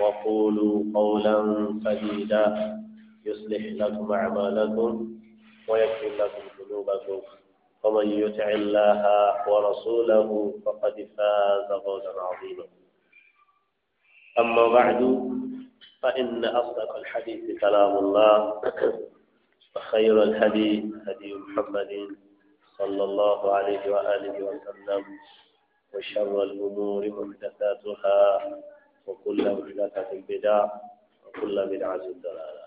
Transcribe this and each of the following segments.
وقولوا قولا سديدا يصلح لكم أعمالكم ويغفر لكم ذنوبكم ومن يطع الله ورسوله فقد فاز فوزا عظيما أما بعد فإن أصدق الحديث كلام الله وخير الهدي هدي محمد صلى الله عليه وآله وسلم وشر الأمور محدثاتها وكل محدثة بدعة وكل بدعة ضلالة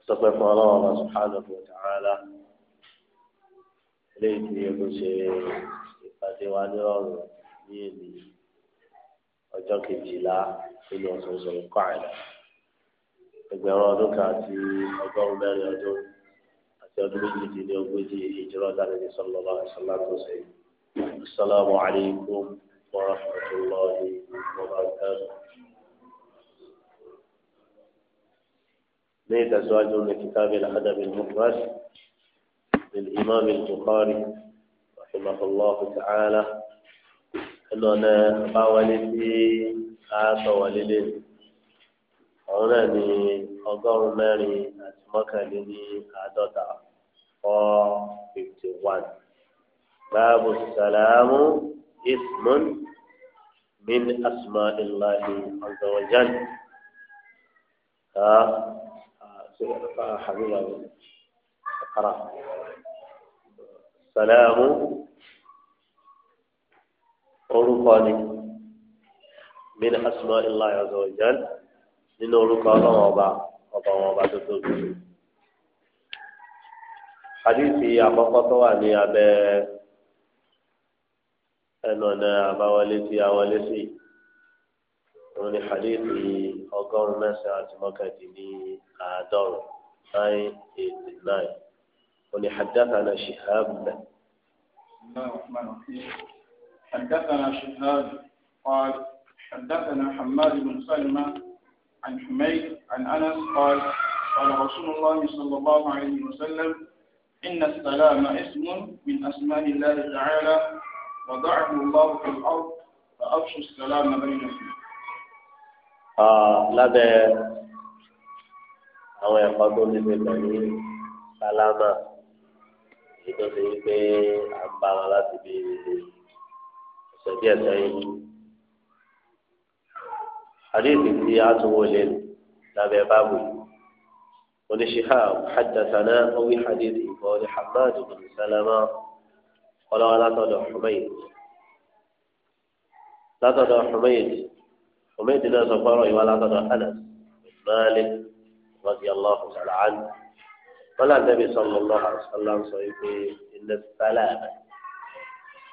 أستغفر الله سبحانه وتعالى ليت يكون شيء ìpàdé wa ní ọrùn ní èmi ọjọ́ kejìlá nínú ọ̀sọ̀ọ̀sọ̀ nǹkan àìlà ẹgbẹ̀rún ọdún kan àti ọgọ́rùn mẹ́rin ọdún àti ọdún méjìdínlógójì ìjírọ̀ dáadé sọlọ́lá ṣọlá tó ṣe yìí. السلام عليكم ورحمة الله وبركاته ليت أزواج من كتاب الأدب المفرد للإمام البخاري رحمه الله تعالى أن أنا آتوالدين àwọn náà ní أقر mẹ́rin àti mọ́kànléní àádọ́ta four fifty báàbù sàlámù ismun min asma ilahi azawajan. ها حبيبي اقرا سلام orúkọni min asma ilayi azawajal nínú orúkọ ọlọ́wọ́n ọba ọba wọn ọba tó tóbi. hadithi àkọ́kọ́ tó wà ní abẹ́ ẹnu ọ̀nà àbáwọlé tí a wọlé sí òun ni hadithi ọgọ́rùn-ún mẹ́sàn-án àti mọ́kàndínní àádọ́rùn nine eighty nine òun ni hadathana shihab bẹ. حدثنا شهاب قال حدثنا حماد بن سلمة عن حميد عن أنس قال قال رسول الله صلى الله عليه وسلم إن السلام اسم من أسماء الله تعالى وضعهم الله في الأرض فأفشوا السلام بينهم lábẹ́ àwọn ẹ̀kọ́ tó ní pé pẹ̀lú sálámà èyí tó ṣe pé à ń bá wọn láti bí ọ̀sẹ̀ díẹ̀ sẹ́yìn. àdéhùn tí a tún wọlé lábẹ́ báàbù oníṣẹ́ àbúhàdàsánà ó wí àdéhùn ìbọn ní hamadu bin salama. قالوا لا تدع حميد لا تدع حميد حميد لا سفر ولا تدع أنس مالك رضي الله تعالى عنه قال النبي صلى الله عليه وسلم صحيح إن السلام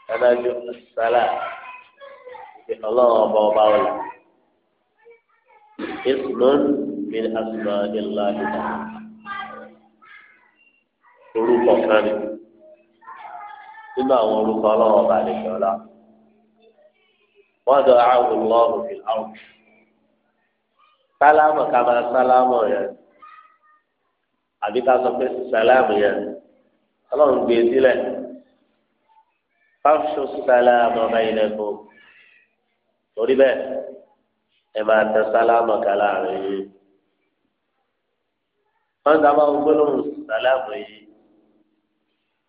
أنا جو السلام الله أبو اسم من أسماء الله تعالى orúkọ kan ni nínú àwọn orúkọ ọlọ́wọ́ ọba àlejò ọlá wọ́n dọ̀ àwọn ọlọ́run fi àwọn sálámù ká máa sálámù yẹn àbí ká sọ pé sálámù yẹn ọlọ́run gbé e sílẹ̀ fáfṣọ sálámù ọba ilẹ̀ kù torí bẹ́ẹ̀ ẹ máa tẹ sálámù ká láàrin yìí wọ́n dábàá gbólóhùn sálámù yìí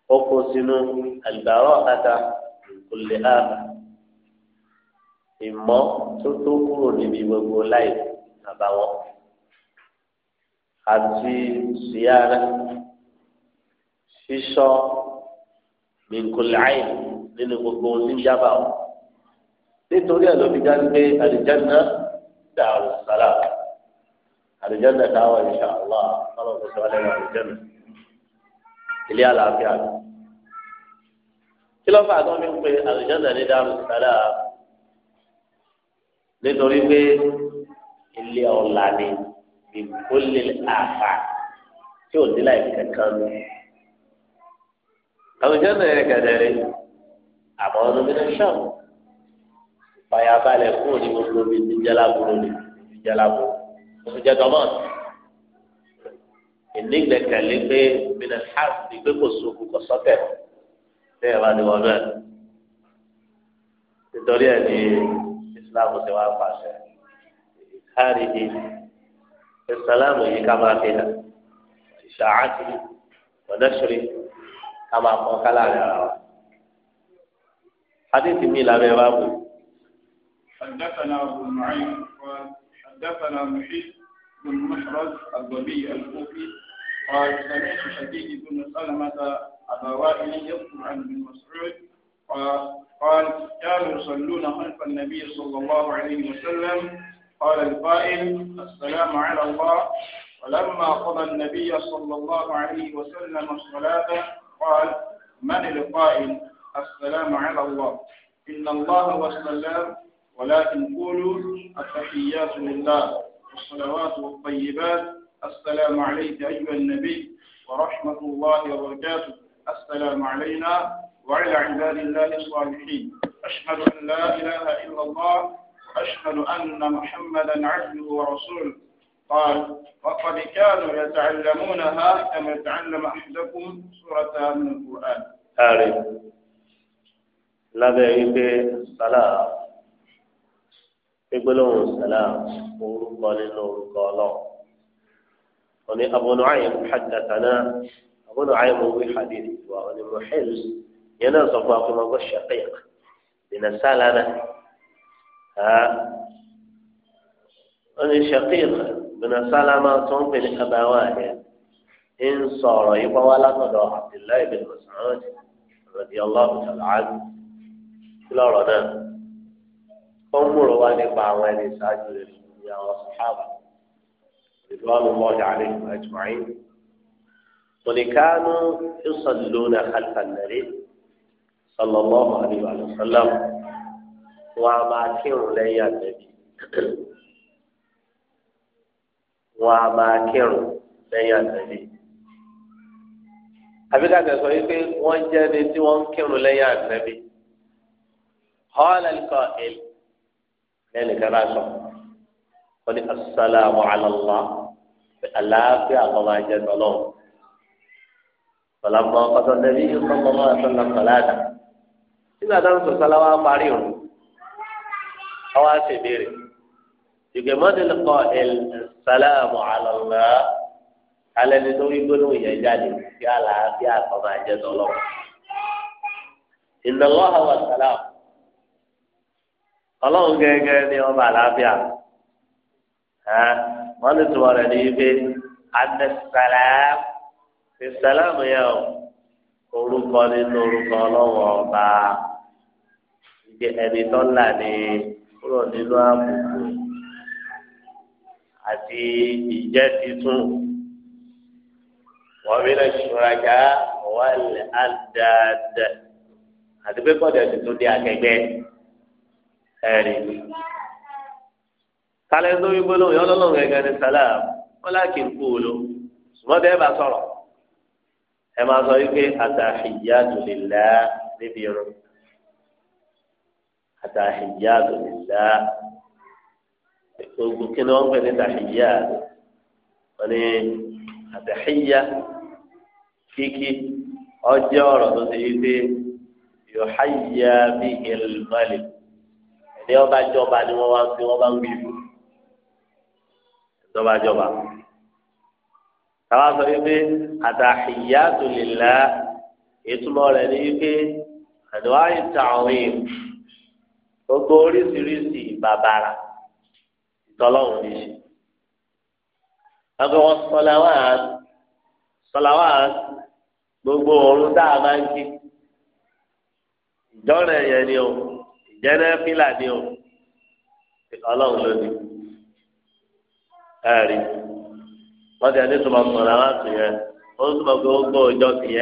kókó sínú àlùbárò àtà ìkùlé ààbà ìmọ̀ tó tó kúrò níbi gbogbo láì bàbá wọn àti síyára sísọ ìkùlé àyè nínú gbogbo oníjàmbá wọn nítorí ẹ̀ ló fi dá pé àlùjáná dàrú sálà àlùjáná dáwọ̀ ìṣàlá ọlọ́run sọ wà lẹ́nu àlùjáná ilé àlàáfíà ni kí ló fà tó fi ń pe àlùjáde ní dàrú sàlá nítorí pé ilé ọ̀la ni kò lè àfà tí ò ní láì kankan ni àlùjáde yẹn kẹ̀dẹ̀rẹ̀ àmọ́ ọdún mi ní sọ́ọ̀mù fàyàbalẹ̀ fún òní gbogbo mi ti jẹ́ lágbóró ni ti jẹ́ lágbóró mo ti jẹ́ dọ́mọ́ọ̀tì ìnígbẹ́kẹ̀lé pé mina hàbí pé kò sóògùn kò sọ́tẹ̀ bẹ́ẹ̀ bá ní wọn bẹ́ẹ̀ nítorí ẹ̀ ní islam ti wá pàṣẹ káàrí di ìsàlámù yìí ká máa fi hàn ìṣàáàtì ọ̀dẹ́sìrì ká máa pọ̀ kálá rẹ̀ rà wá. حديث مين لا باب حدثنا ابو نعيم قال حدثنا محيط بن محرز الضبي الكوفي قال سمعت شديد بن سلمة أبا وائل يذكر عن ابن مسعود قال كانوا يصلون خلف النبي صلى الله عليه وسلم قال القائل السلام على الله ولما قضى النبي صلى الله عليه وسلم الصلاة قال من القائل السلام على الله إن الله والسلام ولكن قولوا التحيات لله والصلوات والطيبات السلام عليك أيها النبي ورحمة الله وبركاته السلام علينا وعلى عباد الله الصالحين أشهد أن لا إله إلا الله وأشهد أن محمدا عبده ورسوله قال وقد كانوا يتعلمونها كما يتعلم أحدكم سورة من القرآن هاري لا بيبي سلام gbégbélóhùn sàlám orúkọ nínú orúkọ ọlọ́run òní Abu Nu'aym haddathana Abu Nu'aym wí hadithi wa òní muhil yẹn náà sọ fún akọmọgbọ shaqiq dina sálánà ha òní shaqiq dina sálánà tó ń pè ní abawa yẹn ń sọ̀rọ̀ yìí wá wá látọ̀dọ̀ Abdullahi bin Mas'ud radiyallahu ta'ala anhu lọ́rọ̀ náà. ó ń múrò wá nípa àwọn ẹni ìṣáájú rẹ̀ ní àwọn sàhábà ìfọwọ́nù mọ́ọ̀dà àlẹ́ àjùmáyé mọ̀nìkánú ìsọ̀lónà àlùfàlẹ́rẹ́ sọlọ́mọ́ọ̀mù àdìbò àlùfàlẹ́m wọn a máa kírun lẹ́yìn àtẹ̀bí wọn a máa kírun lẹ́yìn àtẹ̀bí àbíkàtà sọ wípé wọ́n jẹ́ ẹni tí wọ́n ń kírun lẹ́yìn àtẹ̀bí họ́ọ̀lẹ́lẹ́kọ̀ọ́ èlò lẹ́nìkan bá sọ wọ́n ní asalaamu alallah aláàfíà kọ́ máa jẹ tọ́lọ́ sọlámọ kọ́tọ́ nẹ́bí yóò kọ́ kọ́ máa sọ́nà sọ́láàdà nígbà tó ń sọ sáláwá parí o ọwọ́ àti ìbéèrè ìgbẹ́mọ́tẹ́lẹ̀ kọ́ asalaamu alallah alẹ́ nítorí gbólóhùn yẹn jáde kí aláàfíà kọ́ máa jẹ tọ́lọ́ ìnáwó àwọn sàlámù ọlọ́run gẹ́gẹ́ ni ọba àlàáfíà wọ́n lè tún ọ̀rẹ́ ní ibi anẹsàlám ìsàlám yẹn o orúkọ nínú orúkọ ọlọ́wọ́ ọba ìgbé ẹni tó ńlá ni kúrò nínú àbùkù àti ìjẹ́ titun wọ́n mi lè ṣùràjà wọ́n lè àdáadáa àti pé kọ́ọ̀dù ẹ̀sìn tó dé akẹgbẹ́ ẹ̀rí. kálẹ̀ tó wí gbólóhùn yọ lọ́lọ́run gẹ́gẹ́ ní sálàm wọ́n láàkì ń kú o lò ṣùgbọ́n bẹ́ẹ̀ bá sọ̀rọ̀ ẹ máa sọ wípé àtàhìyàtù lillah níbi irun àtàhìyàtù lillah ogun kí ni wọ́n ń pè ní tàhìyà wọ́n ní àtàhìyà kíkí ọjọ́ ọ̀rọ̀ tó ti yí pé yóò háyà bí ilmalik bí wọn bá jọba ni wọn wá fi wọn bá ń wí fún ìjọba jọba táwa sọ wípé àtàhìyàtò lìlá ìtumọ̀ rẹ̀ ni wípé àdúrà ìtàwìn gbogbo oríṣiríṣi bàbàrà ìtọ́lọ́hùn ní ṣe. àgbẹ̀wọ̀n sọ̀làwà sọ̀làwà gbogbo ọ̀run tá máa ń kí ìjọ́rẹ̀ yẹn ni o. jẹ́nẹ́ fílà ni o ọlọ́run ló ní ẹ̀rí wọ́n ti ẹni sọ̀rọ̀ àwọn yẹn ó òjọ sí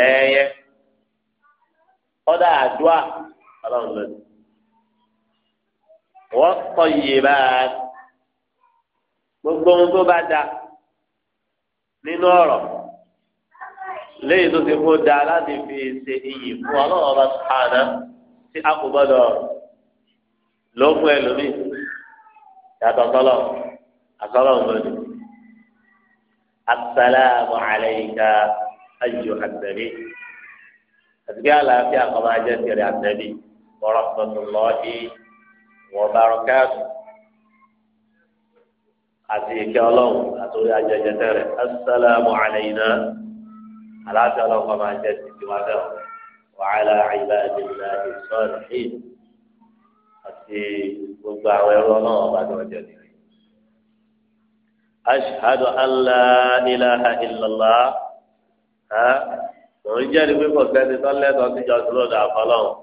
kọ́dà ọlọ́run ló ní wọ́n kọ́ báyà gbogbo da nínú ọ̀rọ̀ tó ti da láti fi ṣe ló fún ẹlòmíì yàtọ̀ sọlọ àsọlọ ọ̀gbọ́nì asalaamu alayka ayu anabi àtìgbé àlàáfíà kọ́má jẹ́ tẹ̀lé anabi warahmatullahi wabarakatuh àti ìkẹ́ ọlọ́run àtòrí ajẹjẹ tẹ̀lé asalaamu alayna àlàáfíà ọlọ́run kọ́má jẹ́ tẹ̀lé wàhálà wàhálà ibadillahi salihin àti gbogbo àwọn ẹrú ọlọ́run ọba ní ọjọ́ nìyí. ashhadu an la ilaha illallah ha òun jẹ́rìí pé kò sẹ́ni tó lẹ́tọ̀ọ́ sí jọ́sìn lọ́dọ̀ àfọlọ́run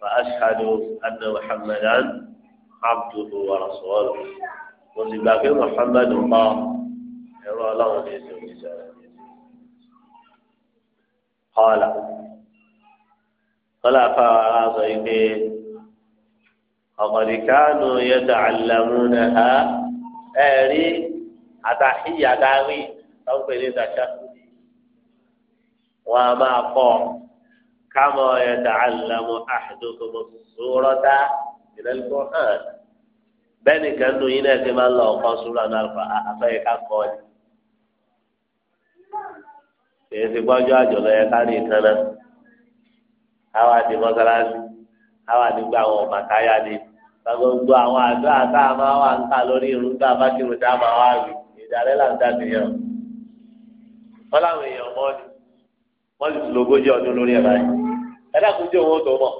fa ashhadu anna muhammadan abduhu wa rasuluhu mo sì gbà pé muhammadu mọ́ ẹrú ọlọ́run ní ìsìn òṣìṣẹ́ rẹ̀. قال قال فأعطى ọ̀kọ̀dì kánú yẹtọ̀ àlàmúnà ha ẹ̀rí àtàhíyà dárí tó ń pè ní dàṣà wọn a máa kọ kámọ yẹtọ̀ àlàmú àdókòmọ sórọ́tà ìrẹ́lẹ́kọ̀ọ́ hàn bẹ́ẹ̀ nìkan nù yín náà ti máa ń lọ ọ̀kan sóra náà ah, àfẹ́yẹ ká ẹ̀ èyí ti gbọ́jọ́ àjọlọ́ yẹ ká rí nǹkan náà mọ́sálásí àwa di gba àwọn ọ̀bàtáyà ni gbogbo àwọn àdó àtá máa wà ń kà lórí irun tá a bá kírun tá a máa wá rí ìdálẹ́ là ń dá nìyẹn wọn láwọn èèyàn mọ́ ni wọ́n sì tún lógójì ọdún lórí ẹ̀ báyìí ẹ dákun jẹ́ òun ó tó mọ̀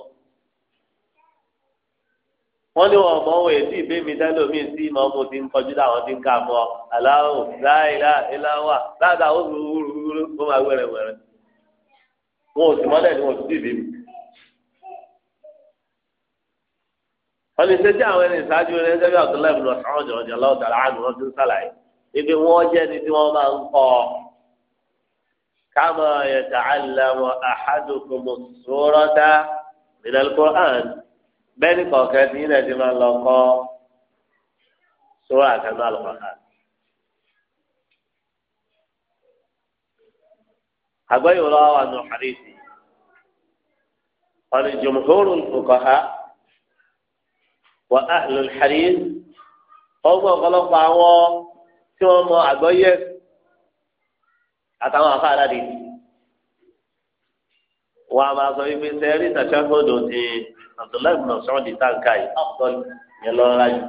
wọ́n ní wọn mọ̀ wọ́n èsì ìbémi tẹ́lẹ̀ mi sí ìmọ̀ ọmọ ti ń kọjú láwọn ti ń kà mọ́ aláwọ̀ láìlá ìláwà láàdá ó wúrúwúrú ó máa wẹ̀rẹ̀wẹ̀rẹ̀ wọn ò sì mọ́lẹ̀ ni wọn ò sì bèbí. wọ́n lè ṣe tí àwọn ẹni ìṣáájú rẹ̀ ṣẹ́bi abdullahi bin ọ̀sán ọ̀jọ̀ ọ̀jọ̀ lọ́wọ́ tààrà àánú wọn ti ń sàlàyé ibi wọ́n jẹ́ ni tí wọ́n máa ń kọ́ ọ. kama yata'allamu ahadukum surata min al-Qur'an bẹ́ẹ̀ ni kọ̀ọ̀kan tí yín ti lọ kọ́ sóra àtẹnú al àgbẹ̀yìn lọ́wọ́ wa nù xaríṣì wà ahlul hadith ọgbọ́n ọ̀pọ̀lọpọ̀ àwọn tí wọ́n mọ àgbọ́yé àtàwọn afáàlá di wà á máa sọ wípé sẹ́rí ìtàkùnfọ́dọ̀ ti Abdullahi bin Mas'ud di táǹkà yìí ọ̀pọ̀lọpọ̀ yẹn lọ́ọ́ rájú.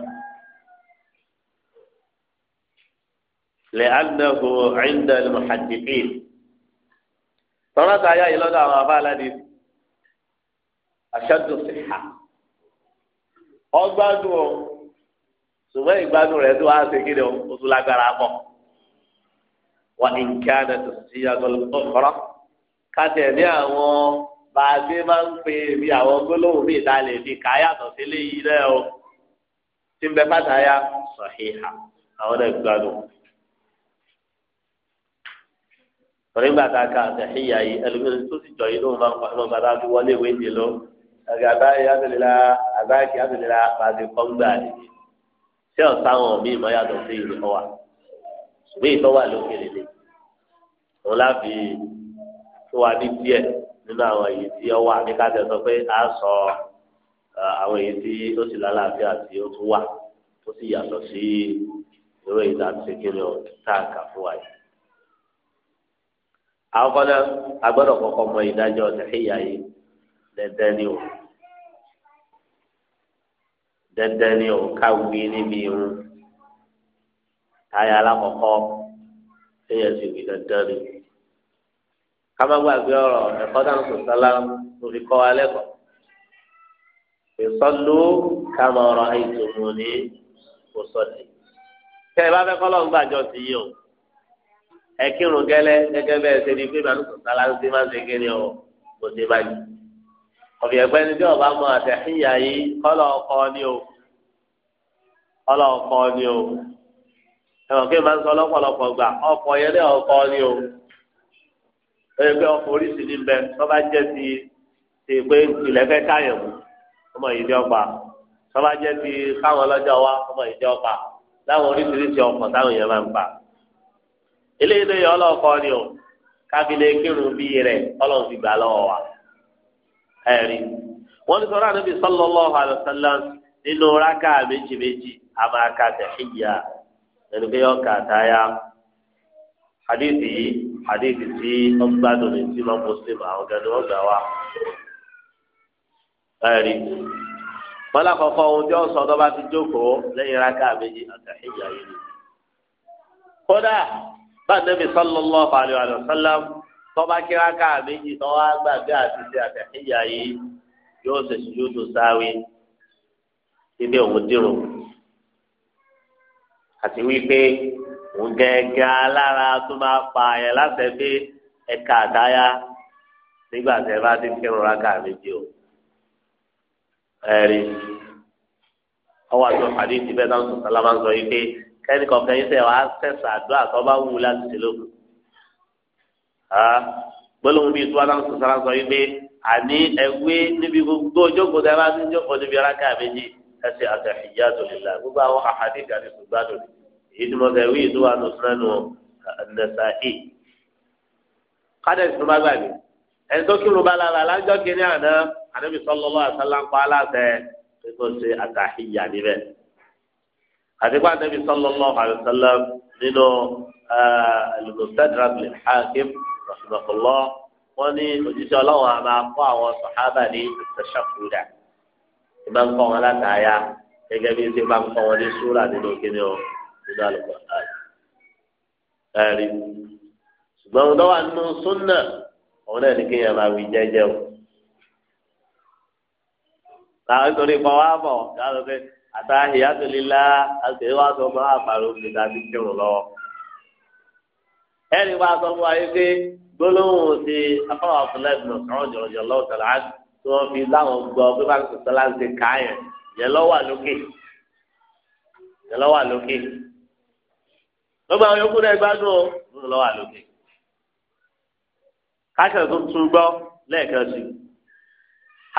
لأنه عند المحدثين tọ́lá ta ayá yìí àwọn afáàlá di aṣáájú sí ha ọgbádùn o ṣùgbọ́n ìgbádùn rẹ̀ tó wá ṣe kí ni o tún lágbára pọ̀ wọ́n ní kí á dẹ̀ tó ti yàgò lọ́kọ́rọ́ ká tẹ̀ ní àwọn bá a ṣe máa ń pè bí àwọn gbólóhùn mi ìta lè fi kà yàtọ̀ sí léyìí náà o tí ń bẹ bàtà ya sọ̀híhà àwọn náà gbádùn. torí gbàtà ká àtẹ̀híyà yìí ẹlòmíràn tó sì jọ yìí ló ń pa ẹ̀rọ gbàtà fi wọlé ìwé ìdè lọ àgbà báyìí àtẹlẹlá àbáyìí àtẹlẹlá pàdé kọ́ńgbà nìyí tí ọ̀sá wọn mí ìmọ̀ yàtọ̀ sí ìlú ọwà ṣùgbọ́n ìtọ́ wà lókèrè ni òun láfi tó wà ní díẹ̀ nínú àwọn èyí tí ọ wà ní kájọ sọ pé a sọ àwọn èyí tí ó sì lálàáfíà tí ó tún wà tó sì yàtọ̀ sí ìwé ìdàtúnṣekiri ọ̀ táǹkà fún wa yìí. àwọn kan náà a kọ́kọ́ mọ ìdájọ́ tẹ̀síyà yìí dandan ni o dandan ni o káwé níbi irun táyà alákọ̀ọ́kọ́ ẹ̀yẹ ti wí dandan ni kama gbàgbé ọ̀rọ̀ ẹ̀kọ́ dànù tó sálá tó fi kọ́ alẹ́ kọ́ ìsọlù kama ọ̀rọ̀ ìtòmù ní òsọlì tẹ ẹ bá fẹ́ kọlọ ń gbàjọ sí yìí o ẹ kírun gẹ́lẹ́ gẹ́gẹ́ bẹ́ẹ̀ ṣe ni pé dànù tó sálá ń ṣe máa ń ṣe kéde o kò ṣe báyìí ọ̀bì ẹ̀gbẹ́ ni tí ọba mọ àtẹ̀híyà yìí kọ́lọ̀ ọkọ ni o kọ́lọ̀ ọkọ ni o ẹ̀wọ̀n kí n máa ń sọ lọ́pọ̀lọpọ̀ gbà ọkọ yẹn ní ọkọ ni o ẹgbẹ́ ọkọ oríṣi ní bẹ tọ́ba jẹ́ ti ti pé ìlẹ̀ fẹ́ káyọ̀ mú ọmọ yìí ní ọgbà tọ́ba jẹ́ ti káwọn ọlọ́jọ́ wa ọmọ yìí ní ọgbà láwọn oríṣiríṣi ọkọ̀ táwọn yẹn máa ń gbà eléyìí ló yẹ ọlọ́ọ̀kọ ni o káfílẹ̀ kírun bíi rẹ̀ ọlọ́run ti gbà lọ́wọ́ wa. ẹ̀rí wọ́n ní sọ́ra níbi sallallahu alaihi wasallam nínú rákà méjì méjì a máa ka tahiyya ẹni pé yọ̀ọ́ kà táyà hadithi yìí tí wọ́n gbádùn ní tí wọ́n muslim àwọn gẹ̀ẹ́dì wọ́n gbà ẹ̀rí wọ́n lákọ̀ọ́kọ́ ohun tí sọ tó bá ti jókòó lẹ́yìn rákà méjì àtàhíyà yìí kódà bá tọ́ba kíráka méjì tọ́wọ́ gbàgbé àtúnṣe àtẹ̀híyà yìí yóò ṣe sùjúdù sáwí síbi òun dìrò àti wípé òun gẹ́gẹ́ alára tó máa pa àyàn láti gbé ẹ̀ka àdáyà nígbà tẹ́ bá ti kírun ráka méjì o ẹ̀rí ọwọ́ àti ọ̀hádìí ti bẹ́ẹ̀ náà sọ̀tàn lábàá ń sọ yìí pé kẹ́nìkan kẹ́yìn sẹ́wàá sẹ̀sà àdúrà tó bá wù láti ṣe lókun. Ah, gbólóhùn bíi tí wọn náà sọ sára sọ yìí pé àní ẹgbẹ́ níbi gbogbo ojókòó tẹ bá ti ń jókòó níbi aráka méjì ẹsẹ àtẹ̀hìyá tòlélá gbogbo àwọn àhàdí kàdé tó gbádùn èyí tí mo sọ ìwé ìdúwà tó sinanu ẹnẹsà e. kádẹ́sì tó bá gbàgbé ẹni tó kírun bá lára lájọ́ kínní àná ànábì sallallahu alaihi wasallam aláṣẹ pé ṣe àtàhìyá níbẹ̀ àtikọ́ ànábì sallallahu nínú eh, rahimahullah wọ́n ní òjíṣẹ́ ọlọ́run a máa kọ́ àwọn sàhábà ní tẹ̀sàkúdà ẹ máa ń kọ́ wọn látàáyá gẹ́gẹ́ bí ṣe máa ń kọ́ wọn ní súrà nínú kíni o nínú àlùkò ẹ̀rí ṣùgbọ́n ọ̀dọ́ wa nínú súnà òun náà ní kéèyàn máa wí jẹ́jẹ́ o làwọn nítorí pa wá bọ̀ dáadọ́ pé àtàhìyàtò lílá àti ìwà tó máa òfin tàbí kírun lọ́wọ́ ẹni wá sọ fún wa yìí pé gbólóhùn ti afọwọ́ abdullahi bin ọ̀sán jọ̀rọ̀jọ̀ lọ́wọ́ tẹ̀lé á tí wọ́n fi láwọn gbọ́ pé bá sọ sọ́lá ń ṣe káyàn yẹn lọ́wọ́ lókè yẹn lọ́wọ́ lókè lọ́gbà àwọn yòókù náà gbádùn ó ń lọ́wọ́ lókè káṣẹ̀ tó tún gbọ́ lẹ́ẹ̀kan sí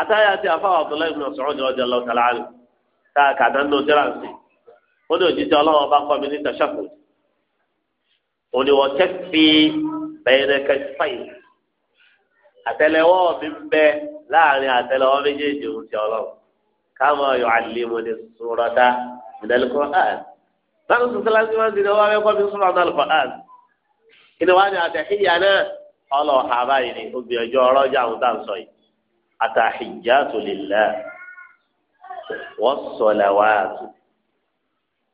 àtàyà ti afọwọ́ abdullahi bin ọ̀sán jọ̀rọ̀jọ̀ lọ́wọ́ tẹ̀lé á tá a kà òní wọ́n kẹ́fì bẹ̀rẹ̀ kẹfì àtẹ́lẹwọ́ mi ń bẹ láàrin àtẹ́lẹwọ́ méjèèjì ń ti ọlọ́run káwọn yọ àlèmọ ní sùrọ̀dá ìdálẹ́kọ̀ àn báwo sọ sọlá sí wọn sí ni wọn bẹ kọ́ mi sùrọ̀ náà lọ́kọ̀ àn kí ni wọn ní àtẹ̀híyà náà ọlọ́ọ̀ha báyìí ni obìnrin ọjọ́ ọlọ́jà àwọn tá à ń sọ yìí àtàhíyàtu lillah was salawatu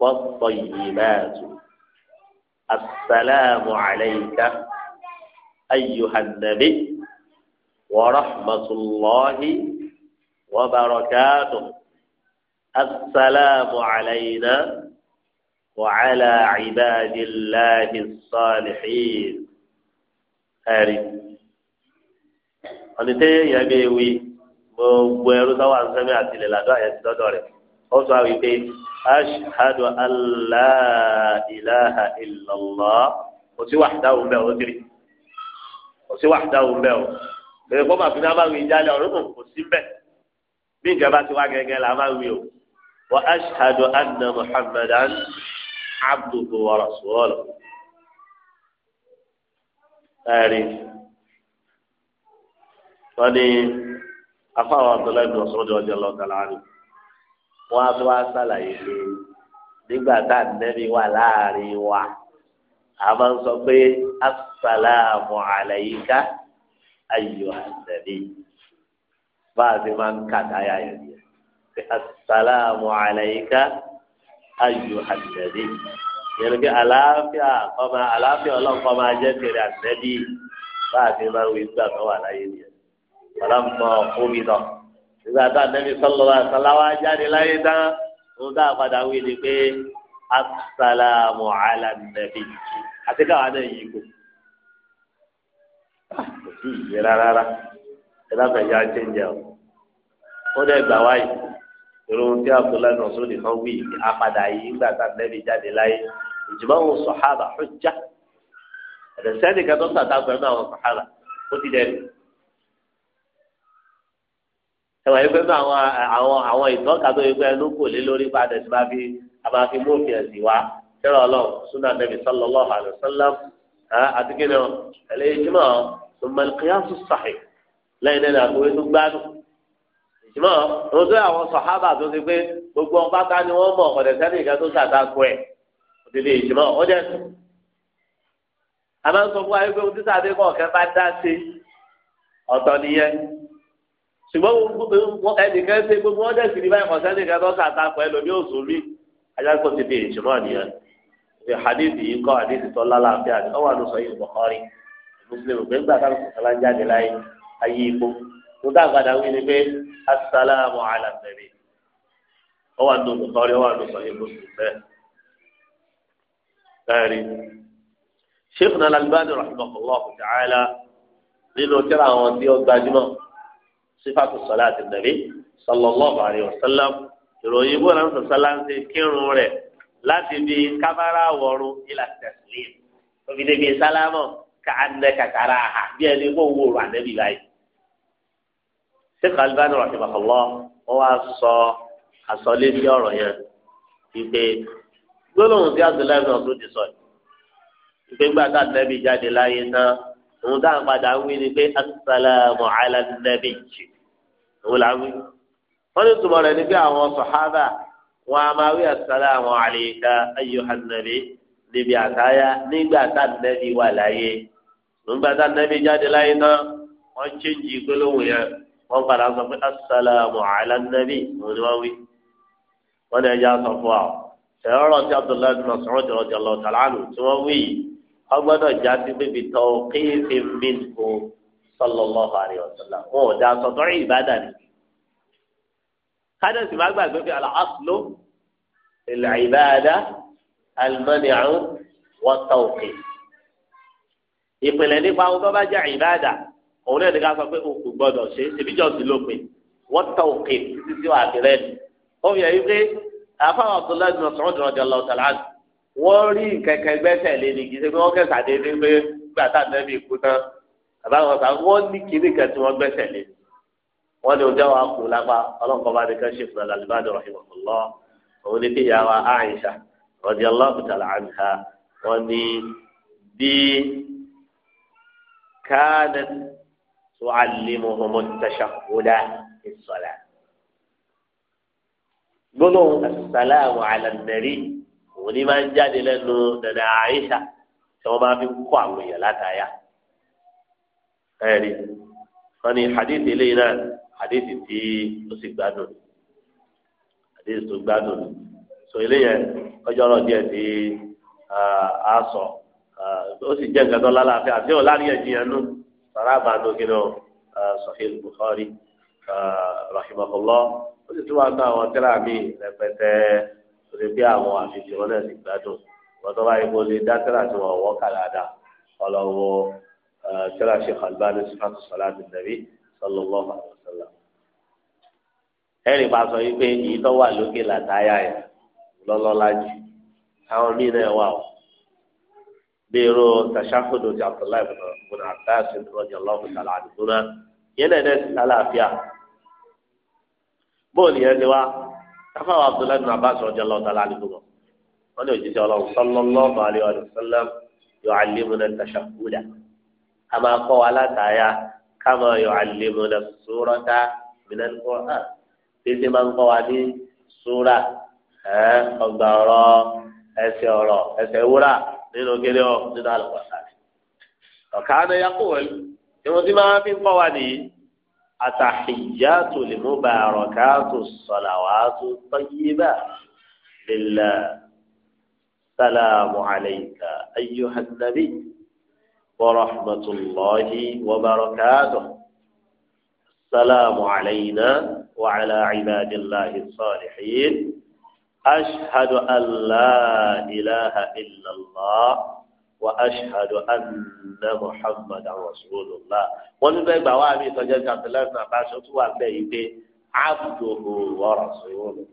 wat tayyibatu. السلام عليك أيها النبي ورحمة الله وبركاته السلام علينا وعلى عباد الله الصالحين أريد أنت يا بيوي مو ẹrú sáwà ń sẹ́mi àtìlẹ̀ làdó ó sọ àwọn ìpè ashhadu an la ilaha illallah kò sí wahdahu bẹ́ẹ̀ ó tiri kò sí wahdahu bẹ́ẹ̀ ó bẹ́ẹ̀ kó máa fi náà máa wí jálẹ̀ ọ̀rọ̀ kò sí bẹ́ẹ̀ bí ìjọba ti wá gẹ́gẹ́ la máa wí o wa ashhadu anna muhammadan wọn á tó wá sàlàyé pé nígbà tá a nẹ́bí wà láàrin wa a máa ń sọ pé asalaamu alayka ayyuhan nabi bá a ti máa ń kàdáyà yẹn ni asalaamu alayka ayyuhan nabi yẹn kí àlàáfíà ọmọ àlàáfíà ọlọ́nkọ́ máa jẹ́ tèrè àtẹ́bí bá a ti máa ń wí gbàgbọ́ wà láyé nìyẹn ọlọ́mọ kóbi náà nígbà tá ànábì sallallahu alaihi wasallam wá jáde láyé tán òun tá a padà wí ni pé asàlámù àlà nàbì àti káwa náà yìí kò ah, kò sí ìyẹ rárá ẹ láfẹ̀ẹ́ yá jẹ́njẹ́ o ó dẹ̀ gbà wáyé irun tí abdullahi nasrani kan wí apàdà yìí gbà tá ànábì jáde láyé ìjùmọ̀ sọ̀hábà hujja ẹ̀dẹ̀sẹ́nìkan tó sàtàkùn ẹ̀ náà àwọn sọ̀hábà ó ti dẹ̀ ẹwà yìí pé àwọn àwọn àwọn ìtọ́ka tó yẹ pé ẹnu kò lé lórí padà tí bá fi àbá fi mú òfin ẹ̀sìn wá sẹ́rọ ọlọ́run sunnah nabi sallallahu alayhi wa sallam àti kí ni ọ ẹ̀lẹ́ ìjìmọ̀ thumma al-qiyasu sahih lẹ́yìn náà àti wọ́n tó gbádùn ìjìmọ̀ wọ́n tó àwọn sọ̀hábà tó ti pé gbogbo ọba ká ni wọ́n mọ̀ ọ̀dẹ̀ sẹ́ni ìka tó ṣùgbọ́n ẹnìkan ṣe gbogbo wọn dẹ̀sí ní báyìí kọ̀ sẹ́ni kan tó sàtà pẹ̀lú ní oṣù mi ajáko ti di ìṣúná nìyẹn ṣe hadithi yìí kọ́ hadithi tó lálàáfíà ni ọwọ́ àdúsọ yìí Bukhari mùsùlùmí pé nígbà táwọn sọ̀tàlá jáde láyé ayé ipò tó dàgbàdà wí ni pé asalaamu ala nabi ọwọ́ àdúsọ Bukhari ọwọ́ àdúsọ yìí mùsùlùmí bẹ́ẹ̀ Sheikhna Al-Albani rahimahullah ta'ala nínú tíra àwọn tí ó gbajúmọ̀ sífàtù sọlá àti nàbí sallallahu alaihi wasallam ìròyìn bó náà sọ sọlá ń ṣe kírun rẹ láti bí kámárà wọrun ilà tẹsílẹ òbí débi sálámọ káàdé kàkàrà àhà bí ẹni kó wò rà nẹbi báyìí. sheikh albani rahimahullah wọn wá sọ àsọlé sí ọ̀rọ̀ yẹn ìpè gbólóhùn sí àdúrà ìbùnà tó ti sọ ìpè gbàtà nẹbi jáde láyé náà. òun dáhùn padà wí ni pé asalaamu ala nabi jì òun là ń wí. wọ́n ní tùmọ̀ rẹ̀ ní bí àwọn sọ̀hábà wọn a máa wí asalaamu alayka ayyuhan nabi níbi àtàyà nígbà tá wà láyé nígbà tá jáde láyé náà gbólóhùn yẹn padà sọ pé asalaamu ala nabi ni wọ́n wí. wọ́n ní ẹja sọ fún wa ṣẹ̀rọ̀ tí abdullahi bin Mas'ud radiyallahu ta'ala anhu tí wọ́n wí ọgbọ́dọ̀ já sí bíbi tọ́ kéèké mímu sallallahu alaihi wasallam wọn ò dáa sọ̀tọ́ ìbádà ni. kádẹ́sì má gbàgbé pé al-aslu al-ibada al-mani'u wat-tawqif. ìpìlẹ̀ nípa ohun tó bá jẹ́ ìbádà òun náà ní ká sọ pé o kò gbọ́dọ̀ ṣe ìbíjọ́ sí lópin wat-tawqif títí sí wàá kẹrẹ́ ni. ó yẹ wípé àfáwọn Abdullahi bin Mas'ud radiyallahu ta'ala wọ́n rí kẹ̀kẹ́ gbẹ́sẹ̀ lé ní gidi pé wọ́n kẹsà déédéé pé gbà tá nẹ́bí ikú tán àbáwọn sá wọ́n ní kíní kan tí wọ́n gbẹ́sẹ̀ lé wọ́n ní ojú àwọn akùn lápá ọlọ́nkọ́ bá nìkan ṣe fún alàlùbádọ rahimahullah òun ní kí yàrá Aisha radiyallahu ta'ala anha wọ́n ní bí kánẹ́tì تعلمهم التشهد في الصلاة قلوا السلام على النبي òní máa ń jáde lẹ́nu dada àyíṣà tí wọ́n máa fi kó àwọn èèyàn látàyà ẹ̀rí wọ́n ní hadith eléyìí náà hadith tí ó sì gbádùn hadith tó gbádùn so eléyìí ọjọ́ náà díẹ̀ tí a sọ ó sì jẹ́ nǹkan tó lálàáfíà àti ọ̀ láàrin ẹ̀jìyàn nù sọ̀rọ̀ àbàdo kí ni ó Sahih Bukhari rahimahullah ó sì tún wá gbọ́ àwọn tẹ́lá mi rẹpẹtẹ torí pé àwọn àfihàn wọn náà ti gbádùn wọn tó bá yẹ kó lè dá tẹ́lá tí wọn wọ́n kà dáadáa ọlọ́wọ́ tẹ́lá ṣe kàlùbá ní sífàtú sọlá ti nàbí sallallahu alaihi wasallam. ẹ̀rì bá sọ wípé èyí tó wà lókè làtáyà yẹn lọ́lọ́lá jù àwọn míì náà wà ó bí irú tashahudu ti abdullahi bin abbas radiyallahu ta'ala anhu náà yẹn náà dẹ́sí ti wá afa wa abdullahi bin abbas radiyallahu ta'ala anhu wọn ni òjijì Ọlọ́run sallallahu alaihi wa sallam yu'allimuna tashahhuda a máa kọ́ wa látàáyà kama yu'allimuna surata min al-Qur'an títí máa ń kọ́ wa ní sura ọgbà ọ̀rọ̀ ẹsẹ̀ ọ̀rọ̀ ẹsẹ̀ wúrà nínú kéré ọ nínú àlùkò sáré ọkà ni yakowel ìwọ̀n máa fi ń wa nìyí. التحيات المباركات الصلوات الطيبات لله السلام عليك أيها النبي ورحمة الله وبركاته السلام علينا وعلى عباد الله الصالحين أشهد أن لا إله إلا الله وأشهد أن محمدا رسول الله ونبقى بوابي تجد عبد الله بن عباس وتوى بيته عبده ورسوله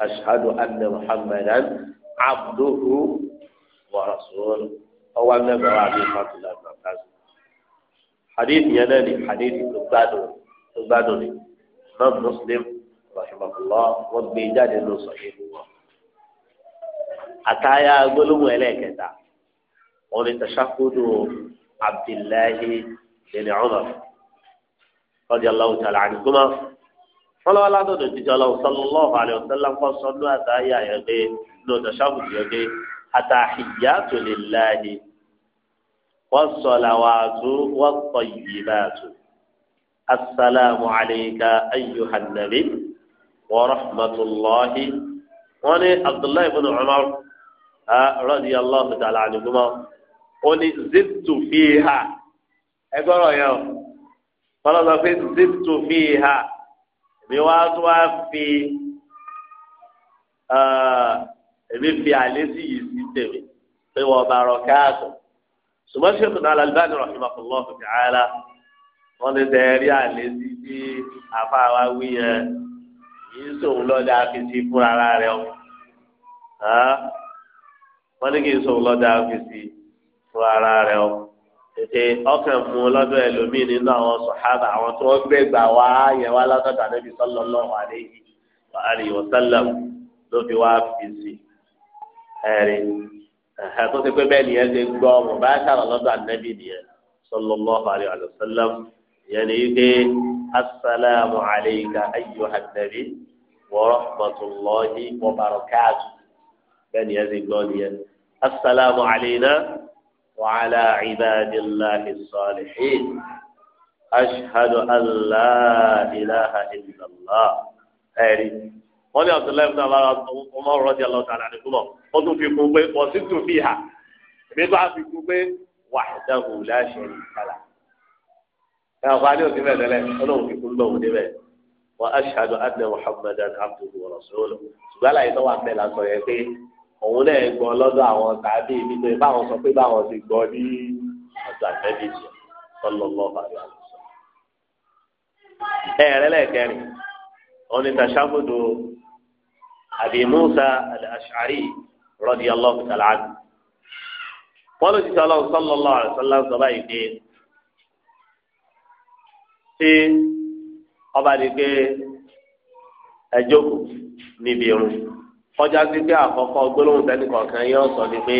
أشهد أن محمدا عبده ورسوله هو النبي عليه الصلاة والسلام حديث ينالي حديث تبادل تبادل من مسلم رحمه الله وبيجاد صحيح الله àtàyà gbólóhùn ẹlẹ́ẹ̀kẹta wọn ni tashakudu abdullahi lẹni Umar radiyallahu ta'ala anhuma fọlọ́wọ́ aládọ́dọ̀ jíjọ lọ́wọ́ sallallahu alaihi wasallam kọ́ sọ́nù àtàyà yẹn pé ló tashakudu yẹn pé àtàhìyàtò lillahi wassalawatu wattayyibatu. السلام عليك أيها النبي ورحمة الله وأنا عبد الله بن عمر radiyallahu ta'ala anhuma ó ní zittu fiha ẹgbọ́rọ̀ yẹn o fọlọ́ sọ pé zittu fiha mi wá tó wá fi èmi fi àlẹ́ sí yìí sí tèmi pé wọ́n bá rọ káàtó ṣùgbọ́n ṣe kùnà Al-Albani rahimahullah ta'ala wọ́n ti tẹ̀rí àlẹ́ sí sí àfáàwá wí yẹn yìí sòun lọ́dà fi sí fún ara rẹ̀ o wọn ní kí n sọ lọ́dà ọ́fíìsì fún ara rẹ o tètè ọkàn mú lọ́dọ̀ ẹlòmíín nínú àwọn sọ̀hábà àwọn tí wọ́n gbé gbà wá yẹn wá látọ̀dọ̀ àdébí sallallahu alaihi wa alihi wa sallam ló fi wá fèsì ẹ̀rí tó ti pé bẹ́ẹ̀ nìyẹn ti gbọ́ ọmọ bá sàrọ̀ lọ́dọ̀ àdébí nìyẹn sallallahu alaihi wa sallam yẹn ni pé asalaamu alayka ayyuhan nabi wa rahmatulahi wa barakatuh bẹ́ẹ̀ nìyẹn ti gbọ́ nìyẹn. السلام علينا وعلى عباد الله الصالحين أشهد أن لا إله إلا الله أري wọ́n ní abdullahi ibn abdullahi ọmọ rọ́jà lọ́wọ́ tààrà ní kúmọ̀ wọ́n tún fi kún pé wọ́n sì tún fi hà èmi bá fi kún pé wahdahu la sharika lah. ẹ ọ̀pá ní òsínbẹ̀ tẹ́lẹ̀ ọlọ́run fi kún lọ́wọ́ níbẹ̀ wa ashhadu anna muhammadan abduhu wa rasuluhu ṣùgbọ́n àlàyé tó wà lásán yẹn pé òun náà gbọ́ lọ́dọ̀ àwọn tàbí ibi tó báwọn sọ pé báwọn ti gbọ́ ní ọ̀dọ̀ àtẹ́bí jù sọlọ́lọ́ bàbá ẹ rẹ lẹ́ẹ̀kẹrin òun ni tàṣàbùdù àbí Musa al-Ash'ari radiyallahu ta'ala anhu wọ́n ló ti sọ ọlọ́run sọlọ́lọ́ àrùsọ́lá sọ báyìí pé ṣé ọba di pé ẹ níbi irun kọjá sí pé àkọ́kọ́ gbólóhùn tẹ́lẹ̀ kọ̀ọ̀kan yóò sọ ni pé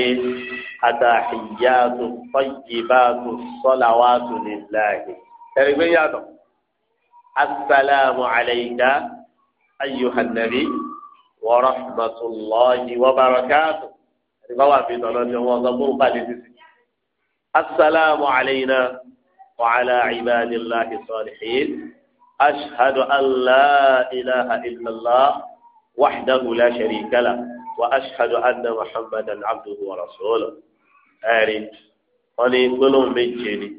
àtàhìyáàtò tọ́jìbáàtò sọ́làwàtò lillahi. ẹ̀rí pé yàtọ̀ asalaamu alayka ayyuhan nabi wa rahmatulahi wa barakatu. ẹ̀rí bá wà fi tọ̀nà tí wọ́n sọ fún balẹ̀ sísè. asalaamu alayna wa ala ibadillahi salihin. ashhadu an la ilaha illallah. وحده لا شريك له وأشهد أن محمدا عبده ورسوله آري أني كلهم مجني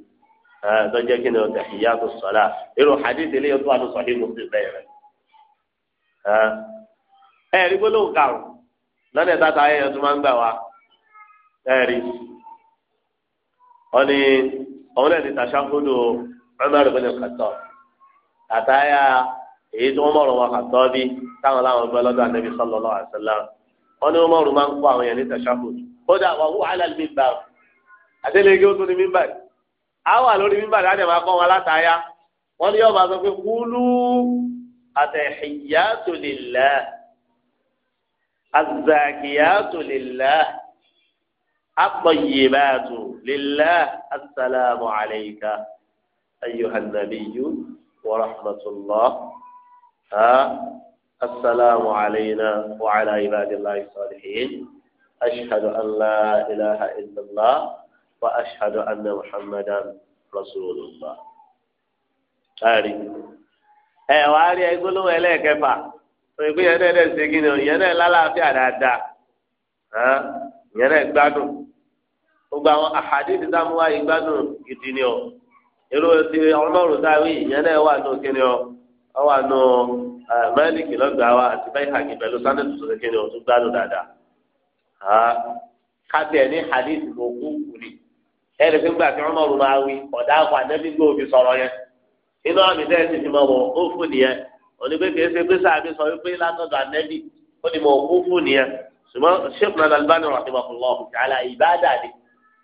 تجا كنا تحيات الصلاة إلو حديث لي يطلع صحيح مسلم بيرا آري كلهم كارو لن يتاتا يتمان بوا آري أني أولا لتشهد عمر بن الخطاب أتايا èyí tí wọ́n mọ̀rọ̀ wọn àtọ́ bí táwọn láwọn gbọ́ lọ́dọ̀ ànábì sallallahu alaihi wasallam wọn ni wọ́n mọ̀rọ̀ máa ń kó àwọn yẹn ní tashahhud kódà wà wú alal minbar àtẹlẹgẹ ó tún ní minbar àwọn àlórí minbar láti máa kọ́ wọn látàáyá wọn ni yóò máa sọ pé kúlú àtẹ̀hìyàtò lillah àzàkìyàtò lillah àpọ̀yìbàtò lillah assalamu alayka السلام علينا وعلى عباد الله الصالحين أشهد أن لا إله إلا الله وأشهد أن محمدا رسول الله أري ẹ wàá rí ẹgbẹ́lówó ẹlẹ́ẹ̀kẹfà òyìnbó yẹn náà ṣe kí ni o yẹn náà lálàáfíà dáadáa yẹn náà gbádùn gbogbo àwọn àhàdìsí táwọn wáyé gbádùn gidi ni o èrò ti ọlọ́run táwí yẹn náà wà ní òkè ni o ọwọ́ àánú mẹ́líkì lọ́gbà wa àti bẹ́ẹ̀ hàgì pẹ̀lú sánẹ́ tuntun ṣe kéde ọ̀tún gbádùn dáadáa. kábí ẹ̀ ní hadith ló kú kùrì ẹ̀rì fún gbà kí wọ́n mọ̀ rúmọ́ awi ọ̀dà àpò àdẹ́bí gbé òbí sọ̀rọ̀ yẹn. inú àmì tẹ́ ẹ ti fi mọ̀ wọ̀ ó fún nìyẹn onígbèké ṣe pé sáàbí sọ wípé látọ̀dọ̀ àdẹ́bí ó ní mọ̀ ó fún nìyẹn ṣùgbọ́n sheikh nana albani rahimahullah ta'ala ibada ni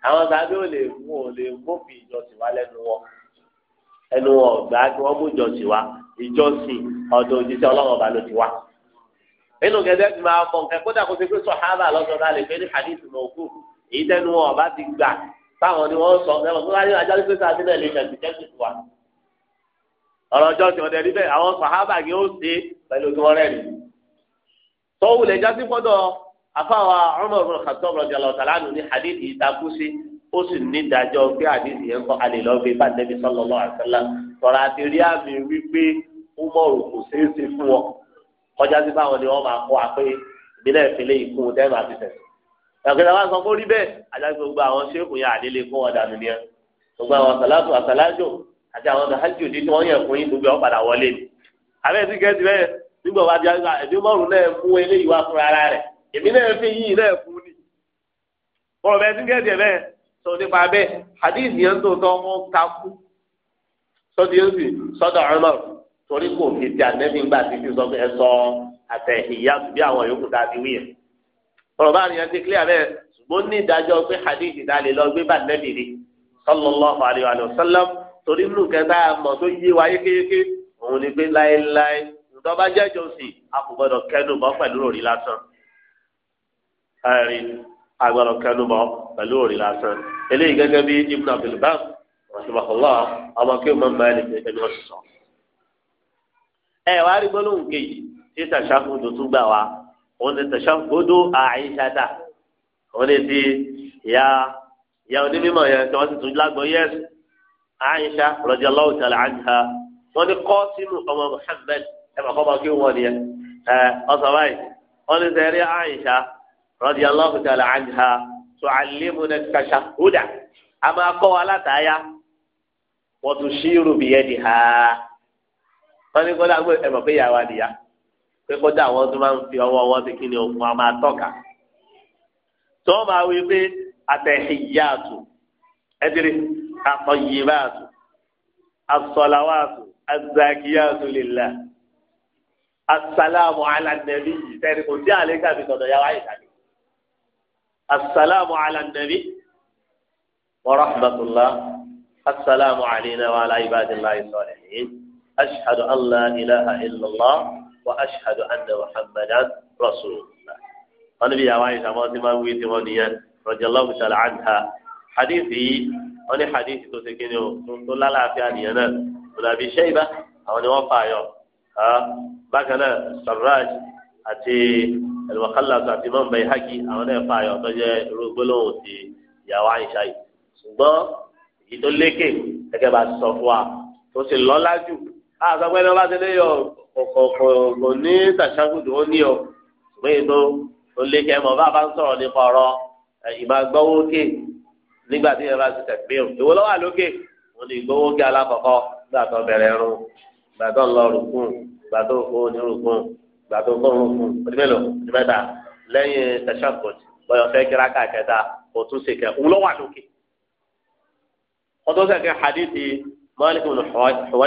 àwọn sábẹ́ ò lè mú ò lè mú fi ìjọsìn wa lẹ́nu wọn ẹnu wọn gbà kí wọ́n mú ìjọsìn wa ìjọsìn ọ̀dọ̀ òjíṣẹ́ Ọlọ́run ọba ló ti wá. nínú gẹ́gẹ́ bí máa mọ nǹkan kódà kó fi pé sọ̀hábà lọ́sọ̀dá lè pé ní hadith mọ̀ọ́kù èyí tẹnu wọn ọba ti gbà táwọn ni wọ́n sọ ẹ̀rọ tó wáyé ajá pé sáà nílẹ̀ lè jẹ̀sì jẹ́sì fún wa. ọ̀rọ̀ ọjọ́ tí wọ́n tẹ̀ níbẹ̀ àwọn sọ̀hábà ni ó ṣe pẹ̀lú tí wọ́n rẹ̀rìn. tọ́wù lè jásí fọ́dọ̀ afáwa Umar ibn ó sì ní ìdájọ́ pé hadith yẹn kọ́ alẹ́ lọ́ọ́ fi bá Nabi sallallahu alaihi tọ́ra ti rí àmì wípé ó mọ̀rù kò ṣeé ṣe fún wọn kọjá sí báwọn ni wọ́n máa kọ́ apẹ́ ìbílẹ̀ ìfẹ́lẹ́ ìkú dẹ́nu àti tẹ̀sán. ìyàgbẹ́ta wá sọ fún rí bẹ́ẹ̀ ajá gbogbo àwọn ṣéèkù yẹn àdélé fún wọn dànù nìyẹn gbogbo àwọn sàlátù àsàlájò àti àwọn sàhájò ní tí wọ́n yẹ fún yín gbogbo ọ̀padà wọlé ni. àbẹ́ ti kẹ́ ti bẹ́ẹ̀ nígbà wá di ẹ̀mí mọ́rùn náà mú eléyìí wá fúnra ara rẹ̀ èmi náà fi yín náà fún ni. bọ́lọ̀ bẹ́ẹ̀ ti kẹ́ ti bẹ́ẹ̀ sọ nípa bẹ́ẹ̀ àdéhìyàn tó torí kò fi ti ànẹ́bí ńgbà tí fi sọ pé ẹ sọ àtẹ ìyá bí àwọn yòókù tá a ti wí yẹn. ọ̀rọ̀ bá nìyẹn ti clear bẹ́ẹ̀ ṣùgbọ́n ní ìdájọ́ pé hadith náà lè lọ gbé bá ànẹ́bí rí sallallahu alaihi wa sallam torí nù kẹta mọ̀ tó yé wa yékéyéké òun ni pé láéláé ntọ́ba jẹ́jọ́ sí a kò gbọ́dọ̀ kẹnu bọ́ pẹ̀lú òrì lásán. ẹ̀rín a kẹnu bọ́ pẹ̀lú òrì lásán eléyìí gẹ́gẹ́ bí ibn abdulbam rahimahullah ọmọ kí n mọ̀ ẹni ẹni sọ ẹ wá rí gbólóhùn kejì tí tàṣàkóso tún gbà wá òun ni tàṣàkóso àìṣàdà òun ni ti ìyá ìyá onímọ̀ yẹn tí wọ́n ti tún lágbo yẹ́sù àìṣà radiyallahu ta'ala anha wọ́n ní kọ́ sínú ọmọ Muhammad ẹ bá kọ́ bá kí wọ́n nìyẹn ẹ ọ̀sán báyìí wọ́n ní sẹ́rí àìṣà radiyallahu ta'ala anha tu'allimuna tàṣàkóso àmọ́ akọ́wọ́ alátàáyá wọ́n tún ṣírù bìyẹ́ dìhàá wọ́n ní kọ́dà pé ẹ̀mọ̀ pé yàrá nìyá pé kọ́dà wọn tún máa ń fi ọwọ́ wọn ti kíni òkun àwọn máa tọ́ka tó wọ́n máa wí pé àtẹ̀hìyàtù ẹ̀dìrì àtọ̀yìbàtù àsọ̀làwàtù àzàkìyàtù lillah asalaamu ala nabi sẹ́ni kò sí àlẹ́ kàbí sọ̀dọ̀ yàrá ìtàgé asalaamu ala nabi wa rahmatulah asalaamu alayna wa ala ibadillahi salihin. أشهد أن لا إله إلا الله وأشهد أن محمدا رسول الله wọ́n níbi àwọn àyíṣà wọn ti máa ń wí tí wọ́n nìyẹn radiyallahu ta'ala anha hadithi wọ́n ní hadithi tó ṣe kíni o tó lálàáfíà nìyẹn náà ọ̀nàbí ṣẹ́yìnbá àwọn ni wọ́n fà yọ bákan náà sarraj àti al-Mukhallas àti Imam Bayhaqi àwọn náà fà yọ tó jẹ́ irú gbólóhùn ti ìyàwó àyíṣà yìí ṣùgbọ́n èyí tó lékè gẹ́gẹ́ bá ti sọ fún wa tó ṣe lọ́lá jù àgbàgbẹ́ ni wọ́n bá ti lé yọ kò ní tàṣàkùdù ó ní o ṣùgbọ́n ètò olèkẹ́ mọ̀ bá bá ń sọ̀rọ̀ nípa ọ̀rọ̀ ìmàgbọ́wókè nígbà tí yẹn ti tẹ̀sí o ìwọ lọ́wọ́ àlókè wọn ni ìgbọ́wókè alákọ̀ọ́kọ́ gbà tó bẹ̀rẹ̀ rún gbà tó lọ rùkún gbà tó kó ní rùkún gbà tó kó rùkún onímẹ̀lò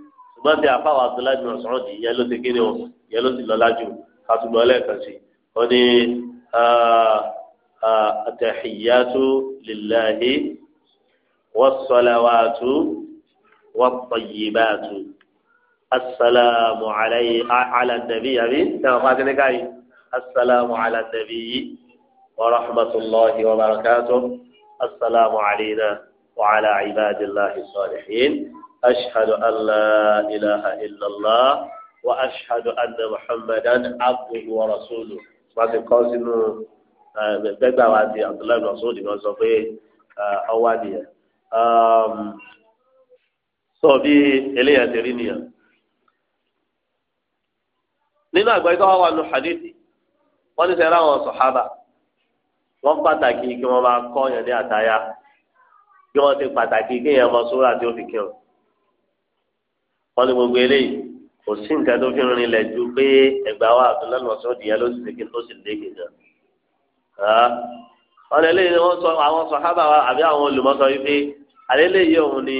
ṣùgbọ́n ti àfáwọn Abdullahi bin Mas'ud ìyẹn ló ti kíni o ìyẹn ló ti lọ lájú kàtúgbọ́ lẹ́ẹ̀kan sí ó ní àtẹ̀hìyàtú lillahi wàsálàwàtú wàtọ̀yìbàtú asalaamu alayhi ala nabi abi náà wọ́n ti ní asalaamu ala nabi wa rahmatulahi wa barakatuh asalaamu alayna wa ala ibadillahi salihin. أشهد أن لا إله إلا الله وأشهد أن محمدا عبده ورسوله بعد قاسم gbẹgbẹ àwọn àti abdullahi rasul ni wọn sọ pé ọwọ adìyẹ sọ bí eléyà ti rí nìyẹn nínú àgbáyé tó wà wà nù hadithi wọn ní sẹ́yìn àwọn sọ̀hábà wọn pàtàkì kí wọn máa kọ́ yẹn ní àtàyà bí wọn ti pàtàkì kí yẹn mọ sóra tí ó fi kírun wọ́n ní gbogbo eléyìí kò sí nǹkan tó fi rin lẹ̀ ju pé ẹ̀gbá wa àtúnlẹ̀ lọ sọ́ọ́ dìyà ló sì ṣèké ló sì lé gègé wọ́n ní eléyìí wọ́n sọ àwọn sọ̀hábà wa àbí àwọn olùmọ̀sọ yìí pé àlẹ́ eléyìí òun ni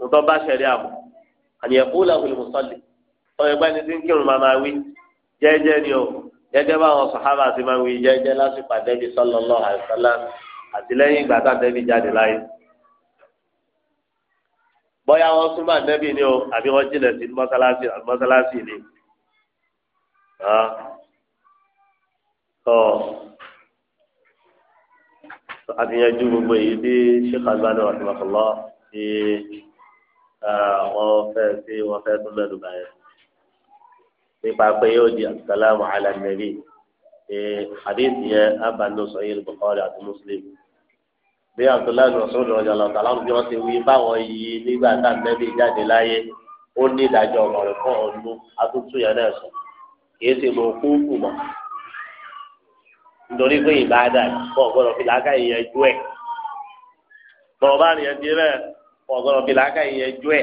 nǹkan bá ṣẹlẹ̀ àmọ́ àyẹ̀kú làwọn olùmọ̀sọ̀lẹ̀ ọ̀yẹ̀gbá ni tí ń kírun máa máa wí jẹ́jẹ́ ni o gẹ́gẹ́ báwọn sọ̀hábà ti máa wí jẹ́jẹ́ lásìkò àdẹ́bí sọ́lọ́lọ́ àìsọ́lá bóyá wọ́n súnmọ́ ànábì ni o àbí wọ́n jìnà sí mọ́sálásí mọ́sálásí ni àtìyànjú gbogbo èyí tí sheikh albani rahimahullah ti wọ́n fẹ́ sí wọ́n fẹ́ tún mẹ́nu báyẹn nípa pé yóò di asalaamu ala nabi àdéhùn yẹn abanu sọyìn Bukhari àti Muslim bí abdullahi rasul rọjà lọ tàlá bí wọn ti wí báwọn yí nígbà tá a nẹbi jáde láyé ó ní ìdájọ́ ọ̀rọ̀ rẹ̀ fún ọdún atútù yẹn náà sùn kìí ṣe mọ kú kù mọ nítorí pé ìbáadà kò gbọ́dọ̀ fi làákà yẹn ju ẹ bọ̀ọ̀ bá rìn ẹdí rẹ kò gbọ́dọ̀ fi làákà yẹn ju ẹ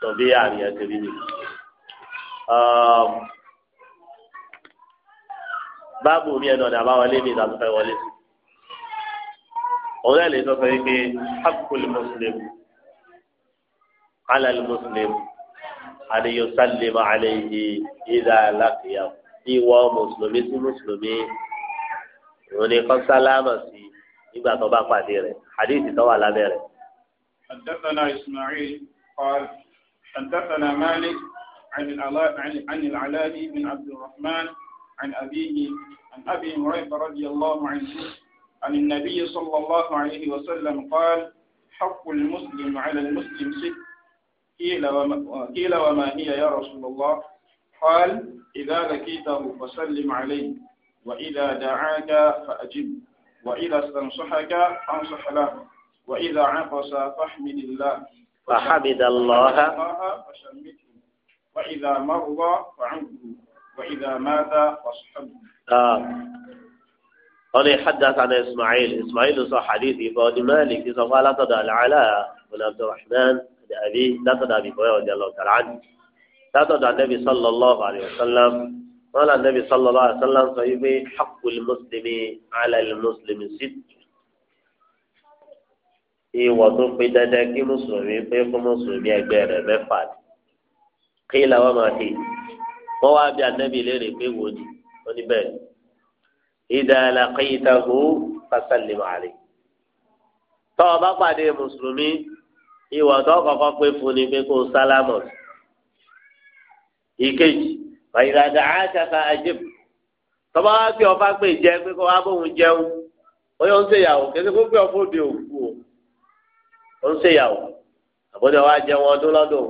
tọ̀bí àrìn ẹdí rí ni. Um, báàbù mi ẹ̀ nọ̀dà bá wọlé mi ìdàgbàsókè wọlé sí òun náà lè sọ fẹ́ pé hakul muslim alal muslim àdìyọ sálẹmà àlẹyìí ìdá alákìyà ìwọ mùsùlùmí sí mùsùlùmí òun ni kọ́ sálámà sí nígbà tó bá pàdé rẹ̀ àdìsí tó wà lábẹ́ rẹ̀. حدثنا إسماعيل قال حدثنا مالك عن عن العلاء بن عبد الرحمن عن أبيه عن أبي هريرة رضي الله عنه عن النبي صلى الله عليه وسلم قال حق المسلم على المسلم ست قيل وما, هي يا رسول الله قال إذا لكيته فسلم عليه وإذا دعاك فأجب وإذا استنصحك فانصح له وإذا عقص فاحمد الله فحمد الله فشمته وإذا مرضى فعنده وإذا مات فاصحبه آه. قال حدثنا إسماعيل إسماعيل صح حديث ابن مالك إذا لا تدع العلاء بن عبد الرحمن أبي لا تدع أبي هريرة رضي الله تعالى عنه لا تدع النبي صلى الله عليه وسلم قال النبي صلى الله عليه وسلم صحيح حق المسلم على المسلم ست ìwọ tó pe dandan kí mùsùlùmí pé fún mùsùlùmí ẹgbẹ́ rẹ̀ mẹ́fà ni kí làwọn máa dé idha laqitahu fasallim alayhi. tọ́ ọ bá pàdé mùsùlùmí ìwà tó kọ́kọ́ pé fún ni pé kó sálámọ̀ ìkejì fàyìlà dàáṣà ká ajib tọ́ba wá pé ọba pé jẹ pé kó wá bóun jẹun oyè ń ṣèyàwó kí ẹ kó pé ọfọ òde òkú o ń ṣèyàwó àbọ̀dọ̀ wa jẹun ọdún lọ́dún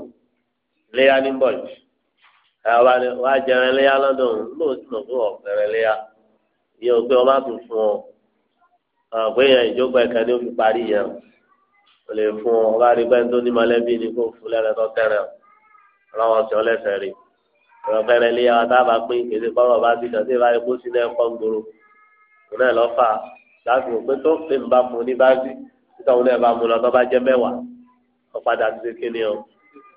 léyà ní bọ̀jù ẹ̀ wá jẹun léyà lọ́dún lóòótọ́ fún ọ̀fẹ́rẹ́ léyà ìyẹn ò pé ọba tó fún ọ àgbẹ̀ yẹn ìjókòó ẹ̀ka ni ó fi parí yẹn o lè fún ọ ọba rí pẹ́ńtó ní malẹ́bí ni kò fún lẹ́rẹ̀ tó tẹ̀rẹ̀ ọlọ́wọ́ sí ọ lẹ́sẹ̀ rí ìrọ̀fẹ́rẹ́ lé yàrá tá a bá pín kéde kọ́rọ̀ bá ti dàn sí ìbáyé kó sí náà kọ́ ń gbòòrò òun náà lọ́ fà láti rò pé tó pè ń bá fún un ní báàgì títà òun náà bá mú lọ tó bá jẹ́ mẹ́wàá ọ̀padà ti ṣe kéde o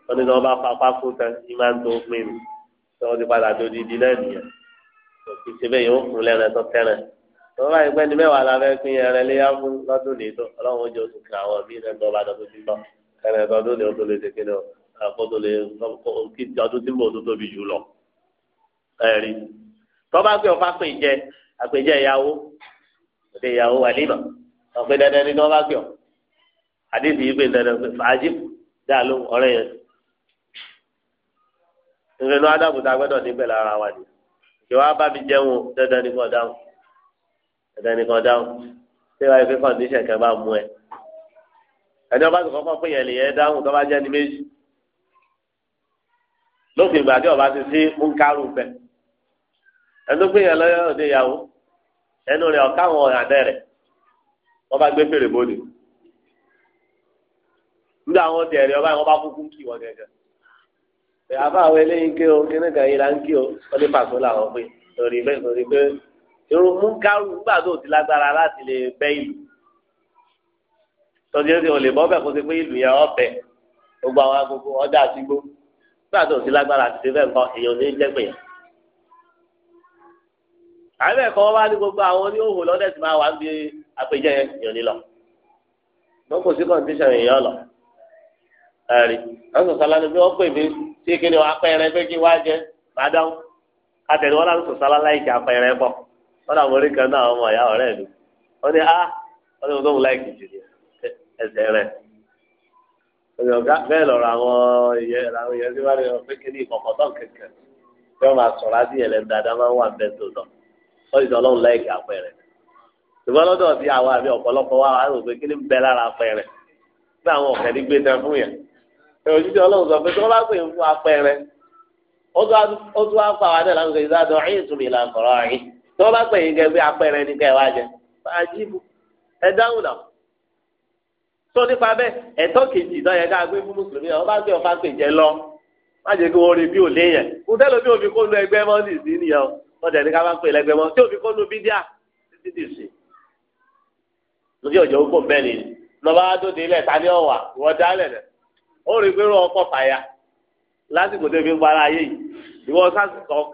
wọ́n ní ní wọ́n bá fa pákó tán ìmáà tó pín mi tí wọ́n ti padà tó di di nìyẹn òfin ṣe bẹ́ẹ̀ yóò fún lẹ́rẹ̀ tó tẹ́rẹ̀ tó bá yẹ pé ní mẹ́wàá la fẹ́ pín ẹrẹ léyà fún lọ́dún ní tó ọlọ́run oúnjẹ oṣù kan àwọn míì náà gbọ́ bá dọ́dún sí lọ ẹrẹ tọdún ní o tó lè ṣe kíni o kó tó lè kí ọdún tí mo tó tóbi jù lọ ẹ̀rí tó bá pé ọ̀fà pè jẹ àpèjẹ ìyàwó òde ìyàwó wà nímọ̀ ọ̀pẹ dandan ni tó bá pè ọ̀ àdéhùn yìí pé dandan pé fàájì dá lóhùn ọ̀rẹ́ yẹn ìrìnnà adábùtà gbọ́dọ̀ níbẹ̀ lára wa nìyẹn kí wàá bá mi jẹun dandan ni kò dáhùn dandan ni kò dáhùn ṣé wàá fi kọ́ndíṣẹ̀ kan bá mú ẹ. ẹni ọba tó kọ́kọ́ pé yẹn lè yẹn dáhùn tó bá jẹ́ ní méjì lófin ìgbà tí ọba ti sí múnkárù bẹ ẹni tó pé yẹn lọ́yọ́ òde ìyàwó ẹnu rẹ̀ ọ̀ká àwọn ọ̀hàdẹ rẹ̀ wọ́n bá gbé fèrè bóde nígbà wọn tẹ̀rẹ̀ ọba yẹn wọ́n bá kúkú kì wọ́n gẹ́gẹ́ pé àbá àwọn eléyìí ké o kí nìkan yìí là ń kí o wọ́n ní pàṣẹ làwọn pé lórí bẹ́ẹ̀ lórí pé irun mú kárù nígbà tó ti lágbára láti lè bẹ́ ìlú tọ́jú ẹ̀sìn ò lè bọ́ bẹ́ẹ̀ kó ti pé ìlú yẹn ọ̀bẹ gbogbo àwọn agogo ọjà àtìgbò nígbà tó ti lágbára àti ṣe bẹ́ẹ̀ nǹkan èèyàn ní jẹ́ pèyàn. àbẹ̀ kọ́ wá ní gbogbo àwọn oníhòòhò lọ́dẹ̀ tí máa wà ń bi àpèjẹ èèyàn nílọ. mọ́kòsí kọ́ńtíṣàn èèyàn lọ. ẹ̀rí àwọn sọ̀sọ́ lánàá bí wọ́n pè mí tí kìnìún apẹ̀rẹ̀ pé kí wá jẹ bàdáwó àtẹ̀lé wọn láti sọ̀sálá láìkí apẹ̀rẹ̀ pọ̀ wọn làwọn orí kan náà ọmọ ìyá ọ̀rẹ́ mi wọn ni ah wọn ni mo tóun láìkí jù ní ẹsẹ̀ rẹ̀ bẹ́ẹ̀ lọ́rọ̀ àwọn ìyẹn àwọn ìyẹn tí wọ́n lè sọ pé kí ni ìkọ̀kọ̀ tán kẹ̀kẹ́ tí wọ́n máa sọ̀rọ̀ á sí ẹ̀lẹ́ dáadáa máa ń wà bẹ́ẹ̀ tó lọ wọ́n sì sọ ọlọ́run láìkí apẹ̀rẹ̀ ṣùgbọ́n lọ́dọ̀ sí àwọn àbí ọ̀pọ̀lọpọ̀ wa àwọn òjijì ọlọ́run sọ pé tí wọ́n bá pè ń fún apẹ̀rẹ ó tún wá pa àwọn àdàlà ń sọ ìdájọ́ ẹ̀yìn ìtumì ìlànà ọ̀rọ̀ yìí tí wọ́n bá pè yín gẹ́gẹ́ bí apẹ̀rẹ ní kẹ́ ẹ wá jẹ àjíbù ẹ dáhùn náà tó nípa bẹ́ẹ̀ ẹ̀tọ́ kejì náà yẹ ká gbé fún mùsùlùmí náà bá gbé ọ̀fà pè jẹ lọ má jẹ́ kí wọ́n rí bí òlé yẹn kò tẹ́lẹ̀ bí òfin kó ẹgbẹ́ mọ́ ó rí pé rọ ọkọ fàyà lásìkò tó fi ń para ayé yìí ìwọ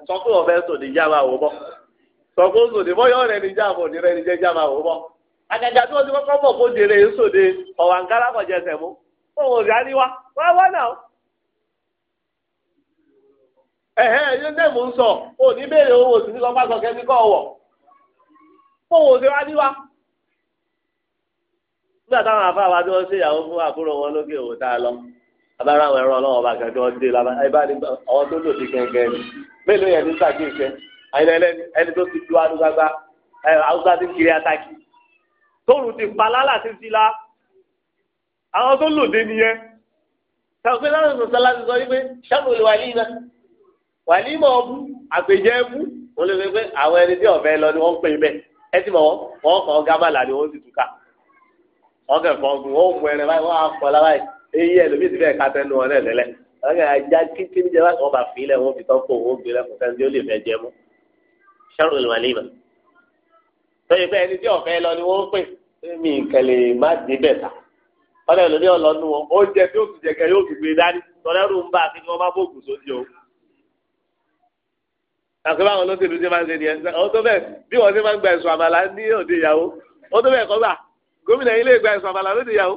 sọ pé ọ̀fẹ́ sòdì jáma wò sọ pé sòdì bọ́ yọ̀ọ́ rẹ̀ jáma òdì rẹ̀ ní jẹ́ jáma wò àgàgà tí ti kọ́kọ́ bọ̀ kó jèrè sòdì ọ̀wà ń kára kọjá mú òun ò wá wá náà ń sọ òní owó nílọ abára àwọn ẹran ọlọ́wọ́ bá gàdọ́ dé lábá ẹ bá ní ọwọ́ tó lòdì gẹ́gẹ́ ni mélòó yẹn ní sàkíyèsẹ́ àyìnlẹ́lẹ́ni ẹni tó ti ju arúgbágbá ẹ haúsá ti kiri ataki tóòrùn ti pa lálà ti ti la àwọn tó lòdì nìyẹn tàbí láwọn sọ̀tà láti sọ wípé sábò lè wà ní iná wà ní ìmọ̀ ọ̀bù àpèjẹ ẹ̀bù wọn lè pé àwọn ẹni tí ọ̀fẹ́ lọ ni wọ́n ń pè bẹ́ẹ̀ ẹ ti mọ̀ wọ́n kàn gámàlà ni wọ́n ti túká wọ́n kẹ̀ fọ́ọ̀gùn wọ́n mú ẹrẹ báyìí wọ́n á fọ́ eyi ẹlòmíì ti bẹ́ẹ̀ ká tẹnu wọn náà lẹ́lẹ́ ọ̀gá ajá kíkí ní jẹba kan bá fi ilẹ̀ wọn fi tọ́kọ̀ owó gbé lẹ́kùn sẹ́ni tí ó lè fẹ́ jẹ mú ṣàrò ìlú àlẹ́ ìmọ̀ tọ́jú pé ẹni tí ọ̀fẹ́ lọ ni wọ́n pè mí kẹlẹ̀ má dé bẹ̀ ta ọ̀dọ̀ ìlú ní ọlọ́nu wọn oúnjẹ tí oṣù jẹ̀kẹ́ yóò fi gbé dání tọ́lẹ́rù ń bá kíkọ́ má bóògùn sóúnjẹ o. àti báwọn olóṣèlú ṣe máa ń ṣe ni ẹni ọ tó bẹ̀ bí wọ́n ṣe máa ń gba ẹ̀sùn àmàlà ní òde ìyàwó ó tó bẹ̀ gbà gómìnà ilé ìgbà ẹ̀sùn àmàlà lóde ìyàwó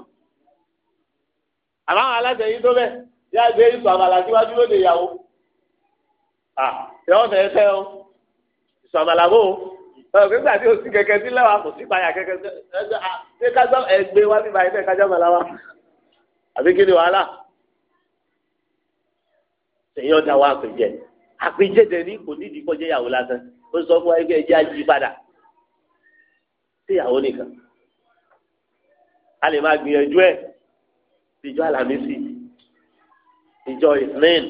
àwọn aláṣẹ yìí tó bẹ yá gbé ìsọ àmàlà síwájú lóde ìyàwó à ìyàwó fẹẹ fẹ o ìsọ àmàlà bò ó nígbà tí o sì kẹ̀kẹ́ sílẹ̀ wa kò sí ìpayà kẹ̀kẹ́ ṣé kájọ ẹgbẹ wá bíbá ẹgbẹ kájọ àmàlà wa àbí kí ni wàhálà èèyàn da wa àpèjẹ àpèjẹ dẹ ní kò nídìí kọjá ìyàwó lásán ó sọ fún wa ẹgbẹ ẹjẹ ají padà sí ìyàwó nìkan a lè máa gbìyànjú ẹ ìjọ alamisi ìjọ ismail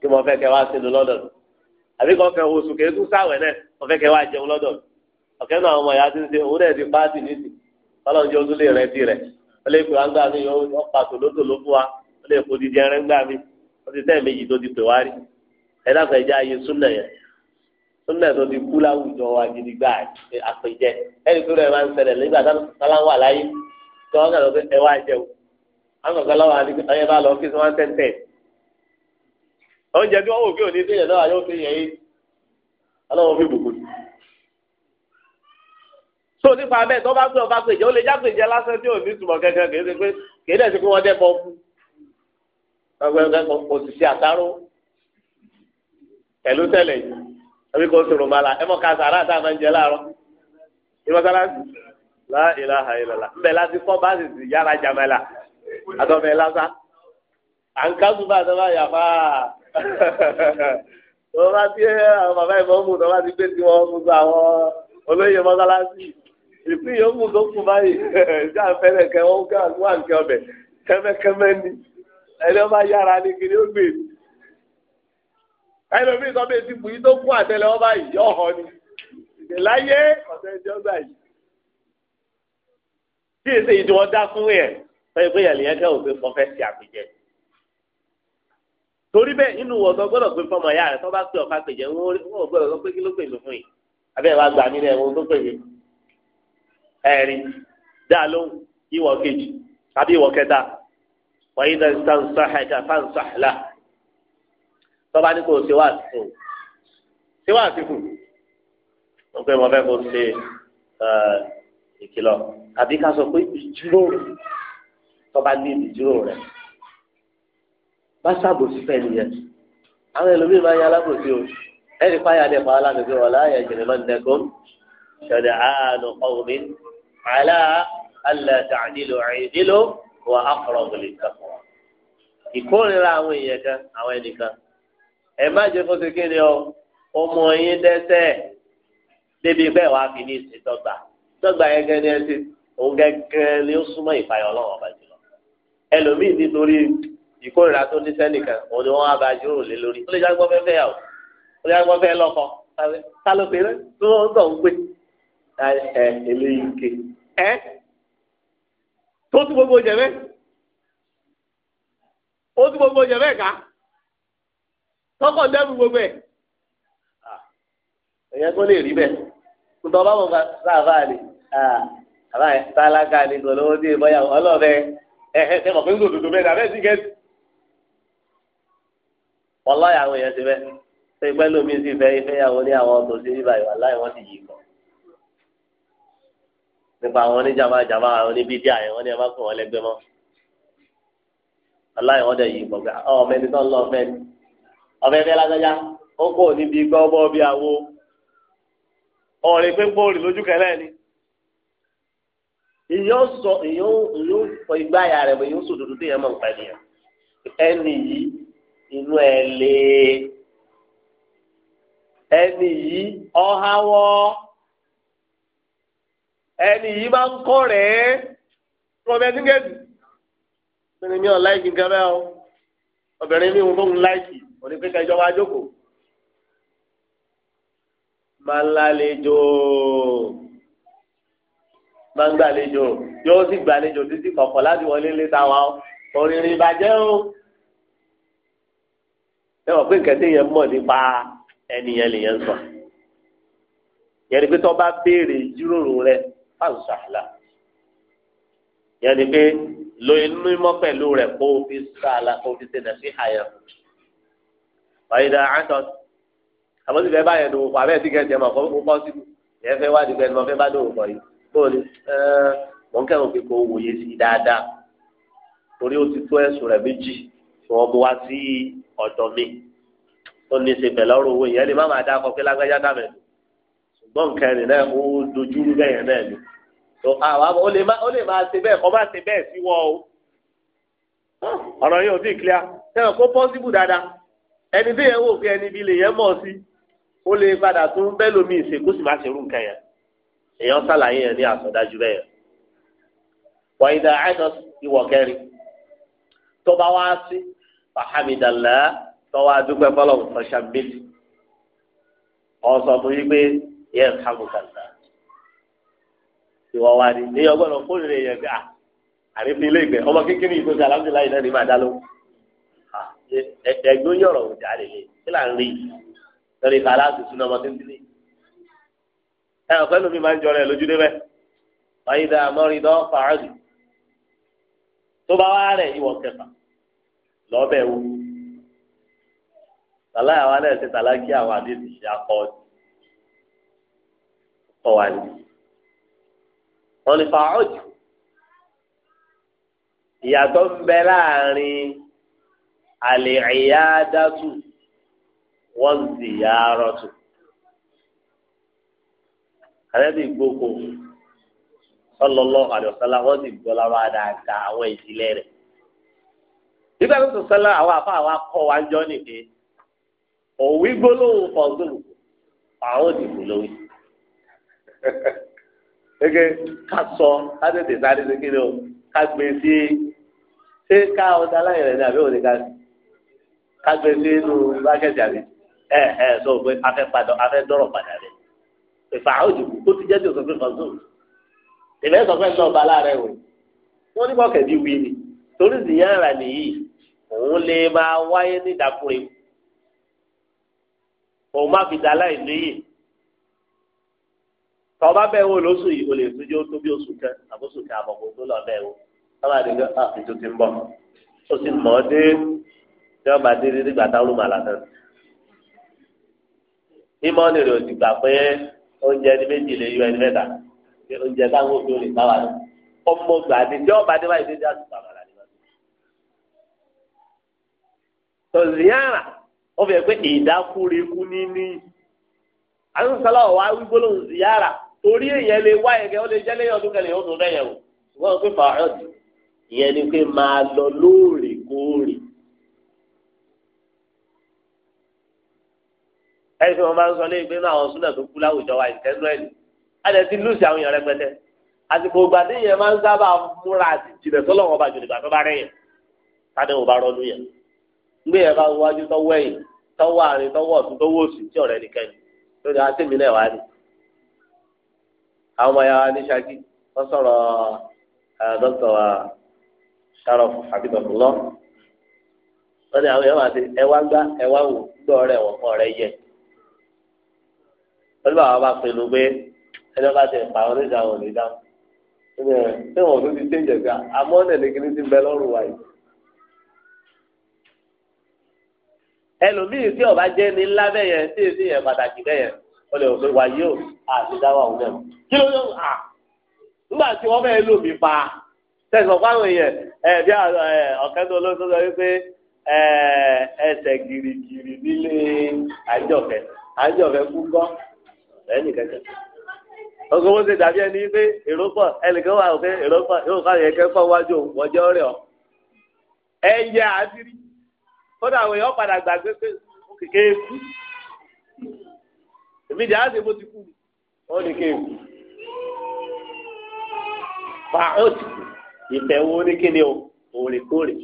kí mo fẹ́ kẹ́ wá sínú lọ́dọ̀ àbí kọ́ fẹ́ oṣù kẹ́kù sáwẹ̀ náà mo fẹ́ kẹ́ wá jẹun lọ́dọ̀ ọ̀kẹ́ náà ọmọ ìyá ti ń ṣe òun náà ti pààtì nísì ọlọ́run jẹ́ ojúlé rẹ ti rẹ̀ ó lè pè wá gbà mí yóò pa tòlótòló fún wa ó lè fò dídí ẹrẹ́ gbà mí ó ti tẹ́ méjì tó ti pè wá rí ẹ dákọ̀ ẹja ayé súnà yẹn súnà tó ti kú láwùjọ wa gidi gbà àpèjẹ ẹni tó rẹ̀ máa ń ṣẹlẹ̀ nígbà táwọn wà láyé tó wọ́n kàn lọ́ pé ẹ wá jẹun àgbàgbà làwọn àti ọyẹ bá lọ kí sí wọn tẹ́ntẹ́ oúnjẹ tí wọn wò kí òní sí yẹn náà yóò fi fi bùkún. tó nípa bẹ́ẹ̀ tó bá gbé ọba gbèjẹ́ ó lè já gbèjẹ́ lásán tí ò ní túmọ̀ kankan kì í ṣe pé kì í dẹ̀ sí pé wọ́n dẹ́ bọ́ fún àtàrò ẹbí kò sọ̀rọ̀ ẹ mọ̀ ká sàrà máa ń jẹ láàárọ̀ láìláha láti kọ́ bá sì yára àtọ̀bẹ̀ lásán à ń ká sùn bá àtọ́bá yà fà àwọn bàbá ìbọn mú tọ́ba ti gbé tiwọn mú sọ àwọn olóyè mọ́sálásí ìpín yòókù tó kù báyìí ṣé àfẹ́lẹ̀ kẹ́ wọ́n kẹ́ wà ń kẹ́ ọbẹ̀ ni ẹni ọba yára ní kiri ó gbèrú ẹlòmíì sọ pé ti bùyí tó kún àtẹlẹ ọba yìí yọ ọhọ ni ìdèláyé ọ̀sẹ̀ ìjọba yìí kí èsè ìdíwọ́n dá fún yẹn fẹ́ẹ́ pé yẹn lèyẹn kẹ́wò pé fọ́n fẹ́ ti àpèjẹ. torí bẹ́ẹ̀ nínú ọ̀dọ́ gbọ́dọ̀ pé fọmọ ìyá rẹ̀ tó bá pè ọ̀fà pèjẹ wọn ò gbọ́dọ̀ lọ pé kí ló pè mí fún yìí abẹ́ ẹ̀ wá gbà mí lẹ́wọ̀n tó pè mí. ẹ̀rín dá lóhùn ìwọ kejì tàbí ìwọ kẹta wàyí náà sàn sàhàkà mo fẹ́ kó ṣe ìkìlọ̀ àbí ká sọ pé ìjíròrò tọ́ba ní ìdíjúrò rẹ̀ bá ṣàbòsí fẹ́ni yẹn àwọn ẹlòmíì máa ń yá alábòsí o ẹnì fáyà dẹ̀ fàá lánàá fi wọ̀ láàyè jìnnà lọ́dẹ kó ṣẹ̀dẹ̀ àánú ọ̀hún àlá alẹ́ tàdílò àìdílò wà á kọ̀rọ̀ gbèlè kàkọ́. ìkórira àwọn èèyàn kan àwọn ẹnìkan ẹ má jẹ́ kó ṣe kí ni ọ ọmọ yín dẹ́ṣẹ̀ débi bẹ́ẹ̀ wàá fi ní ìsìn dọ́gba dọ́gba yẹn gẹ́gẹ́ ni ẹ òun gẹ́gẹ́ ni ó súnmọ́ ìfàyọ̀ ọlọ́run ọ̀bàjẹ́ ẹlòmíì nítorí ìkórìíra tó ní sẹ́nìkan òun ni wọ́n á ba jíròrò lé lórí ó lè já gbọ́ fẹ́fẹ́ yà ó ó lè já gbọ́ fẹ́ lọ́kọ ta ló pe rẹ́ tó ń tọ̀ ń pè ẹ eléyìí ké ẹ tó tún gbogbo jẹ bẹ́ẹ̀ ó tún gbogbo jẹ bẹ́ẹ̀ ká tọkọ̀ dẹ́rù gbogbo ẹ̀ ẹ̀yẹ kó lè rí bẹ́ẹ̀ ntọ́ bá wọn ká sáà fáà ni àbáyé tálákà ni kò lówó dé bọ́yà ọlọ́ọ̀fẹ́ ẹ̀hẹ́ sẹ́mọ̀ pé ń lò dòdò bẹ́ẹ̀ dàbẹ́ sí gẹ̀ẹ́sì. wọn láyà àwọn èèyàn ti bẹ́ ṣé ipẹ́ lómi sì fẹ́ ìfẹ́yàwó ní àwọn tó ṣe bíbá ìwà láì wọ́n ti yìí kọ́. nípa àwọn oníjàmájàmá àwọn oníbídí àyẹ̀ wọ́n ní ẹ má kó wọn lẹ́gbẹ́ mọ́. aláì wọ́n dẹ̀ yìí kọ́ ah, ọmọ ẹni tó ń lọ fẹ́ ni ọ̀fẹ́ fẹ́ lágbájá ó kò níbi gbọ́ bọ́ èyàn sọ èyàn èyàn fọ igbá ya rẹ bọ èyàn sọ òdodo tó yẹ mọ nípa ènìyàn ẹni yìí inú ẹ lé ẹni yìí ọ̀háwọ́ yìí máa ń kọ́ rẹ̀ ẹ́ obìnrin mi máa ń gbàlejò yóò sì gbàlejò títí kọ̀kọ̀ láti wọlé lé táwa o òrìrì ìbàjẹ́ o. ẹ wọ pé nǹkan téèyàn mọ̀ nípa ẹnìyẹn lèyẹn sọ yẹn ni pé tó bá béèrè ìjíròrò rẹ fáwọn sàlà yẹn ni pé lo inú mímọ́ pẹ̀lú rẹ kó o fi sàlà kó o fi ṣe nàfi àyàn. ọ̀yẹ̀dà àtọ̀ àbọ̀sílẹ̀ báyẹn ló wọ̀ abẹ́ẹ̀ tí kẹ́hìn jẹ́ mọ̀ fọ́ fọ́ sí i yẹn fẹ́ wá dìgbẹ́ ni mo fẹ́ bá dòwò pọ̀ yìí bóòlù ẹ mọ̀ ń kẹ́rù pé kò wòye sí i dáadáa torí ó ti tó ẹ̀sùn rẹ̀ méjì tí wọ́n mú wá sí ọ̀dọ̀ mi tó ní ṣe pẹ̀lú ọ̀rọ̀ owó ìyẹn lè má máa dá akọ pé lágbájá dàbẹ̀ ṣùgbọ́n kẹrin náà ó dojú bẹ́yẹn náà ni tó àwa ó lè máa ṣe bẹ́ẹ̀ kọ́ máa ṣe bẹ́ẹ̀ sí wọ́ o ọ̀rọ̀ yẹn ò tí ì clear sẹ́wọ̀n kó pọ́sibù dáadáa ẹni bí yẹn wò pé ẹni bí lè yẹn mọ̀ sí ó lè padà tún bẹ́ẹ̀ lómi ìṣèkúsì má ṣerú nǹkan yẹn èèyàn sàlàyé yẹn ní àsọdájú bẹ́ẹ̀ wà ìdá àìsàn kẹrin tó bá wá sí fàhámìdàlá tó wá dúpẹ́ fọlọ́ ọ̀ṣàmbélé ọ̀sọ̀ tó yí pé yẹ hàmùkàlá ìwọ wa ni ní ọgbọ́dọ̀ fóònù rẹ̀ yẹn gbà ilé ìgbẹ́ ọmọ kékeré ní máa dá ẹgbẹ́ yọ̀rọ̀ òjà rẹ̀ kí là ń rí lórí ọmọ yìí. ẹ ọ̀pẹ́ lómi máa ń jọrọ ẹ lójú débẹ̀ wáyé dáa mọ́rin dán fàájì tó bá wá rẹ̀ ìwọ kẹfà lọ́bẹ̀ wò tàlá àwa náà ṣe àwọn àdéhùn ṣe akọ ọ wà ní. wọ́n ní fàájì ìyàtọ̀ ń bẹ láàrin àlè ìyá dátù wọ́n zìyà rọ̀tù. àlẹ́bí gbogbo sọlọlọ ọlọlọ wọ́n sì gbọ́ lára àwọn ìdílé rẹ̀. nígbà tó sọ̀sọ́lá àwọn afá wa kọ́ wa jọ nìké òwí gbólóhùn àwọn òdìbò lórí. gẹ́gẹ́ ká sọ ká tètè sáré sí o ká gbé sí ṣé ká ọ̀dà aláìrẹ̀ ní ìfà òjò tó ti jẹ́ tí o sọ pé fọ́sùn ìfẹ́ sọ pé ńlọ ọba aláàrẹ wò wọ́n ní kọ́kẹ́ bí wí ni torí ziyara nìyí òun lè máa wáyé ní ìdàkùnrin òun má fi dàlá ìníyì tọ́ba bẹ́ẹ̀ wò lóṣù yìí o lè túnjó tó bí oṣù kan àbóṣù kan àbọ̀kò tó lọ bẹ́ẹ̀ wò sábà ní ká ètò ti ń bọ̀ ó sì mọ̀ ọ́ dé tí wọ́n bá dé nígbà táwọn olùmọ̀ àlàtàn ìmọ̀ nìrè òsì gbà pé oúnjẹ ní méjì lè yọ ẹni mẹ́ta oúnjẹ táwọn òbí olè báwa lọ ọmọ gbà ní tí ọba dé báyìí dédé àtúntò àbàlà ni wọn. tòzíyàrá wọn fi hàn pé ìdákúrekú níní àwọn sọlá ọ̀wá wígbóló ziyàrá torí èèyàn lè wá ẹ̀kẹ́ ó lè jẹ́ lẹ́yìn ọdún kẹlẹ̀ yóò tún rẹ̀ yẹ̀wò ṣùgbọ́n pé fàáhùn ìyẹn ni pé máa lọ lóòrèkóòrè ẹni tí wọn bá ń sọ léyìn pé náà àwọn súnà tó kú láwùjọ wa ìtẹ́nu ẹ̀ ní adẹ ti lùsì àwọn èèyàn rẹpẹtẹ àsìkò ìgbà tí yẹn máa ń sábà múra àti jìnnà tó lọ́wọ́ bá jòlè gbàtọ́ bá rẹ̀ yẹn tani ò bá rọ́ọ̀lù yẹn gbé yẹn bá wájú tọ́wọ́ ẹ̀yìn tọ́wọ́ àárín tọ́wọ́ ọ̀tún tọ́wọ́ òsì tí ọ̀rẹ́ nìkan ni lórí àtẹ̀mí náà wá ní. ẹwà gbá wò gbọ́ ọ̀rẹ́ wọn fún ọ̀rẹ́ yẹn pẹ̀lú àwọn bá pinnu pé ẹni bá ti pa àwọn oníjà wọn ò ní dáhùn ṣé wọn tún ti ṣe ìjẹ̀gbẹ́ àmọ́ ọ̀nà ìdíkíní ti bẹ lọ́rùn wa yìí. ẹlòmíì tí ọba jẹ́ ní ńlá bẹ́ẹ̀ yẹn tí èsì yẹn pàtàkì bẹ́ẹ̀ yẹn wọ́n lè wọ́n pé wàyí o àti dáwọ́ àwọn náà kí ló yóò à nígbà tí wọ́n fẹ́ẹ́ lò mí pa tẹ̀sán fáwọn èèyàn ẹ̀ bí ọ̀kẹ́ tó ló tó sọ wípé ẹsẹ̀ gìrìgìrì nílé àjọfẹ́ àjọfẹ́ kú gan ẹni kẹkẹ ọkọ wọn ṣe dàbí ẹni pé èrò pọ̀ ẹnìkan wà pé èrò pọ̀ yóò fà yẹ kẹfọ wájú òun wọjọ rẹ ọ ẹyẹ àdírí kódà àwọn èèyàn padà gbàgbé pé kéke kú èmi dì á sì mo ti kú wọn ní kéèkú fa ó ti kú ìfẹ̀wò oníkíni o òrèkóòrè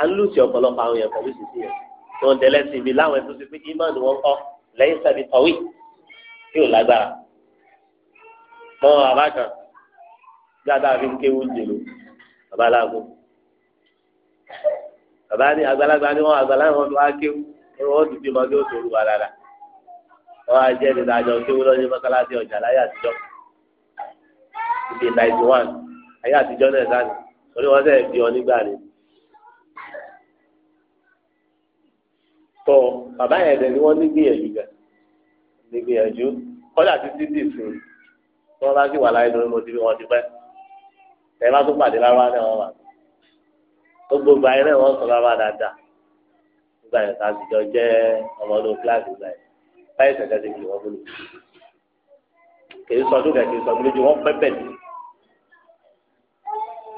à ń lùsì ọ̀pọ̀lọpọ̀ àwọn èèyàn pẹ̀lú ìsìsì yẹn tó tẹ̀lé sí láwọn ẹ̀sùn ti pé ìmọ̀ ni wọ́n kọ́ lẹ́yìn sẹ́ni tọ́wé. tí o lágbára mọ àbákan dáadáa fi ń ké oúnjẹ lò bàbá bàbá ní àgbàlagbà ni wọn àgbàlagbà wọn tó wá kéwù wọn ti bímọ ó tó olúwa dáadáa wọn á jẹ àjọ kéwù lọ́jọ́ mọ́kálásí ọjà láyé àtijọ́ ìdè náìtì wán ayé náà ọ nígbà tó bàbá yẹn ni nígbìyànjú kọ́lá títí dì sí i tí wọ́n bá sì wà láyé lórí mo ti fi wọn ti pẹ́ ẹ bá tún pàdé lárúbá náà wọn wà gbogbo ìgbà yẹn náà wọ́n sọ lárúbá dáadáa nígbà yẹn ká àtijọ́ jẹ́ ọmọ ọdún kíláàsì ìgbà yẹn báyìí sẹ̀kẹ́ ti fi wọ́n bolo kìí sọdún kẹ̀ kìí sọdún lójú wọn pẹ́pẹ́ ni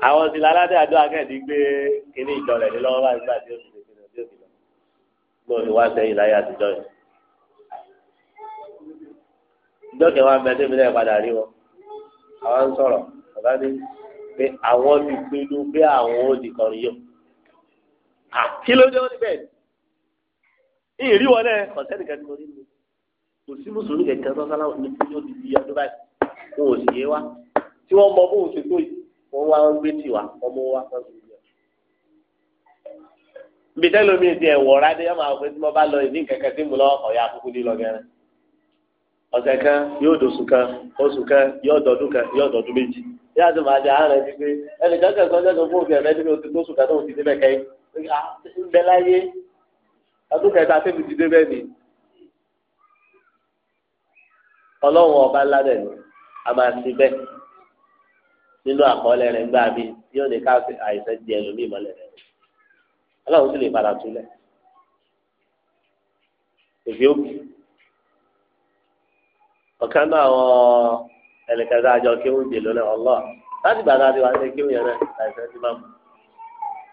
àwọn sì láládé àdó akẹ́ẹ̀dí gbé kíní ìjọ rẹ̀ ní báyìí gbà tí ó ti lè fi ìjọkẹ́ wa bẹ débi náà padà rí wọn àwọn ń sọ̀rọ̀ bàbá pé àwọn pinnu pé àwọn ò di kọrin yọ àti kí ló ti bẹ́ẹ̀ ní ìrí wọn náà ọ̀sẹ́ mi kò sí mùsùlùmí kẹ̀kẹ́ sọ́sálà ní kí ó ti di ọdún báyìí wọn ò sì yé wa tí wọ́n mọ bóun ṣe tó yìí wọ́n wá wọn gbé tiwa ọmọ wa kan ibi ọ̀sẹ̀ kan yóò dòṣù kan oṣù kan yóò dọ̀dún kan yóò dọ̀dún méjì bí a ti máa jẹ àárẹ̀ ni pé ẹnìkan kẹ̀kọ́ jẹ́ fún òfin ẹ̀rẹ́ nínú oṣù tóṣù kan tóun ti débẹ̀ kẹ́yìn ah, ń bẹ láyé ọdún kẹta tẹ́mi ti débẹ̀ ni ọlọ́run ọba ńlá dẹ̀ ni a máa ti bẹ́ẹ̀ nínú àkọọ́lẹ̀ rẹ̀ gbá mi yóò ní ká àìsàn di ẹlòmíì mọ́lẹ̀ rẹ̀ ọlọ́run sì lè padà túlẹ̀ òfin ọ̀kan náà àwọn ẹnìkẹta àjọ kéwù jè lónìí ọlọ láti gbàgbà àti wà yẹn náà láìsẹ ti máa mú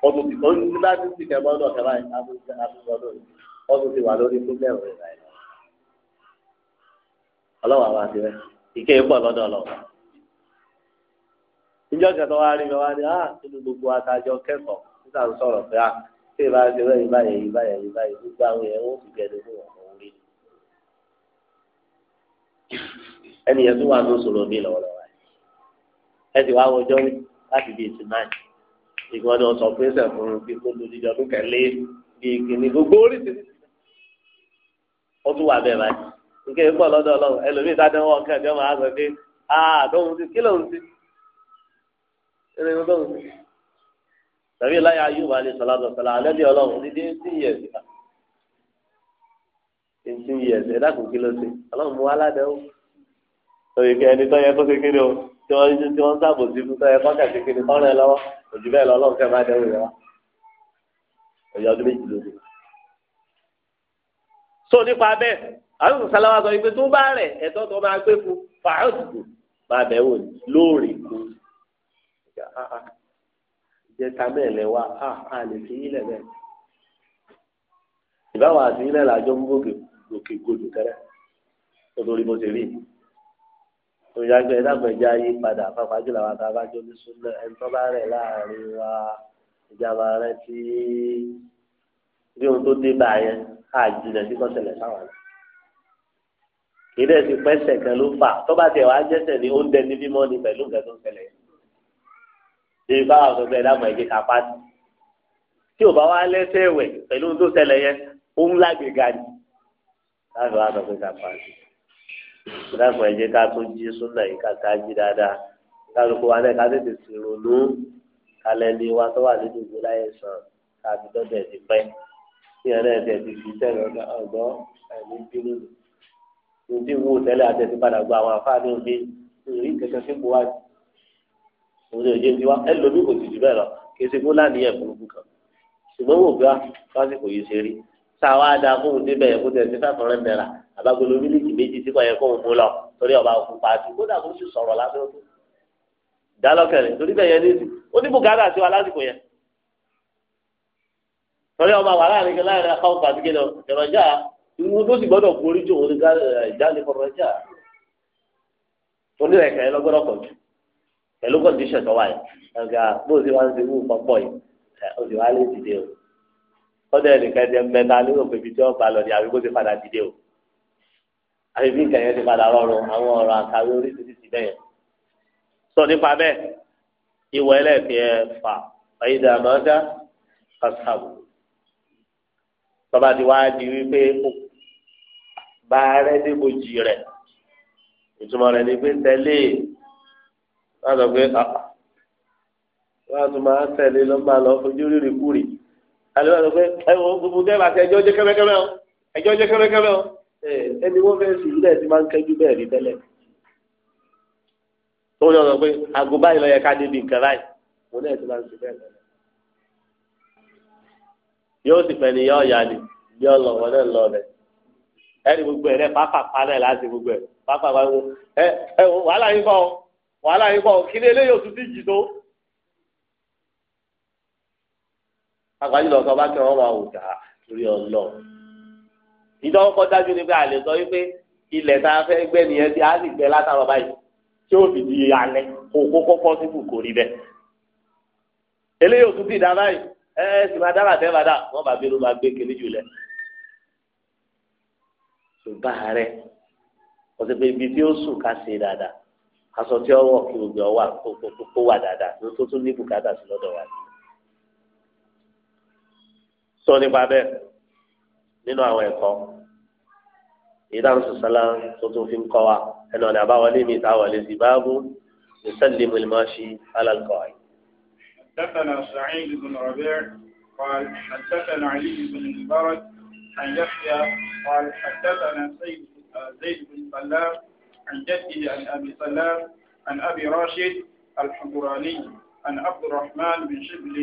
ọdún tí ọdún tí láti ti kẹ báyìí abúlé ọdún wà lórí fúnlẹ̀mù rẹ láì lọ. rẹ ike pọ̀ lọ́dọ̀ ìjọ kẹtọ wa rí mi wá ní à ah, nínú gbogbo nígbà tó pé à ṣé ìbáraẹni ẹnìyẹn tó wà ní sọ̀rọ̀ mi lọ́wọ́lọ́wọ́ ẹ ti wá wọjọ́ láti náà ni wọ́n sọ pé sẹ̀fún bí kó lu dídí ọdún kẹlẹ́ bí kìnnì gbogbo oríṣiríṣi ó tún wà báyìí tá máa sọ pé ti kí ti ti tàbí sọlá tó sọlá alẹ́ bí ní eighteen years ẹ̀dá kò kí ló ṣe ọlọ́run mú wa ládẹ́wò lórí kẹ ẹni tó yẹ kó ṣe kéde o tí wọ́n tí wọ́n sábò sí fún tó yẹ ṣe kéde kọ́ lọ́wọ́ òjì bẹ́ẹ̀ lọ́lọ́run fẹ́ má dẹ́wò yẹ wa ọ̀yọ́ ọdún méjì lóde. so nípa bẹ́ẹ̀ àwọn sàlámà sọ pé tó bá rẹ̀ ẹ̀tọ́ tó máa gbé fún fàáùtù máa bẹ̀wò lóòrè kú jẹ tamẹ́ẹ̀ lẹ wa a a lè fi yílẹ̀ bẹ́ẹ̀ ìbáwọ̀ àti yílẹ̀ làjọ ń gbòkè kù gòkè gòdò tẹ́lẹ̀ tó lórí bó ṣe rí òyàgbẹ́ dàgbẹ́ já yí padà pápá jùlọ àwọn tá a bá jó ní súnlẹ̀ ẹni tó bá rẹ̀ láàrin wa ìjàmbá rẹ̀ tí bí ohun tó dé bá yẹn á jìnà sí kọ́sẹ̀lẹ̀ sáwọn náà kìí dẹ̀ ti pẹ́sẹ̀ kan ló fà tó bá tiẹ̀ wá jẹ́sẹ̀ ní oúnjẹ ní bímọ ni pẹ̀lú nǹkan tó ń ṣẹlẹ̀ ṣe báwa gbẹgbẹ́ dámọ̀ ẹ̀jẹ̀ ká pàṣẹ tí ò bá wá lẹ́sẹ̀ ẹ̀wẹ̀ pẹ̀lú ohun tó ṣẹlẹ̀ yẹn ó ń lágbèga ni láti wá sọ pé ká pàṣẹ ìdáàbò ẹ̀jẹ̀ ká tó jí súnà yìí ká ká jí dáadáa kálukú wa náà ká tètè sì ronú kalẹ̀ ní wa tó wà nínú ìgbó láyé sàn ká fi dọ́dọ̀ ẹ̀dí pẹ́ kí ẹ̀ náà tẹ̀ ti fi tẹ̀lé ọ̀dọ́ ẹ̀mí bínú ní ti wú tẹ́lẹ̀ àtẹ̀sí padà gba àwọn afáàní omi rí kẹ̀kẹ́ sí bu wa òun ò jẹ́ ti wá ẹlòmí kò sì bẹ́ẹ̀ lọ kí ẹ ti kó láàníyàn burúkú kan táwa da kóhùn débẹ̀ yẹ kó tẹ̀ sí fàfọ̀rẹ́ mẹ́ra àbágbolo mílíkì méjì tí kò yẹ kóhùn mú lọ torí ọba kú pàtó kódà kó sì sọ̀rọ̀ lásán tó dálọ́kẹ̀rẹ̀ torí bẹ́ẹ̀ yẹn níbi ó ní sí wa lásìkò yẹn torí ọba wà láàrin kan láàrin akáwọn pàtó kí lọ ìrọ̀jà ìwọ tó sì gbọ́dọ̀ borí jò wọn ní ìjáde fọ̀rọ̀jà onírẹ̀kẹ̀ lọ́gbọ́dọ̀ o ti wá ń ṣe wú pọ̀ ọdọ ẹnìkan jẹ mẹ́ta ní òfin ibi tí wọn bá lọ ní àbí bó ti padà dìde o àbí bí nǹkan yẹn ti padà rọrùn àwọn ọ̀rọ̀ àkàwé oríṣiríṣi bẹ́ẹ̀ sọ nípa bẹ́ẹ̀ ìwọ ẹlẹfin ẹ fà ayédè àmọdá kàṣàbù tọba ti wá di wípé bá rẹ débojì rẹ ìtumọ̀ rẹ ni pé tẹ̀lé wọn sọ pé ah, ah. wọn tún máa tẹ̀lé lọ́gbà lọ fojú rírì kúrì. àlùbá sọ pé ẹ wò ó gbogbo dẹ́gbà sí ẹjọ́ jẹ́ kẹ́mẹ́kẹ́mẹ́ o ẹjọ́ jẹ́ kẹ́mẹ́kẹ́mẹ́ o ẹni wọ́n fẹ́ sùn náà ti máa ń kẹ́jú bẹ́ẹ̀ rí yọ pé báyìí lọ yẹ ká débi nǹkan láì mo máa ń sùn lọ. yóò sì ni yọ ọ̀yà ni bí ọ̀lọ̀ wọn náà lọ rẹ̀ ẹni gbogbo ẹ̀ pápá pa láti gbogbo pápá wàhálà yín kọ, wàhálà yín kí ni eléyìí ò àgbájú lọ sọ bá kí wọn máa wò ká lórí ọlọ ìdánwò kọ dájú ni pé àlè sọ wípé ilẹ̀ tá a fẹ́ gbẹ́ nìyẹn tí a sì gbẹ látàrọ báyìí tí ó fi di alẹ́ kò kókó pọ́sibù kò rí bẹ́ẹ̀ eléyìí ò tún ti dá báyìí ẹ ẹ sì máa dára tẹ́ bàdà wọ́n bá bínú máa gbé kele jù lẹ̀ ṣùgbọ́n ààrẹ wọ́n ti pé ibi tí ó sùn ká ṣe dáadáa aṣọ tí ó wọ̀ kí gbogbo ọ wà kó wà dáadáa ló tó tún ní bùkátà sí lọ́dọ̀ wa ni sọ nípa bẹ́ẹ̀ nínú àwọn ẹ̀kọ́ ìdáhùn sọsọlá tó tún fi ń kọ́ wa ẹnu ọ̀nà àbáwọlé mi ìtawọlé sí báàbù ìsẹ́lẹ̀ mọ̀lẹ́mọ́sí alálùkọ́ àyè. حدثنا سعيد بن ربيع قال حدثنا علي بن المبارك عن يحيى قال حدثنا سيد زيد بن سلام عن جده عن ابي سلام عن ابي راشد الحمراني عن عبد الرحمن بن شبل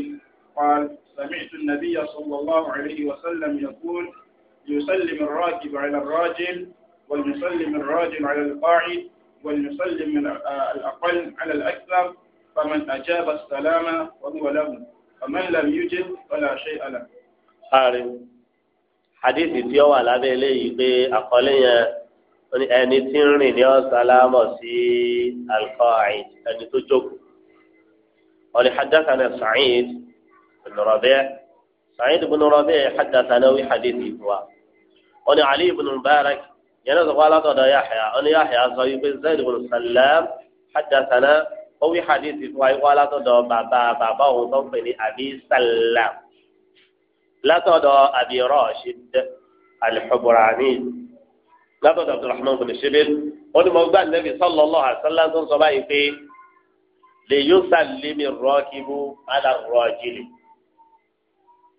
قال سمعت النبي صلى الله عليه وسلم يقول يسلم الراكب على الراجل والمسلم الراجل على القاعد والمسلم آه، الأقل على الأكثر فمن أجاب السلام فهو له ومن لم يجب فلا شيء له حارم حديث اليوم ó wà بأقلية eléyìí pé àkọlé سلام ẹni القاعد ń rìn ولحدثنا سعيد بن ربيع سعيد بن ربيع حدثنا حديثي هو أنا علي بن مبارك ينزل قال هذا يحيى أنا يحيى صيب زيد بن سلام حدثنا هو حديثي هو قال هذا بابا بابا هو أبي سلام لا تدى أبي راشد الحبراني لا تدى عبد الرحمن بن شبل ولموضع النبي صلى الله عليه وسلم تنصبه فيه ليسلم الراكب على الراجل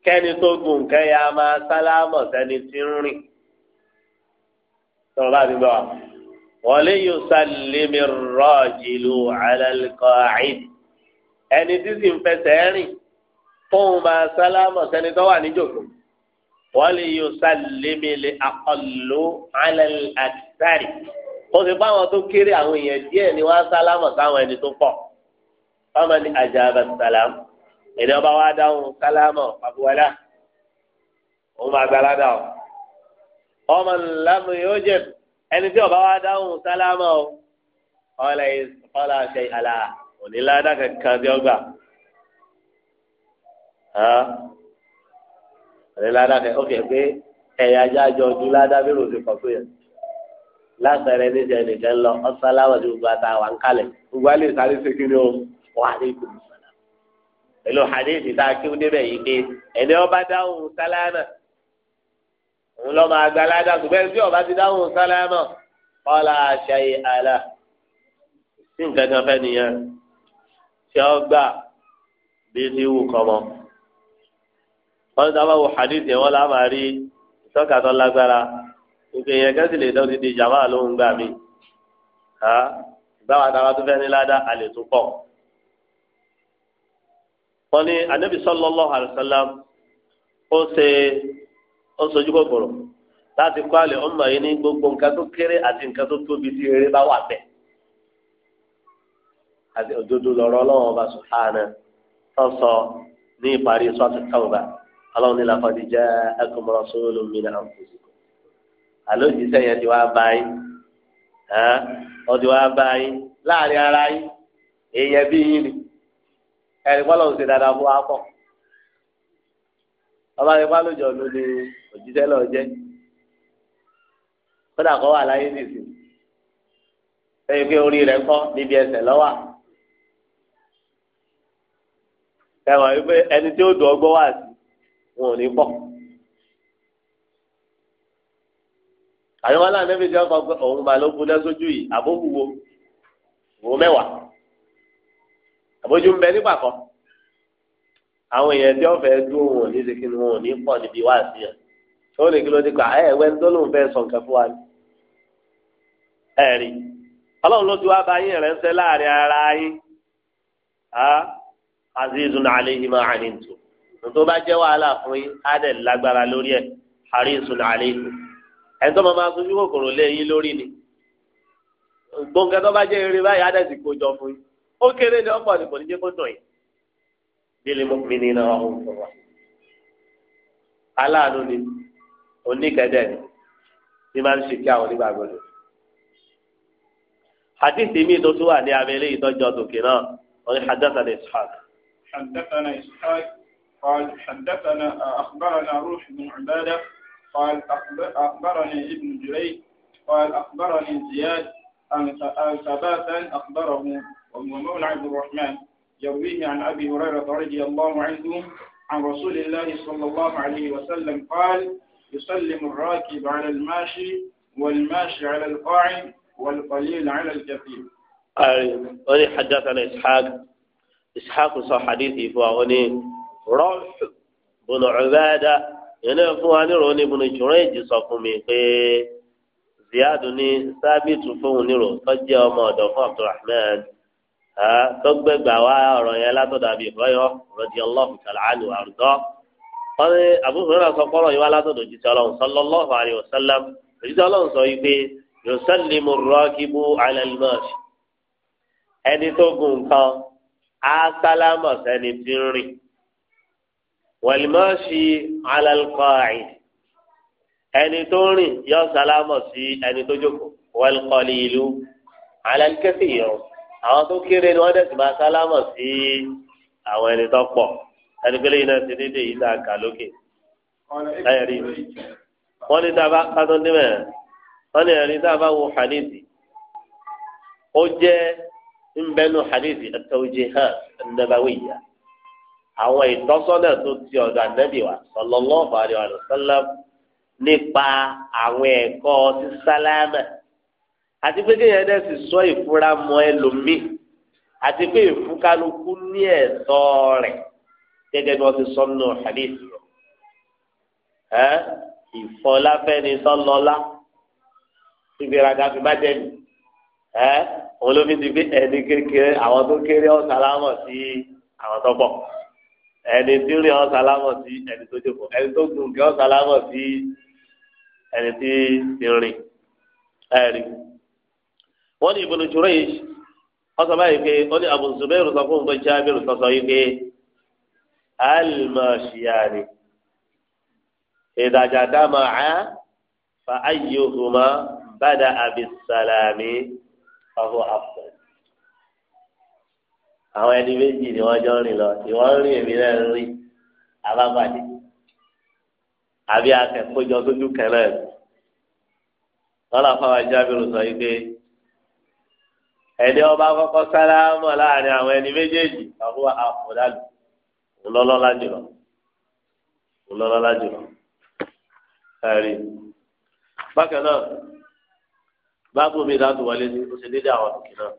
kẹ́ni tó gùn nǹkan ya máa sálámọ̀ sẹ́ni tí ń rìn sọ̀rọ̀ bá mi bọ̀ wọ́n lè yóò sálẹ̀mí rọ́ọ̀jìlú alálùkọ́ àìn ẹni tí sì ń fẹsẹ̀ rìn fóun máa sálámọ̀ sẹ́ni tó wà níjòkó wọ́n lè yóò sálẹ̀mí lè àkọlù alálùkàtàrí ó sì bá àwọn tó kéré àwọn èèyàn díẹ̀ ni wọ́n á sálámọ̀ sáwọn ẹni tó pọ̀ wọ́n máa ní sálámù ẹni ọba wa dáhùn sálámọ pàbúwẹlá òun máa gba aládà o ọmọ ńlámù yóò jẹ ẹni tí ọba wa dáhùn sálámọ o ọlẹ ọlẹ ṣe àlà onílàdà kankan tí ó gbà onílàdà kankan ó kẹ pé ẹyà ajá jọ ojú ládà bí ròsì kọ pé yẹn lásẹrẹ níjẹ nìkan lọ ọsálámọ tí gbogbo àtàwọn ń gbogbo àlè sáré ṣe kí ni o wà á ní kùn pẹ̀lú hadith tá a kíw débẹ̀ yìí pé ẹni ọba dáhùn sálámà òun lọ́mọ agbálada ṣùgbọ́n ẹni tí ọba ti dáhùn sálámà ọ̀la ṣayé àlà sí nǹkan kan fẹ́ nìyẹn tí ọ gbà bí ti wù kọ́mọ. wọ́n dábàá wo hadith yẹn wọ́n máa rí ìtọ́kàtọ́ lágbára nǹkan yẹn kẹ́sì lè dán títí jàmáà lóhùn gbà mí. báwa táwa tó fẹ́ ní ládàá àlè tó pọ̀ wọ́n ní anabi sallallahu alaihi wasallam ó ṣe ó sojú kòkòrò láti kọ́ àlẹ́ ọmọ yìí ní gbogbo nǹkan tó kéré àti nǹkan tó tóbi tí eré bá wà bẹ́ẹ̀ àti òdodo lọ́rọ̀ ọlọ́run ọba subhanahu tó sọ ní ìparí sọ́ọ̀tì káwọ́bà ọlọ́run ní laqad ja'akum rasulun min anfusikum àlójì sẹ́yìn ti wá báyìí ọ́ ti wá báyìí láàrin ara yìí èèyàn bí yín ni ẹ̀rí kọ́lọ̀ ń ṣe dáadáa fún akọ. ọba rẹ̀ pálójọ ló ní òjíṣẹ́ lọ jẹ́ kódà kọ́ wà láyé nìsí lẹ́yìn pé orí rẹ̀ kọ́ níbi ẹsẹ̀ lọ́wà. ẹ̀wọ̀n wípé ẹni tí ó dùn ọgbọ́n wà sí wọn ò ní pọ̀. àyọ̀wọ́lá nẹ́bí jẹ́ ọkọ̀ pé balógun lẹ́sọ́jú yìí àbóhùwò wò mẹ́wàá àbójú ń bẹ nígbà kan àwọn èèyàn tí wọn fẹẹ dúró wọn ní ṣe kí ni wọn ò ní pọ̀ níbi wá sí ẹ tó lè kí ló dé pa ẹ ẹwẹ ń dọ́lóhùn fẹẹ sọ nǹkan fún wa ni ẹ rí Ọlọ́run ló ti wá bá yín ránṣẹ́ láàrin ara yín azizun alayhi ma anintu tó bá jẹ́ wàhálà fún yín á dẹ̀ lágbára lórí ẹ̀ harisun alayhi ẹni tó máa ma sojú kòkòrò lé yín lórí ni gbọ̀ngàn tó bá jẹ́ eré báyìí á dẹ̀ sì kó jọ fún yín ó kéré ní ọ̀pọ̀ àdìpọ̀ níjẹ́ kó dùn yìí délé mú mi nínú ọ̀hún fún wa. aláàánú ni oníkẹ́dẹ́ ni ní máa ń ṣe kí àwọn onígbà gbọdọ̀. حديث مين تسوى عن عملي تجد كنا حدثنا إسحاق حدثنا إسحاق قال حدثنا أخبرنا روح بن عباده، قال أخبرني ابن جريج قال أخبرني زياد أن ثباتا أخبره وابن مولى عبد الرحمن يرويه عن أبي هريرة رضي الله عنه عن رسول الله صلى الله عليه وسلم قال يسلم الراكب على الماشي والماشي على القاعد والقليل على الكثير أولي حدثنا إسحاق إسحاق صح حديثي فأغني روح بن عبادة ينا فواني روني بن جريج صفمي زياد ني ثابت فوني رو فجأة ما دفع عبد الرحمن tọgbẹgbà wa ọ̀rọ̀ yẹn látọ̀dọ̀ àbí ìfọyọ rọdí ọlọ́run tàlà àlù àrùtọ wọn ní àbúrò náà sọ pọrọ yìí wá látọ̀dọ̀ jíjẹ ọlọ́run sọlọ lọhùn àríwọ sálẹm jíjẹ ọlọ́run sọ yìí pé yòsàlì mo rọ kíbu alẹlmọs ẹni tó gùn nǹkan á sálámọ sẹni tí ń rìn wàlmọsì àwọn tó kéré ni wọn dẹsí máa sálámọ sí àwọn ẹni tó pọ̀ ẹni pé lẹ́yìn náà ti dédé yìí tá a kà lókè ẹrí wọn ní tá a bá kátó ní mẹ wọn ní ẹrí tá a bá wo hadithi ó jẹ nbẹnu hadithi at-tawjihat an àwọn ìtọ́sọ́nà tó ti ọ̀dọ̀ ànábì wa sallallahu alaihi nípa àwọn ẹ̀kọ́ sísálámà àti pé kéèyàn dẹ̀ sì sọ ìfura mọ́ ẹlòmíì àti pé ìfúkálukú ní ẹ̀tọ́ rẹ̀ gẹ́gẹ́ bí wọ́n ti sọ nù hadith ẹ̀ ìfọláfẹ́ni tọ́lọ́lá ìgbéraga fi má jẹ́ mi ẹ̀ òun ló fi di pé ẹni kékeré àwọn tó kéré ọ̀sálámọ̀ sí àwọn tó pọ̀ ẹni tí ń rìn ọ̀sálámọ̀ sí ẹni tó jókòó ẹni tó gùn kí ọ̀sálámọ̀ sí ẹni tí ń rìn ẹ̀rí wọ́n ní Ibn Jurayj wọ́n sọ báyìí pé wọ́n ní Abu Zubair sọ fún gbọ́n Jabir sọ sọ yìí pé al-mashiyani idha jatama'a fa ayyuhuma bada'a bis-salami fa huwa afdal àwọn ẹni méjì ni wọ́n jọ ń rìn lọ ìwọ rìn èmi náà ń rìn abábàdé àbí akẹ́kọ̀ọ́ jọ sójú kẹlẹ́ wọn làwọn afáwọn Jabir sọ yìí pé ẹni ọba kọ́kọ́ sálámù láàrin àwọn ẹni méjèèjì àwọn àfọdàlù ńlọlọlá jùlọ ńlọlọlá jùlọ ẹrí bákan náà báàbù mi dáàbò wọlé ní oṣù dédé àwọn òkè náà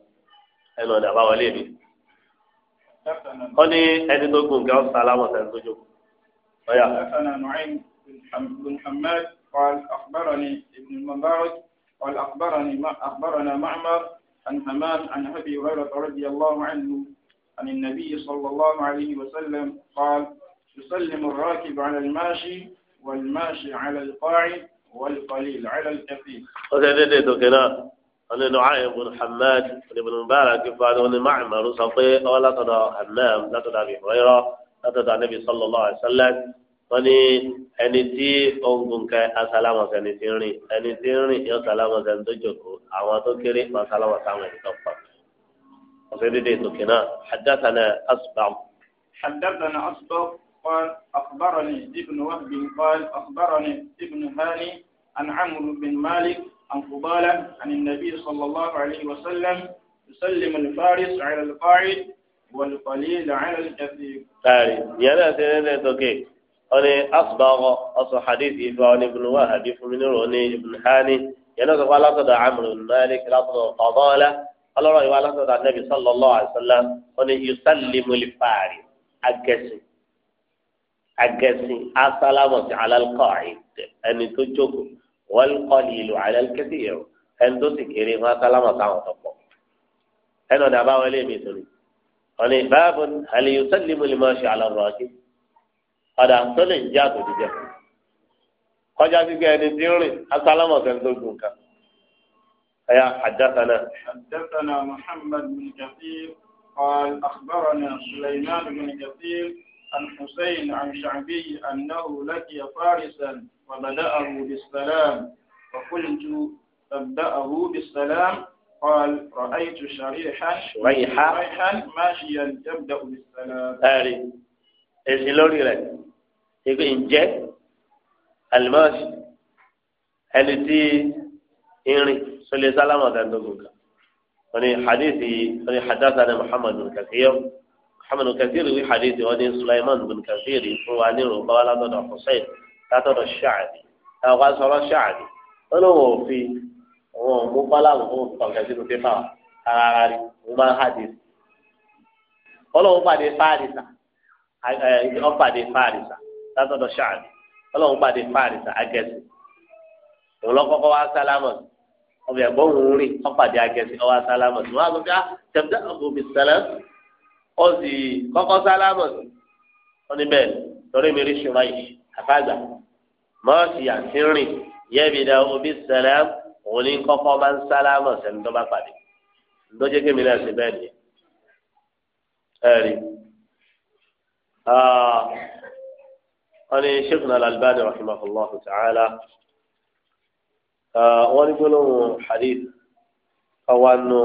ẹnu ọ̀dà bá wọlé mi wọ́n ní ẹni tó gùn kẹ́ ọ́ sálámù sẹ́ni tó jókòó ọ̀yà. بن قال أخبرني ابن المبارك قال أخبرني أخبرنا معمر عن همام عن أبي هريرة رضي الله عنه عن النبي صلى الله عليه وسلم قال يسلم الراكب على الماشي والماشي على القاعد والقليل على الكثير. أنا نعيم بن حماد بن مبارك فعلون معمر صفي ولا تدع حمام لا تدع أبي هريرة لا تدع النبي صلى الله عليه وسلم wọ́n ní ẹni tí oògùn kẹ asálámọ̀sẹ̀ ni ti rìn ẹni tí ń rìn yóò sálámọ̀sẹ̀ ń dójòkó àwọn tó kéré wọn sálámọ̀sẹ̀ àwọn ẹni tó pọ̀. وفي ذي سكنا حدثنا أصبع حدثنا أصبع قال أخبرني ابن وهب قال أخبرني ابن هاني عن عمرو بن مالك عن فضالة عن النبي صلى الله عليه وسلم يسلم الفارس على القاعد والقليل على الكثير. تاري يلا سنة توكي أني أصبغ أصل حديث إبراهيم بن وهب بن روني بن هاني ينزل على صدى عمرو بن مالك لا صدى فضالة قال رأي على صدى النبي صلى الله عليه وسلم أني يسلم الفارس أجسي أجسي السلام على القاعد أن تجوك والقليل على الكثير أن تسكري ما سلام سعوة الله أنا نبا ولي ميتوني أني باب هل يسلم الماشي على الراكب ọ̀dà tó lè jẹ́ àtòjíjẹ kọjá gbígbé ẹni tí ń rìn asálámọ̀ fẹ́ tó gùn kan. أيا حدثنا حدثنا محمد بن كثير قال أخبرنا سليمان بن كثير عن حسين عن شعبي أنه لقي فارسا وبدأه بالسلام فقلت أبدأه بالسلام قال رأيت شريحا شريحا ماشيا يبدأ بالسلام أري إيش لوري لك ṣègbè ǹjẹ́ alimọ́ọ̀sì ẹni tí irin sọlẹ̀ sálámà dandogun kan wọ́n ní hadithi wọ́n ní hadathana muhammadu kathir muhammadu kathir wí hadithi wọ́n ní sulaiman bin kathir fún wa nírò bá wa látọ̀dọ̀ hussein látọ̀dọ̀ ṣáàdì táwọn bá sọ̀rọ̀ ṣáàdì wọ́n ní wọ́n fi wọ́n mú fọláwọn fún kọ̀ọ̀kan sínú pépà ara rí wọ́n máa ń hadithi wọ́n lọ́wọ́ pàdé fáàdìsà ọ̀pàdé fáàdìsà látọ̀dọ̀ ṣáàbì ọlọ́run pàdé fáàrìsà agẹ́sì òun lọ́kọ́kọ́ wá sálámọ̀ ọbẹ̀ ẹ̀gbọ́n òun rìn ọ̀pàdé agẹ́sì ọwá sálámọ̀ sí wọn àgbẹ̀bí ah, tẹ̀bdá ọ̀gbọ̀n mi sẹlẹ̀ ó sì kọ́kọ́ sálámọ̀ sí wọn níbẹ̀ torí mi rí ṣùgbọ́n yìí àfàgbà mọ́ọ̀sì àti rìn yẹ́bìdá omi sẹlẹ̀ òun ní kọ́kọ́ máa ń sálámọ̀ sẹ́ni tó bá pàdé ńdọ́jẹ́ kémi náà wọ́n ní Sheikhuna Al-Albani rahimahullahu ta'ala ah, wọ́n ní gbólóhùn hadith ọwọ́nù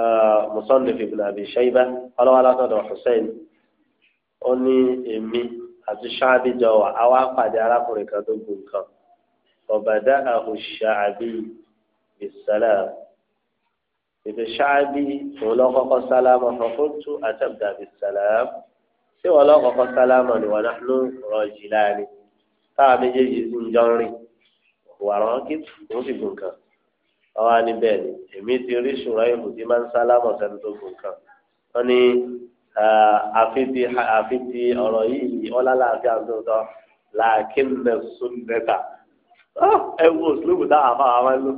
ah, musannif ibn abi shayba ọlọ́wọ́ alátọ́dọ̀ hussein ó ní èmi àti ṣáàbì jọwọ́ àwa pàdé arákùnrin kan tó gùn kan ọ̀bàdà àhùṣàbí bisalam ìfẹ́ ṣáàbì òun lọ́kọ́kọ́ sálámà fọ́fọ́tù àtàbdà bisalam ṣé wọn lọ́kọ̀ọ́kọ́ sálámà ni wọn náà ló rọjì láàrin táwa méjèèjì sì ń jọ ń rìn wàrán kí òun sì gùn kan ọwọ́ á ní bẹ́ẹ̀ ni èmi ti rí ṣùrọ̀ ìbò tí máa ń sálámà sẹ́ni tó gùn kan wọ́n ní àfi ti ọ̀rọ̀ yìí ọlálà àfi àtúntò làákín nà sunnata ẹ wo òṣèlú táwọn afáwọn máa ń lò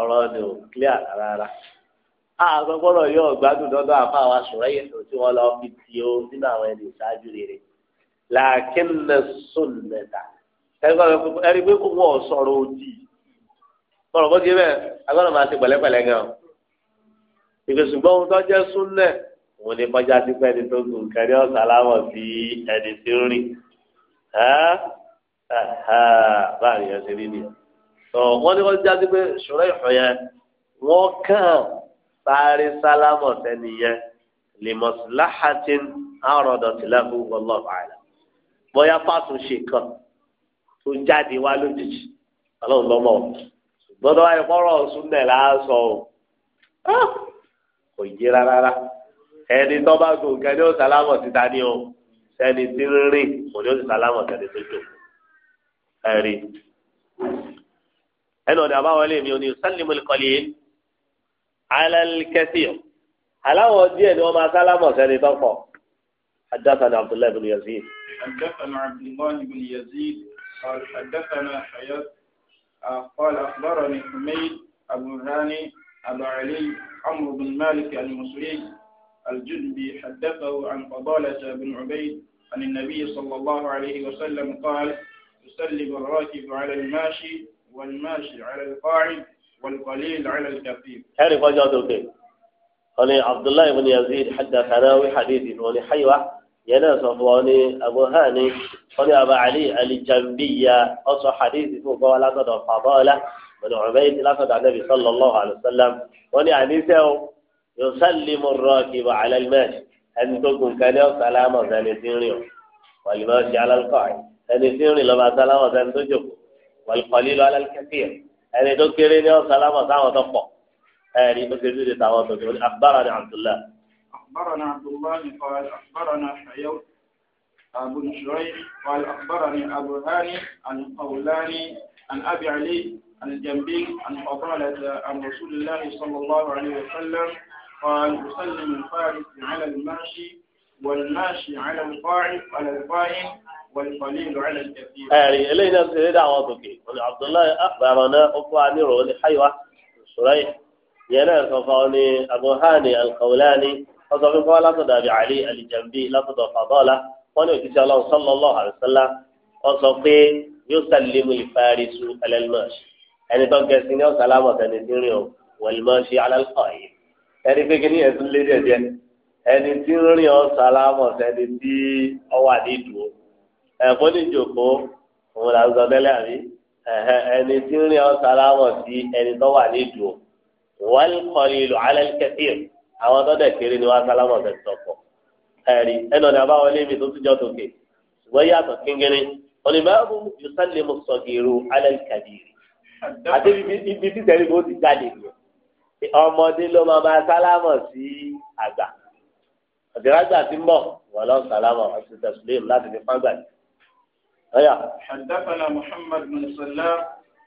ọ̀rọ̀ ni ò clear rárá àgbẹ̀gbọ́dọ̀ yóò gbádùn dọ́dọ̀ àfa wa sùrẹ́ yẹn tó tí wọ́n lọ fi ti o nínú àwọn ẹni ìṣáájú rere làákín nà sùnnẹ̀dà ẹni pé kó wọ́n sọ̀rọ̀ òdì bọ́lọ̀ bó ti bẹ́ẹ̀ agbọ́dọ̀ máa ti pẹ̀lẹ́pẹ̀lẹ́ gan ìgbésùgbọ́n ohun tó jẹ́ súnlẹ̀ òun ni kọjá sí pé ẹni tó gùn kẹrí ọ̀sán láwọ̀ sí ẹni tí ń rìn báyìí ẹ ṣe rí nìyẹn. wọ́n ní kọjá sí pé ṣùrẹ́ ìfọ̀ wọ́n kàn sáré sálámọ̀ sẹ́niyẹn lèmọ̀síláhàtín àròdọ̀tìláhù ọlọ́ọ̀bà àlà bóyá fàtúnṣe kan tó jáde wá lójijì ọlọ́run lọ́mọ ṣùgbọ́n tó wáyé kọ́rọ̀ súnlẹ̀ láàṣọ o ah! kò yé rárá ẹni tó bá gùn kẹ́ni ó sálámọ̀ ti ta o sẹ́ni tí ń rìn kò ní ó sì sálámọ̀ sẹ́ni tó على الكثير على ودي وما سلام سني ترفع حدثنا عبد الله بن يزيد حدثنا عبد الله بن يزيد قال حدثنا حياة آه، قال أخبرني حميد أبو هاني أبو علي عمرو بن مالك المصري الجنبي حدثه عن فضالة بن عبيد عن النبي صلى الله عليه وسلم قال يسلم الراكب على الماشي والماشي على القاعد والقليل على الكثير تعرف وجهه دوتي قال عبد الله بن يزيد حدثنا وحديث يا ينا صفواني أبو هاني قال أبا علي الجنبية أصح حديث فوق ولا تدع من عبيد لا تدع النبي صلى الله عليه وسلم وني يعني حديثه يسلم الراكب على الماشي أن تكون كان سلام زانتين والماشي على القاعد زانتين لما سلام زانتين والقليل على الكثير ẹni tó kéré ní ọ̀sán aláwọ̀ sáwọn tó pọ̀ ẹni tó kéré ní táwọn tó kéré àgbára ní àbdùlá. أخبرنا عبد الله قال أخبرنا حيوت أبو شريح قال أخبرني أبو هاني عن قولاني عن أبي علي عن الجنبي عن فضالة عن رسول الله صلى الله عليه وسلم قال يسلم الفارس على الماشي والماشي على القاعد على القائم ẹ̀rí eléyìí náà ti rí dá àwọn tòkè ọ̀nà abdullahi akhbarana ọkọ̀ anírò ní haywa ṣùráì yẹn náà sọ fún ọ ní abuhani alkaulani wọ́n sọ fún kọ́wá látọ̀dọ̀ àbí ali alijambi látọ̀dọ̀ fàdọ́là wọ́n ní òkìtì ọlọ́run sallallahu alaihi wasallam wọ́n sọ pé yóò sàlímù ìfárísù alẹ́lmọ́ṣì ẹni tó gẹ̀ẹ́sì ní ọ̀sán alámọ̀tẹ́ ní tìrín o wẹ̀lmọ́ṣì alálùkọ̀ọ́yì ẹni pé kí ẹ̀fọ́ lè jòkó òun là ń sọ tẹ́lẹ̀ àbí ẹni tí ń rìn ọ̀sára wọ̀ sí ẹni tó wà ní ìdùn wọ́n kọ́ ni ìlú alẹ́ kẹfìr àwọn tó dẹ̀ kéré ni wọ́n sálámọ̀ tẹ̀ sọ̀kọ̀ ẹ̀rí ẹnu ọ̀dà báwọn lébi tó tún jọ tòkè ṣùgbọ́n yàtọ̀ kíngiri oníbàárù yusallimu sọ̀gìrù alẹ́ kàdìrì àti ibi tí tẹ̀lé bó ti jáde nìyẹn ọmọdé ló máa máa sálámọ̀ sí àgbà ọ̀dẹ̀rágbà ti ń bọ̀ wọ́n lọ́ sálámọ̀ àti tẹ̀sílẹ̀ أيوة. حدثنا محمد بن سلام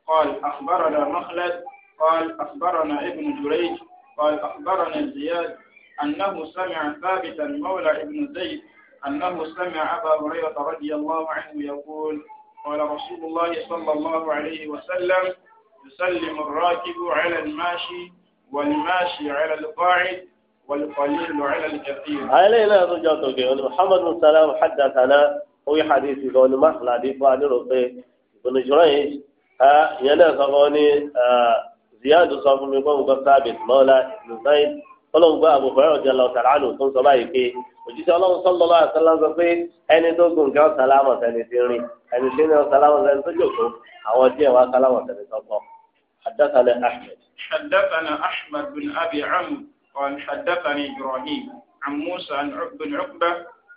قال أخبرنا مخلد قال أخبرنا ابن جريج قال أخبرنا زياد أنه سمع ثابتا مولى ابن زيد أنه سمع أبا هريرة رضي الله عنه يقول قال رسول الله صلى الله عليه وسلم يسلم الراكب على الماشي والماشي على القاعد والقليل على الكثير. عليه لا رجعت محمد بن سلام حدثنا ó yí hadith lọ ní masaladi fún adéró pé ìbùnú ìṣòro yìí ìyẹn náà sọ fún ní ziyadu sọ fún mi pé òun kọ sábẹ mọlá ìlúsáyìn ọlọ́run gba àbùkù ẹrọ jẹ lọ sàrà tó ń sọ báyìí pé òjíṣẹ́ ọlọ́run sọlọ lọ àṣàlá sọ pé ẹni tó gùn kí wọn sàlámọ sẹni ti rìn ẹni tí wọn sàlámọ sẹni tó jòkó àwọn díẹ̀ wọn sàlámọ sẹni tó gbọ́. حدثنا أحمد حدثنا أحمد بن أبي عمرو قال حدثني إبراهيم عن موسى عن عقب بن عقبة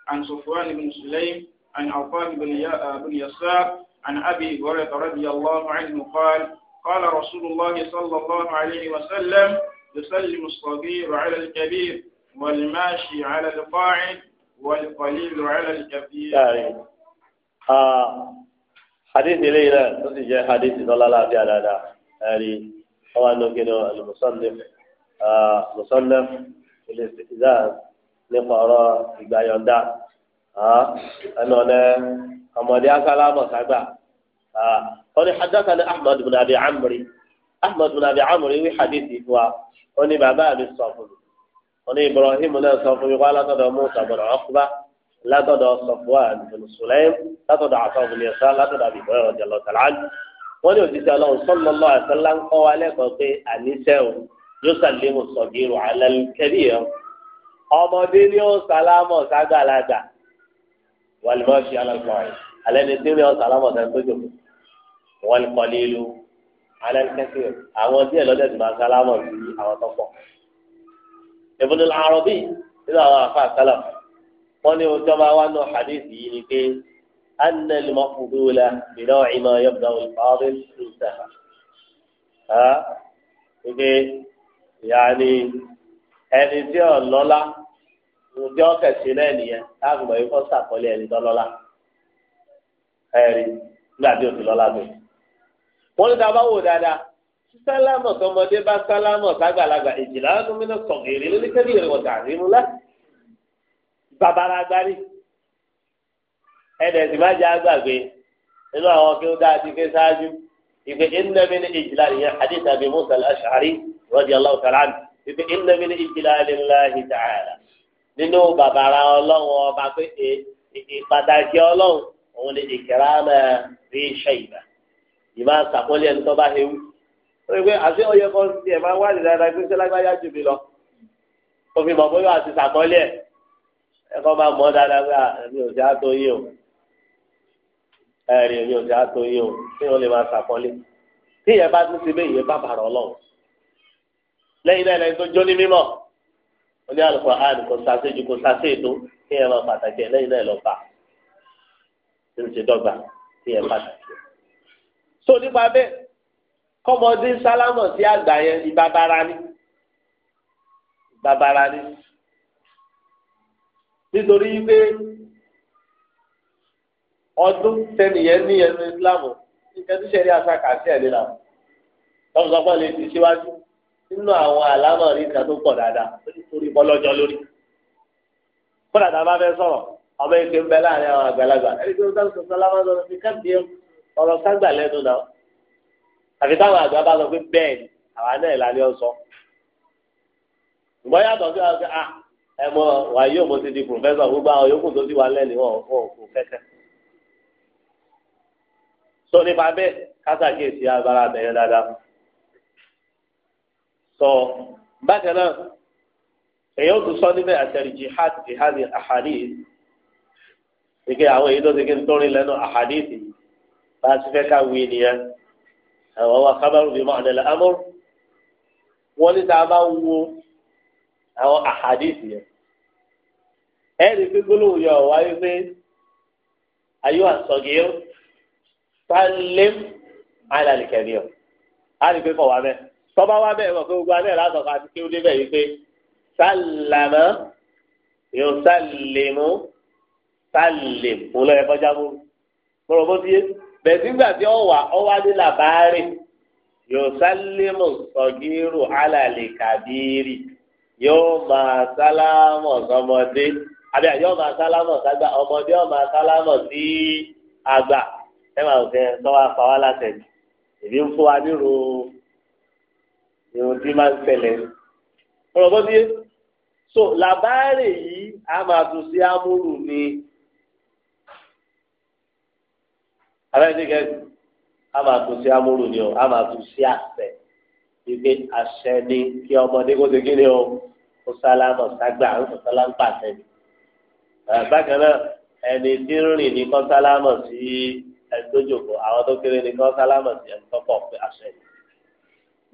عن صفوان بن سليم عن عوفان بن يسار عن أبي هريرة رضي الله عنه قال قال رسول الله صلى الله عليه وسلم يسلم الصغير على الكبير والماشي على القاعد والقليل على الكثير حديث ليلى نسج حديث صلى الله عليه وسلم هذه هو أنه كان المصنف مصنف الاستئذان نقرأ في بيان ẹnọ lẹ ọmọdé akálámọ sagbà ọni hadathana ahmed bin abi amri ahmed bin abi amri wí hadithi wa ọni bàbá mi sọ fún mi ọni ibrahim náà sọ fún mi wà látọ̀dọ̀ musa bọrọ ọkùbá látọ̀dọ̀ sọfwan bin sulaim látọ̀dọ̀ àtọwìn yẹsà látọ̀dọ̀ àbí bọyọ ọjọlọ tàlàjì wọn ní òjijì Ọlọ́run sallallahu alaihi wasallam ń kọ́ wa lẹ́kọ̀ọ́ pé àníṣẹ o yóò sàlẹ mo sọ bí irun alẹ kẹbí yẹn ọmọdé ni ó sàlámọ ságbàlagbà wàlúmọ́ọ̀ṣì aláǹfààní alẹ́ ní tí ń rìn ọ̀sán alámọ̀sán tó jòkó wọ́n kọ́ nílu alẹ́ ní kẹ́sì àwọn díẹ̀ lọ́dẹ̀ tó máa ń sálámọ̀ sí àwọn tó pọ̀. Ibn al-Arabi nínú àwọn afa àkàlà wọ́n ní ohun tó máa nù hadith yìí ni pé anna al-maqdula bìnà ìmọ̀ yọ̀bùdà olùfàdé ṣùgbọ́n ha wípé yàní ẹni tí ọ̀ lọ́lá. ǹjẹ́ ọkẹ̀ sí náà nìyẹn láàbùgbà yìí kọ́ a ẹni tọ́lọ́lá ẹ̀rí nígbà tí òsì lọ́lá gbé. wọ́n ní dábàá wò dáadáa sísálámọ̀ tọmọdé bá sálámọ̀ ságbàlagbà ìjìlá gómìnà sọ̀gẹ̀rẹ̀ lóníkẹ́lì má àwọn kí ó dáa ti ké sáájú ní ìjìlá musa ní ìjìlá nínú bàbàrà ọlọ́run ọba pé e, e, ìpàtàkì ọlọ́run òun lè di kẹrà máa rí iṣẹ́ ìgbà ìmá sàkólé ẹni tó bá hewu wọ́n gbé àti ọyẹ kan ti ẹ̀ máa wá ní dáadáa pé sẹ́lágbáyà jù mí lọ kó fi mọ̀ bóyá àti sàkólé ẹ̀ ẹ̀kọ́ máa mọ̀ dáadáa pé èmi ò sí àtó yín o ẹ̀rí èmi ò sí àtó yín o kí wọ́n lè máa sàkólé tí ìyẹn bá tún ti bẹ́ẹ̀ ìyẹn bá bàrọ̀ ọlọ́run lẹ́yìn náà wọ́n ní àlùkò àánì kò sase ju kò sase ètò kí ẹ lọ pàtàkì ẹ lẹ́yìn náà lọ bá tí ń ṣe dọ́gba kí ẹ pàtàkì so nípa bẹ́ẹ̀ kọ́mọdé sálámọ̀ sí àgbà yẹn ìbábára ni ìbábára ni nítorí pé ọdún tẹnìyẹn ní ẹnu ìsìlámù nǹkan tí sẹ́rí àṣà kà sí ẹ̀ lè ti síwájú. nínú àwọn alama rí ìta tó pọ̀ dáadáa lórí bọ́lọ́jọ́ lórí. kódà tá a bá ọmọ ike ń bẹ láàrin àwọn àgbàlagbà ẹni tó ń sọ sọ lámà sọ fi káàdì ọ̀rọ̀ ságbà lẹ́nu náà. àfi táwọn àgbà bá sọ pé ni àwa náà là ní ọ sọ. ìgbọ́n yàtọ̀ sí ah, ẹ mọ wàá yóò mo ti di gbogbo àwọn yòókù tó ti wà lẹ́nu wọn ò kò kẹ́kẹ́. nípa bẹ́ẹ̀ sọ bákan náà èyàn tún sọ níbẹ̀ àtẹ̀rì jihad jihad àhàdì ìgbé àwọn èyí tó ti kí n tóri lẹ́nu àhàdì ti bá a ti fẹ́ ká wí nìyẹn àwọn wa kábàrù bíi máa nílẹ̀ amọ́ wọ́n ní tá a bá wo àwọn àhàdì yẹn ẹ̀rí gbígbólóhùn yọ wáyé pé ayé wa sọ̀gìí sálẹ́m alàlìkẹ́bí ọ̀ pé tọ́ba wa bẹ́ẹ̀ wọ̀ pé gbogbo alẹ́ láti ọ̀ka àti kí ó débẹ̀ yìí pé sálàmù yóò sálèmù sálèmù fún lọ́yẹ kọjá mú mọ̀rọ̀ bó ti yé bẹ́ẹ̀ nígbà tí ó wà ó wá dé làbárè yóò sálèmù sọ̀gírù alàlè kàbírì yóò máa sálámọ̀ sọmọdé àbí àyọ̀ máa sálámọ̀ sàgbà ọmọdé ọ̀ máa sálámọ̀ sí àgbà ẹ máa fẹ́ tọ́wọ́ afọwọ́ látẹ̀ ìbí ń fún wa nírò irun tí máa ń ṣẹlẹ̀ ọ̀rọ̀ bọ́ díẹ̀ so làbáàrè yìí a máa tún sí amúrù ni abẹ́sẹ̀kẹ́ a máa tún sí amúrù ni o a máa tún sí àṣẹ ibi àṣẹ ni kí ọmọdé kó ṣe kí o kó sálámà ságbà ń sálámà pàṣẹ ni bákan náà ẹni tí ń rìn ní kó sálámà sí ẹni tó jòkó àwọn tó kéré ní kó sálámà sí ẹni tó pọ̀ pé àṣẹ ni.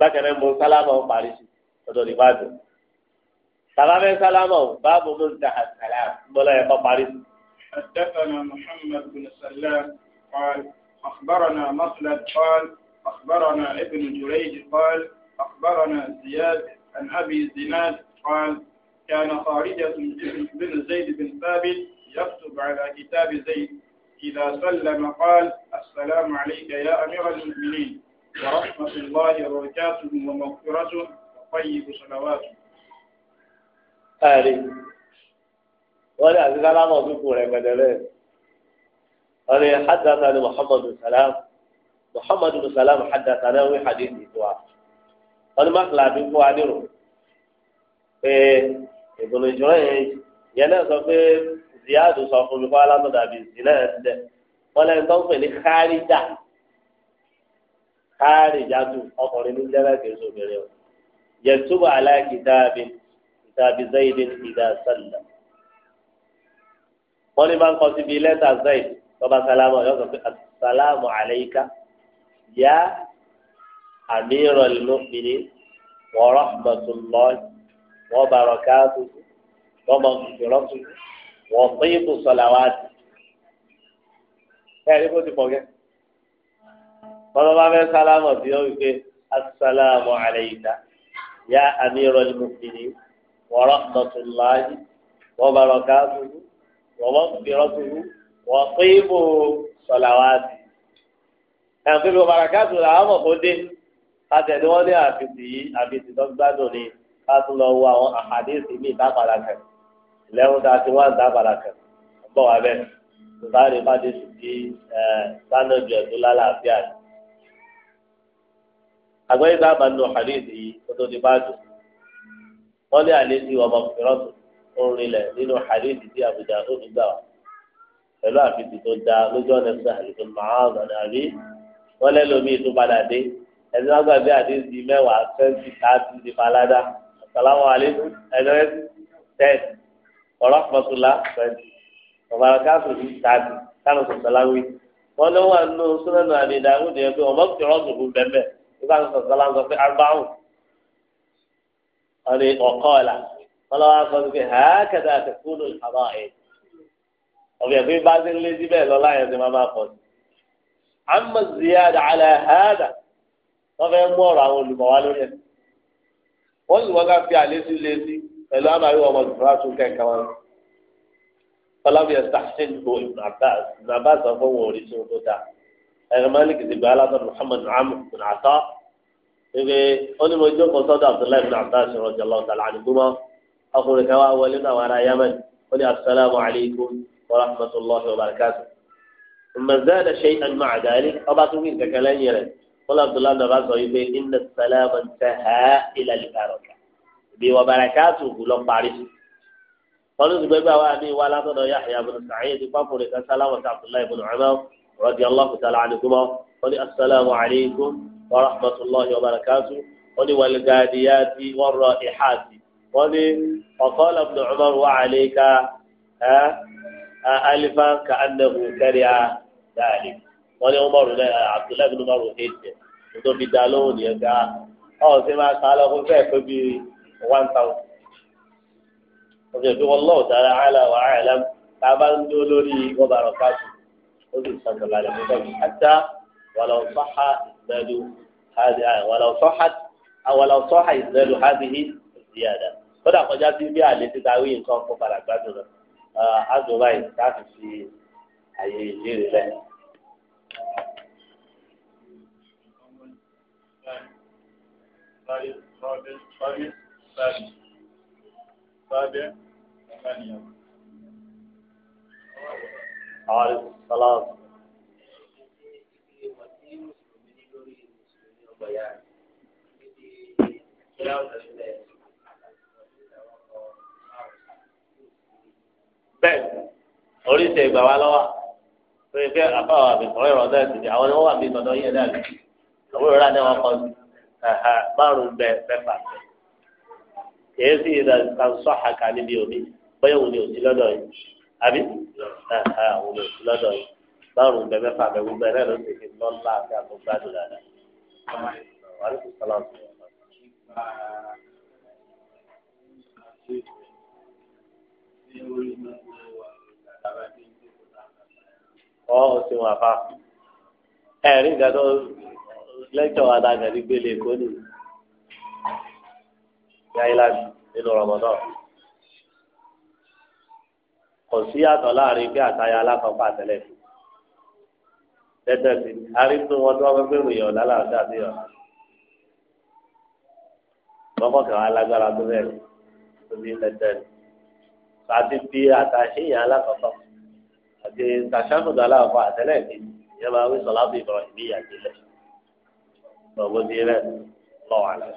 bákan náà mo sálámà ó parí sí ọ̀dọ̀ ní báàbò bàbá mi sálámà ó báàbò mo حدثنا محمد بن سلام قال أخبرنا مخلد قال أخبرنا ابن جريج قال أخبرنا زياد عن أبي زناد قال كان خارجة بن زيد بن ثابت يكتب على كتاب زيد إذا سلم قال السلام عليك يا أمير المؤمنين ورحمة الله وبركاته ومغفرته وطيب صلواته. آمين. wọ́n ní àti sálámà dúkù rẹ̀ gbẹ̀dẹ̀rẹ̀ wọ́n ní hadata ni muhammadu salam muhammadu salam hadata náà wí hadithi tó wa wọ́n ní mákàlá bí fún wa nírò pé ìbùnú ìjọba yẹn yẹn náà sọ pé ziyadu sọ fún mi kó alátọ̀dà bíi zinẹ́ ẹ̀ ti dẹ̀ wọ́n lẹ́yìn tó ń pè ní kárìdà káàrì jáde ọkùnrin ló jẹ́rẹ́ kí n sọ obìnrin o yẹtubu aláàkì dáàbí dáàbí zayidi ìdá sàlẹ. wọ́n ní máa ń kọ síbi lẹ́tà zayid lọ́ba sálámù ọ̀yọ́ sọ pé asàlámù àlẹ́yíká yá amirul mu'minin wa rahmatullahi wa barakatuhu wa maghfiratuhu wa tibu salawati. ẹ̀rí ti pọ̀ gẹ́ bọ́lá bá fẹ́ sálámọ̀ sí wọn wípé asalaamu aleyna ya amirul mu'minin wa rahmatulahi wa barakatuhu wa mọ̀kìrọ̀tuhu wa qimu sọ̀làwàtì. ẹ̀ǹfí ló barakatu làwọn mọ̀ kó dé kátẹ̀lé wọn ní àfìsí yìí àfìsí tó gbádùn ni ká tún lọ wo àwọn àhàdíìsì míì dápadà kẹ̀ lẹ́wọ́n tá a ti wá ń dápadà bẹ́ẹ̀ bá rí bá dé sùn kí ẹ̀ sánà ẹ̀ tó lálàáfíà ni àgbẹ̀yìn tá a bá lo hadith yìí kó tó di báàdù wọ́n lé àlẹ́ sí ọmọ fìrọ́tù orinlẹ̀ nínú hadith tí Abu Dawud gbà wá pẹ̀lú àfitì tó da lójú ọ̀nà sí àlùkò màáhùn àbí wọ́n lé lómi tó padà dé ẹni wọ́n gbà bí hadith yìí mẹ́wàá twenty thirty di falada assalamu alaikum ẹ̀dọ́rẹ́ wọ́n lé wọn nù sọ́nà àbí Dawud yẹn pé nígbà tó sọ̀tọ̀ la ń sọ pé arba'un ọ̀nì ọ̀kọ́ọ̀là ọlọ́wà sọ pé hàákẹ́dà àti kúlù àbá ẹ̀ ọ̀bẹ̀ pé bá ti ń lé síbẹ̀ lọ láyé ti máa bá pọ̀ sí. àmà ziyada ala hada wọ́n fẹ́ mú ọ̀rọ̀ àwọn olùmọ̀ wá lórí ẹ̀. wọ́n sì wọ́n ká fi àlésí lé sí pẹ̀lú àmàlí wọn. fọlábíyà sàṣẹ́ ìgbò ìbùnàbà wọn òrìṣẹ́ tó dáa ẹ̀rọ malik ti gba alásọ̀rọ̀ muhammad amr bin ata ṣèké onímọ̀jọ́ kan sọ́dọ̀ abdullahi bin abbas radiyallahu ta'ala anhuma ọkùnrin kan wá wọlé náà wà láyé yamani ó ní asalaamu alaykum wa rahmatulahi wa barakatu. mazada shay'an ma'a dhalik ọba tó wíìn kankan lẹ́yìn rẹ̀ wọ́n abdullahi bin abbas sọ yìí pé inna salama ntaha ila libaraka bí wa barakatu gulọ parí wọ́n ní wa látọ̀dọ̀ yahya bin sa'id radiyallahu ta'ala anhuma wọ́n ní asalaamu alaykum wa rahmatulahi wa barakatu wọ́n ní walgaadiyaati wọ́rọ̀ ìxaasi wọ́n ní ọ̀kọ́lá ibn Umar wa alayka alifa ka anahu kariya daali wọ́n ní umaru náà eh, abdullahi bin umaru hejẹ eh, eh, tó fi dá lóhùn yẹn gá ọ̀ ṣe máa ta lọ fún fẹ́ẹ̀ pé bíi one thousand ọ̀sẹ̀ bí wọ́n lọ́wọ́ tààrà àlà wà á àlám tá a bá ń dó lórí ọba àrọ̀ká sùn. قلت صلى الله عليه وسلم حتى ولو صح إسناد هذه ولو صحت أو لو صح إسناد هذه الزيادة kódà kọjá sí bí àlè ti ta wíyìn kan fún padà gbádùn rẹ azọ báyìí láti fi àyè ìbéèrè lẹ. Thank you. और सलाम bẹ́ẹ̀ oríṣi ìgbà wa lọ́wọ́ pé pé àbá wa àbí kọ́ ẹ̀rọ náà àwọn ni wọ́n wà bí tọ́dọ̀ yẹn dàbí àwọn ìrora ni wọ́n kọ́ márùn-ún bẹ́ẹ̀ mẹ́fà kìí sì ìdàgbàsọ́hà kan níbi òbí bóyá òun ni òsì yìí. àbí àwọn olùsí lọ́dọ̀ yìí báwọn bẹ mẹ́fà bẹ gbogbo ẹ̀ lẹ́nu sì fi lọ́la àti àbúgbádùn dáadáa. wàhálà kò sọ̀rọ̀ ọ̀sẹ̀ yẹn lọ. ọ ọsẹ wọn afa ẹrí nǹkan tó lẹ́kítọ̀ wa gbélé kóni yáyí láti nínú rọmọdọ́ọ̀ kò sí yàtọ̀ láàrin bí àtàyà alákọ̀ọ́kọ́ àtẹlẹ fi tẹ́tẹ́ sí arínú wọn tí wọ́n fẹ́ gbèrò yàn lálẹ́ àti àti yàn lọ́kọ̀ọ̀kan alágbára tó bẹ̀rẹ̀ tó bí tẹ́tẹ́ ni àti bí àtàṣeyàn alákọ̀ọ́kọ́ àti tàṣàkùdà alákọ̀ọ́kọ́ àtẹlẹ fi yẹn máa wí sọlá bí ìbọn ìbíyà délẹ̀ lọ́gbọ́n délẹ̀ lọ́wọ́ àlẹ́.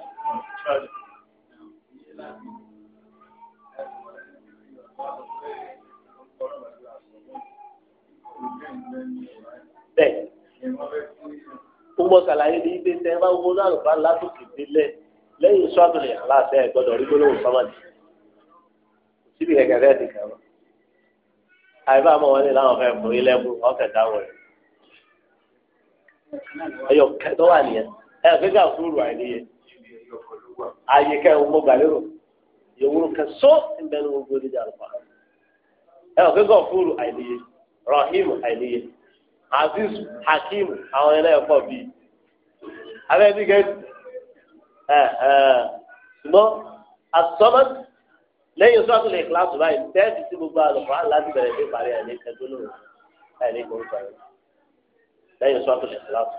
bẹ́ẹ̀ gbogbo sàlàyé ní ibi tẹ ẹ bá gbogbo náà lùbá látòkè délẹ̀ lẹ́yìn sọ́ọ̀tùlẹ̀ aláṣẹ ẹ gbọ́dọ̀ rí gbólóhùn sọ́mọ́dì síbi kẹ̀kẹ́ fẹ́ẹ́ ti kàn wọ́n àìbá mọ̀ wọ́n ní láwọn fẹ́ẹ́ mú ilé mú ọ̀kẹ́ dáwọ̀ rẹ̀ ẹ̀yọ̀ kẹtọ́ wà nìyẹn ẹ̀ fíkà fúrù àìníyẹ ààyè kẹ́ ọmọ gbàlérò yòówù kẹsọ́ ìbẹ̀rù gbogbo níjà lọ́pàá ẹ̀ fíkà fúrù àìníyẹ rahim àìníye aziz hakim àwọn ẹlẹ́ẹ̀kọ́ bíi abẹ́bí gẹ́gẹ́ ẹ̀ ẹ̀ ṣùgbọ́n asọ́mọ́t lẹ́yìn sọ́ọ̀tún lè kíláàsì báyìí tẹ́ẹ̀tì tí gbogbo àlùkò láti bẹ̀rẹ̀ dé parí ẹ̀ ní kẹjọ lónìí ẹ̀ ní kórìkọ rẹ̀ lẹ́yìn sọ́ọ̀tún lè kíláàsì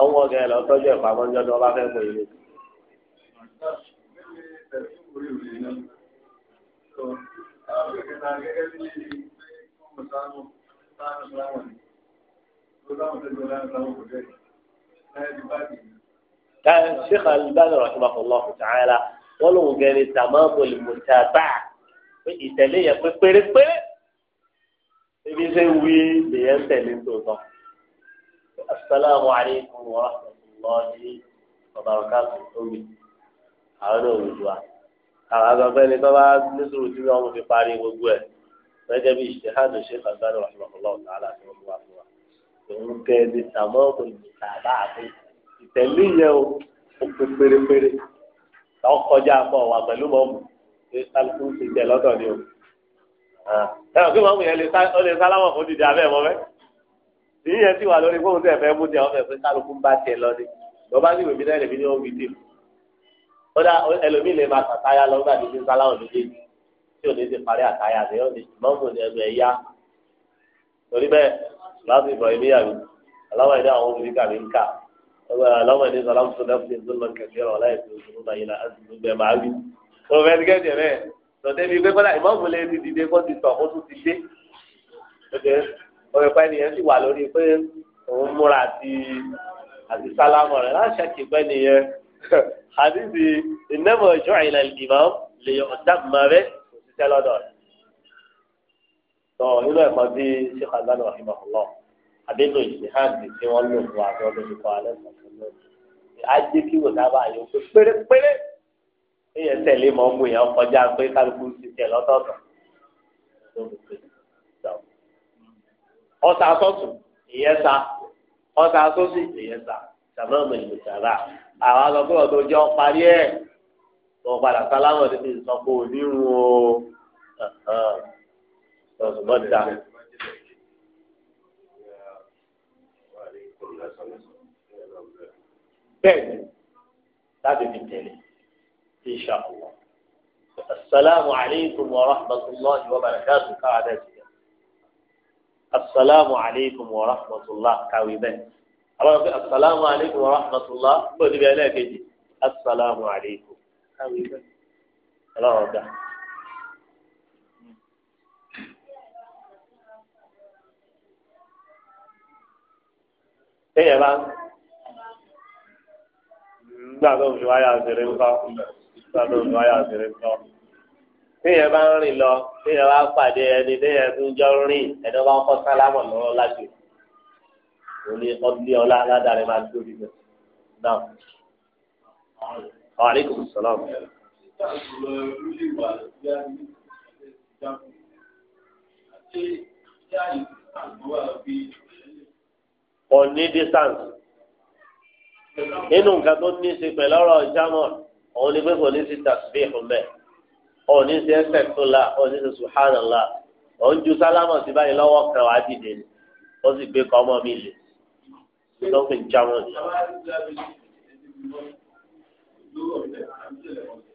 ọwọ́ gẹ̀ẹ́ lọ tọ́jú ẹ̀ pamọ́ ní ọdún ọba fẹ́ kó yẹ Thank you mu samu samun zamani ko za mu tafi wani samun kudai na yi baki كان الشيخ الألباني رحمه الله تعالى ولو قال تمام المتابعة ìtẹ̀lé yẹn pé pérépéré ebi ṣe ń wí lèyẹn tẹ̀lé tòótọ́ asalaamu aleykum wa rahmatulahi wa barakatu omi àwọn náà wùdú wa àwọn agbẹ̀fẹ́ ni bá bá nísòrò tí wọ́n fi parí gbogbo ẹ̀ gẹ́gẹ́ bí ìṣèhádùn ṣe fàgbára ọ̀ṣunmọ̀kànlá ọ̀tá aláṣẹ wọn wà fún wa. òun kẹ́ ẹni tàmọ́ òyìnbá bá a fi ìtẹ̀lé yẹn o ó pe pérépéré lọ́ọ́ kọjá pọ̀ wà pẹ̀lú mọ́mù ṣé kálukú ti jẹ lọ́dọ̀ ni o. ẹ̀rọ kí mọ́mù yẹn lè sálámọ̀ fún dìde abẹ́ mọ́ ìyẹn ti wà lórí fóun tẹ̀ fẹ́ mú tẹ ọ̀fẹ́ fún kálukú bá tẹ lọ tí òní ti parí àtàyà rẹ̀ òní mọ́mù ni ẹnu ẹ̀yá torí bẹ́ẹ̀ láti ìbọn ilé yàrá aláwọ̀ ẹ̀dá àwọn obìnrin kàmí ń kà aláwọ̀ ẹ̀dá sọlá fún ẹ̀fún ẹ̀dá lọ kẹ̀kẹ́ ọ̀rọ̀ láì fi òṣèlú náà yìí láti fi gbẹ máa wí. mo fẹ́ ti kẹ́kẹ́ rẹ̀ tọ́tẹ́ mi pé kọ́lá ìmọ̀mù lè ti dìde kó ti tọ̀ kó tún ti dé. ọ̀rẹ́pẹ́ nìyẹn sì wà lórí pé òun múra àti àti sálámọ̀ rẹ̀ láṣà kì pẹ́ nìyẹn. àdìsí ìnẹ́mọ̀ ìjọ ṣiṣẹ́ lọ́dọ̀ rẹ̀ tọ irú ẹ̀kọ́ bí sheikh alban rahimahullah abẹ́lò ìṣèhàndì tí wọ́n lò fún àjọ lórí kọ́ alẹ́ sọ̀tún lónìí ajé kí wò dábà yóò pé pérépéré èèyàn tẹ̀lé mọ́ mú yẹn kọjá pé kálukú ti tẹ̀ lọ́tọ̀ọ̀tọ̀ ọ̀sà sọ́tù ìyẹn sa ọ̀sà sọ́sì ìyẹn sa sàmọ́ ọ̀mọ̀ ìlú sàrà àwọn àgbàgbọ́ ọ̀dọ́ jọ parí ẹ̀. wọn padà sálámọ̀ títí ìsọpọ̀ onírun o lọ́sùnmọ́ da. bẹ́ẹ̀ni láti fi tẹ̀lé insha allah asalaamu aleykum wa rahmatulahi wa barakatu káàdà jìyà asalaamu aleykum wa rahmatulah kàwé bẹ́ẹ̀ àwọn ọ̀gbìn asalaamu aleykum wa rahmatulah bó ti bẹ́ẹ̀ lẹ́ẹ̀kejì asalaamu aleykum. ọlọ́run téèyàn bá nígbà tó ń fi wáyà òṣèré ńkọ́ nígbà tó ń fi wáyà òṣèré ńkọ́ téèyàn bá ń rìn lọ téèyàn bá pàdé ẹni téèyàn tó ń jọ rìn ẹni bá ń kọ́ sálámọ̀ lọ́wọ́ láti òní ọdún ọlá ládàá rẹ̀ máa tóbi náà aleykum salaam. kò ní distance inú nǹkan tó ní í ṣe pẹ̀lú ọ̀rọ̀ jámọ̀ òun ni pé kò ní sí tasbih bẹ́ẹ̀ òun ní sí astaghfirullah òun ní sí subhanallah òun ju sálámọ̀ sí báyìí lọ́wọ́ kan wá dìde ni ó sì gbé kọ́ ọmọ mi lè lọ́pìn jámọ̀ nìyẹn lóró ọ̀dẹ àtàbílẹ̀ ọ̀dẹ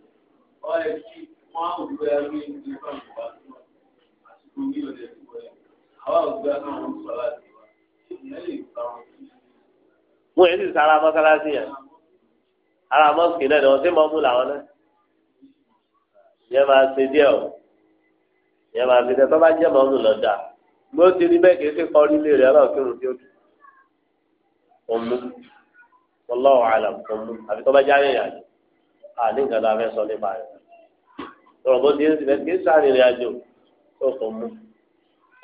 ọ̀rẹ́ kí wọ́n á òdúgbò ẹrú ní ìlú ìfọ̀nù wa àsìkò ní ọ̀dẹ ìdúgbò ẹ̀ àwa òdúgbò náà wọ́n sọ láti wá ìyẹn lè gbà wọn. mo yẹ ti sara mọ́sálásí yẹn ara mọ́sùkì náà ni wọ́n ti mọ́ mú làwọn náà yẹn máa ṣe díẹ̀ o yẹn máa ṣe díẹ̀ tó bá jẹ́ mọ́ mú lọ bí ó ti rí bẹ́ẹ̀ kìí ṣe kọ́ nílé rẹ̀ ọlọ́ọ̀kírun tí ó dùn òun mú ọlọ́ọ̀ àlàm òun mú àfi tó bá jáde ìrìn àjò àní nǹkan tá a fẹ́ sọ nípa rẹ̀ lọ́rọ̀ bó ti ń sinmi kí sáré rìn àjò tó kò mú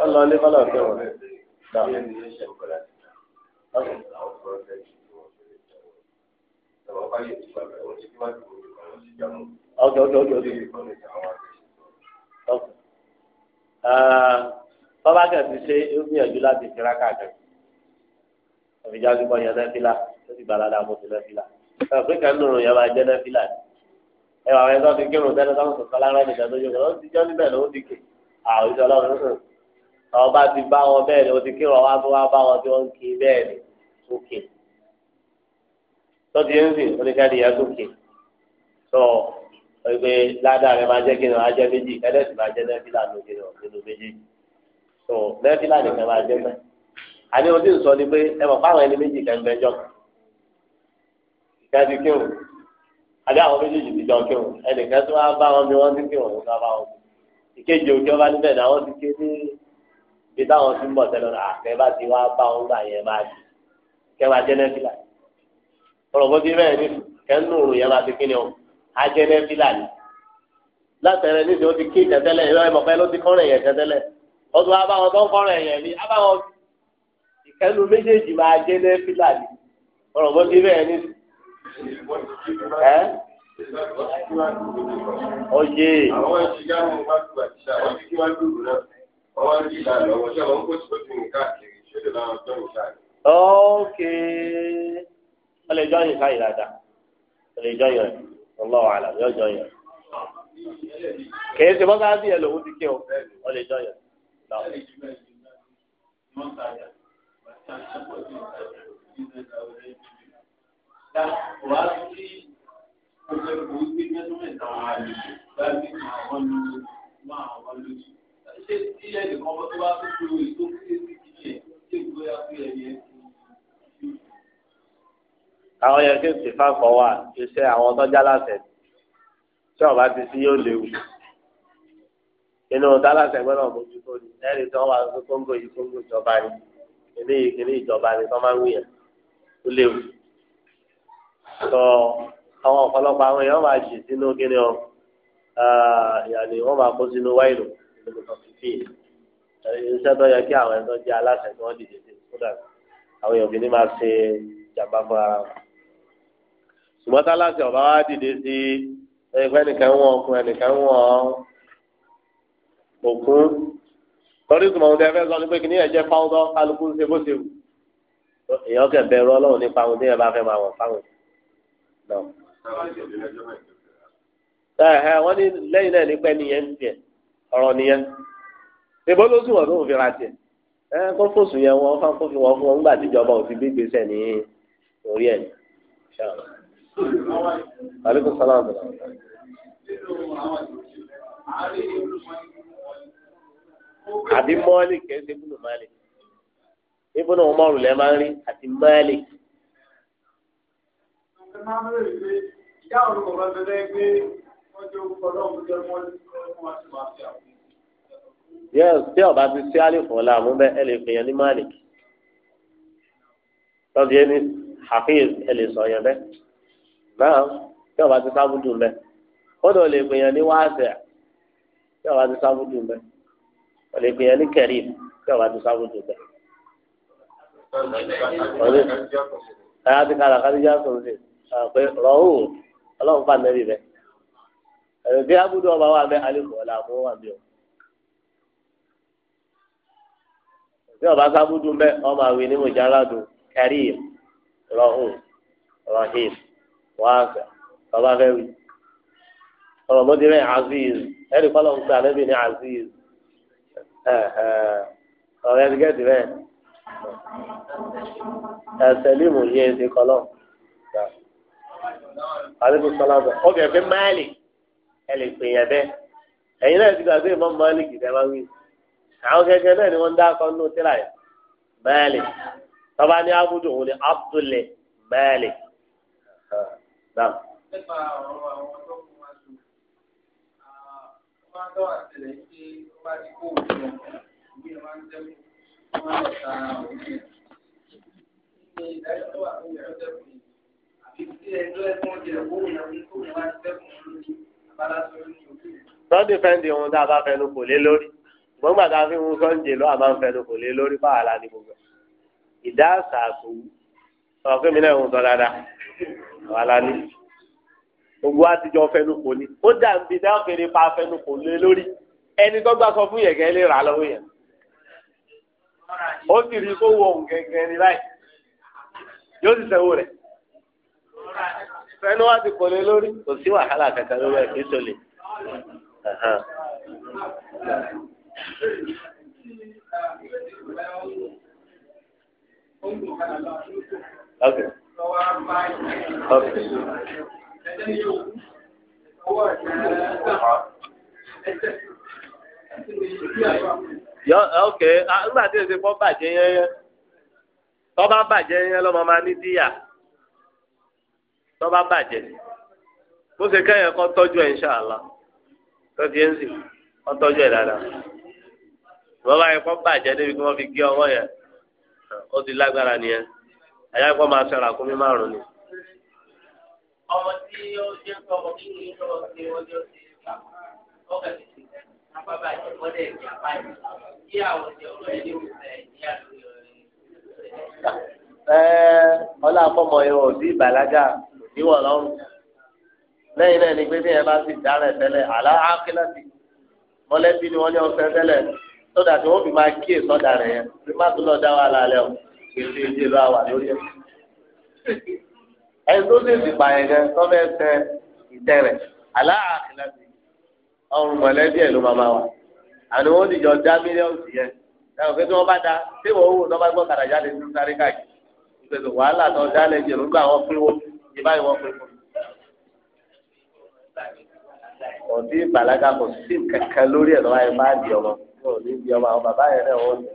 ọlọ ilé fọlọ fẹ́ wọn. ọkẹ ọkẹ ọkẹ ọkẹ tọ́ba kẹ̀sì ṣe é gbìyànjú láti kíra káàkiri òfìjà gbígbọ́ yẹn lẹ́fìlà ó sì gbàládà mo ti lẹ́fìlà ẹ̀ pé kẹ́ńdùrún yẹn máa jẹ́ lẹ́fìlà ni ẹ wà tó ti kírun sẹ́ni tó ń sọ̀tọ́ lára nìkan tó jókòó ó ti jọ́ níbẹ̀ ló ti kè àwọn ìjọ ọlọ́run sùn ọba ti bá wọn bẹ́ẹ̀ ni ó ti kírun ọba tó wá bá wọn tí wọ́n ń kí ni ó kè tó ti ń sìn oníkẹ́ni yẹn tó kè tó ìgbé ládàá rẹ máa jẹ́ kí ni wọ́n á jẹ́ méjì ẹlẹ́sì máa jẹ́ nẹ́fìlà lókè nínú méjì tó nẹ́fìlà nìkan máa jẹ́ mẹ́ àní o ti sọ ni pé ẹ mọ̀ fáwọn ẹni méjì kẹ́ àbí àwọn méjèèjì ti jọ kírun ẹnìkan tó wá bá wọn bí wọn ti kírun ló bá wọn ìkejì òkè ọba níbẹ̀ ni àwọn ti ké ní ibi táwọn ti ń bọ̀ tẹ́lẹ̀ náà àfẹ́ bá ti wá bá wọn gbà yẹn máa di kẹ́ máa jẹ́ bẹ́ẹ̀ ní kẹ́nu òrùn yẹn máa ti kí ni o á ni látẹ̀rẹ̀ níbi ó ti kí ìtẹ́tẹ́lẹ̀ ìrọ̀ ẹ̀mọ̀ pẹ́ ló ti kọ́rọ̀ ẹ̀yẹ̀ tẹ́tẹ́lẹ̀ ó ni ẹ oyè. àwọn ìṣìgá ń bá tu àtìṣà wọn ti kí wá dùrù náà wọn wá rí ìlànà ọmọ tí àwọn ń kó sípò tí nǹkan àkèrè ìṣẹ̀lẹ̀ láwọn ọjọ́ nǹkan. ókè wọn lè jọ yìí káyìí dáadáa wọn lè jọ yìí rẹ ọlọ́wọ́ yóò jọ yìí kèé ṣe mọ́sáàsì yẹn lòun ti kí o wọn lè jọ yẹn. Thank ta wà á sí ọjọ́ ìbò wípé mẹ́tọ́ mẹ́ta wọn àlè bá gbé máa wọ́n lójú máa wọ́n lójú. ṣé tí ẹnìkan bọ́ tó bá tó kúrò èyí tó kúrò sí kìíní ẹ̀ ṣé ìgbó ya fún ẹ̀mí ẹ̀ àwọn yẹn kí n sì fà kọ wá iṣẹ́ àwọn tọjá láṣẹ tí ọba ti sí yóò léwu inú dáláṣẹ gbọ́dọ̀ bójú tó ní ẹni tí wọn wà ní kóńgò yìí kóńgò ìjọba ni kìnìún ìjọba ni tí wọn máa ń wí yẹn ó léwu sọ àwọn ọ̀pọ̀lọpọ̀ àwọn èèyàn máa jì sínú kíni ọ ah, yàní wọ́n máa kó sínú wáìlù nínú kọfífì iṣẹ́ tó yẹ kí àwọn ẹ̀tọ́ jẹ́ aláṣẹ tí wọ́n dìde sí kódà àwọn èèyàn kìíní máa ṣe jàmbá fún ara wọn. ṣùgbọ́n táláṣẹ ọba wa dìde sí ẹgbẹ́ nìkan wọ́n ọkùnrin nìkan wọ́n òkun torí ìtumọ̀ ohun tí ẹ fẹ́ sọ ni pé kìíní ẹ̀jẹ̀ fáwọn tó kálukú ń ṣe bó ṣe wù. èèyàn kẹ̀ bẹ̀rù ọlọ́run nípa ohun tí ẹ bá fẹ́ máa wọ̀ fáwọn ẹ̀hẹ̀ wọ́n ní lẹ́yìn náà ní pẹ́ nìyẹn ń tiẹ̀ ọ̀rọ̀ nìyẹn ìbò ló sì wọ́n tó ń fira tiẹ̀ ẹ kó fòsùn yẹn wọ́n fá kó fi wọ́n fún wọn nígbà tíjọba ò fi gbégbé sẹ̀ ní orí ẹ̀ aleykum salaam wa rahmatulah. àbí mọ́ọ̀lì kẹ́sì ibùdó mọ́ọ̀lì ibùdó mọ́ọ̀lù lẹ́ẹ̀ máa ń rí àti mọ́ọ̀lì ẹ máa ń rèé pé ìyá òun kò rọ bẹbẹ pé wọn jẹ orúkọ lọhùnún jẹ wọn wọn ti máa fi àwọn. yes tí ọba ti ṣe àlìfọ làmú bẹ ẹ lè pèyàn ní malik tọ́jú ẹni hafiz ẹ lè sọ yẹn bẹ náà tí ọba ti sábùdù bẹ kódà ò lè pèyàn ní wáṣẹ tí ọba ti sábùdù bẹ ò lè pèyàn ní kẹrìm tí ọba ti sábùdù bẹ ọdún ẹ á ti kàlà kàdíjà sọ̀rọ̀ sí i. pé rọ́ọ̀ ọlọ́run fà bɛ. bẹ́ẹ̀ ẹ̀rọ abudu ọba wa bẹ́ẹ̀ alẹ́kọ̀ọ́ la mú wa bí o. bí ọba sábúdú bẹ́ẹ̀ ọmọ àwìn karim rọ́ọ̀ rahim wáṣẹ ọba fẹ́ wí. ọ̀rọ̀ mọ́tí bẹ́ẹ̀ aziz aziz aleykum salaam ọkẹ ẹfẹ máàlì ẹ lè pè yẹn bẹ ẹyin náà ti gba pé ìmọ̀ máàlì kìí máa wí àwọn kẹkẹ náà ni wọn ń dá akọ nínú tíra yẹn máàlì tọ́ba abudu òun ni abdulẹ máàlì. nípa sọ́ndì fẹ́ǹdì ohun tá a bá fẹnu kò lé lórí ṣùgbọ́n gbà tá a fi hun sọ́ǹdì ló àbá ń fẹnu kò lé lórí báwa la ní gbogbo ìdá àṣàṣò ọ̀rọ̀ pé mi náà ń sọ dáadáa àwa la ní gbogbo àtijọ́ fẹnu kò ní ó dà ń bi dáhùn kiri pa fẹnu kò lé lórí ẹni tó gbà sọ fún yẹn kẹ́ lè rà lọ́wọ́ yẹn ó sì rí kó wọ òun gẹ́gẹ́ ní báyìí yóò sì sẹ́wó rẹ̀ fẹ́ni wá ti kò lé lórí kò sí wàhálà kankan lórí ẹ̀ kí so lè. Okay. Okay. Yọ ok, nígbà tí èsì fọ́ bàjẹ́ yẹ́yẹ́, tọ́ bá bàjẹ́ yẹ́yẹ́ lọ́mọ máa ní díyà tọ́ba bàjẹ́ bó ṣe kẹ́yìn kọ́ tọ́jú ẹ̀ ńṣàlá tọ́jú ẹ̀ ń sì kọ́ tọ́jú ẹ̀ dáadáa wọ́n bá yẹ kọ́ bàjẹ́ débi kí wọ́n fi gé ọwọ́ yẹn ó ti lágbára nìyẹn ẹ̀yà kọ́ máa ṣe ràkúnmí márùn-ún ni. ọmọ tí ó ṣe kọ́ ọmọ kí ni ó lọ sí ọjọ́ sí ìgbà ọkọ̀ tètè apá bàjẹ́ mọ́lẹ̀ ìjà kí àwọn ọ̀dẹ̀ ọ̀rọ̀ ẹni ò fẹ́ ìyá lórí ọ̀rẹ́ ọlá níwọ̀ lọ́rùn lẹ́yìn náà ni pé bí ẹ bá ti dárẹ̀ tẹ́lẹ̀ àlá ákílẹ́sì mọ́lẹ́bí ni wọ́n ní ọ̀sẹ̀ tẹ́lẹ̀ sọ́dà tí wọ́n fi máa kí èso ọ̀dà rẹ̀ yẹn bí má tó lọ dá wa lálẹ́ o èdè èdè lọ àwà lórí ẹ̀. ẹni tó sì ti pààyàn gan sọ́fẹ́ tẹ ìtẹ́ rẹ̀ àlá ákílẹ́sì ọrùn mọ̀lẹ́bí ẹ̀ ló máa máa wà àni wọ́n ti jọ dá mílíọ̀nù yẹn ẹ̀ òkè tí wọ́n bá da tí wọ́n wò tó bá gbọ́ kàdájáde tó sáré káàkiri ìpèsè ìbá ìwọ pé fún mi. òbí ìbàlágà kò sí kankan lórí ẹ̀ lọ́wọ́ ẹ má di ọmọ yóò ní di ọmọ àwọn bàbá yẹn náà wọ́n ní.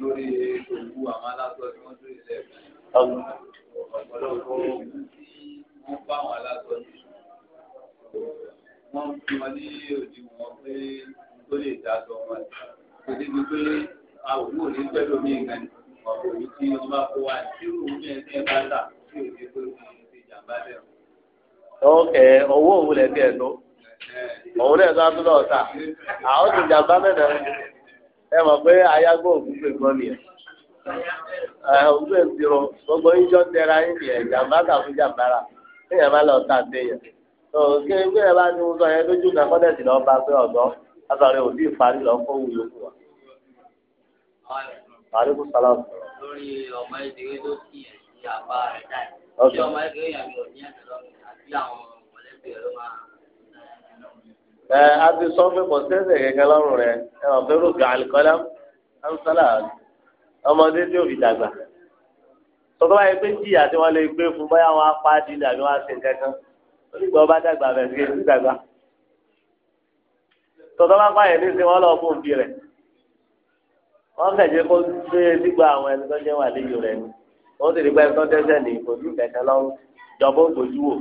lórí òkú àwọn aláṣọ tí wọ́n tún ilé ẹ̀ ọ̀pọ̀lọpọ̀ wọ́n bá àwọn aláṣọ tí wọ́n fi wọn ní òdiwọ̀n pé tó lè dá sọ wọn kò pé àwòrán ò ní pẹ́ lómi ìkànnì ọ̀pọ̀ yìí tí o kó wa ìṣirò ní ẹsẹ̀ bá tà tí o ti pé o ti jàmbá lẹ̀. ọkẹ owó òun lè tiẹ̀ tó òun náà tó àtúntò ọ̀tà àwọn ti jàmbá mẹ́ta ẹ mọ̀ pé ayágbó òkú pè gbọ́ nìyẹn òkú pè gbìrò gbogbo yíjọ́ tẹra yín nìyẹn jàmbá kà fún jàmbá rà kéèyàn má lọ tà déyàn tó kéèyàn bá ní sọ yẹn lójú kan kọ́dẹ̀sì lọ́ọ́ bá pé ọ̀dọ́ àtàrí òbí ìparí lọ́ọ́ kó wúlò fún wa àríkù sálàmù. lórí ọmọ ìdílé tó kì í sí apá rẹ̀ dáì. ọjọ́ tí ọmọ ìdílé yàn mí ò ní ẹ̀sẹ̀ lọ́mọ àti àwọn mọ̀lẹ́bí rẹ̀ ló máa. ẹ a ti sọ pé kò sẹ́sẹ̀ kẹ̀kẹ́ lọ́rùn rẹ̀ ẹ wọ́n fẹ́ rògbò àlìkọ́lá ansala ọmọdé tí ò fi dàgbà. tọ́tọ́ báyìí pé jìyà tí wọ́n lè gbé fún bóyá wọn á pa á di àbí wọn á ṣe nǹkan kan onígbà dàgbà bẹ̀rẹ̀ sí tọ́tọ́ bá pààyàn ní wọ́n kẹ̀jẹ́ kó gbé sígbà àwọn ẹni tó jẹ́ wà léyò rẹ̀ ni wọ́n sì rí pé ẹni tó dẹ́sẹ̀ lè kojú kẹ̀kẹ́ lọ́wọ́ jọ̀bọ́ gbòjú wò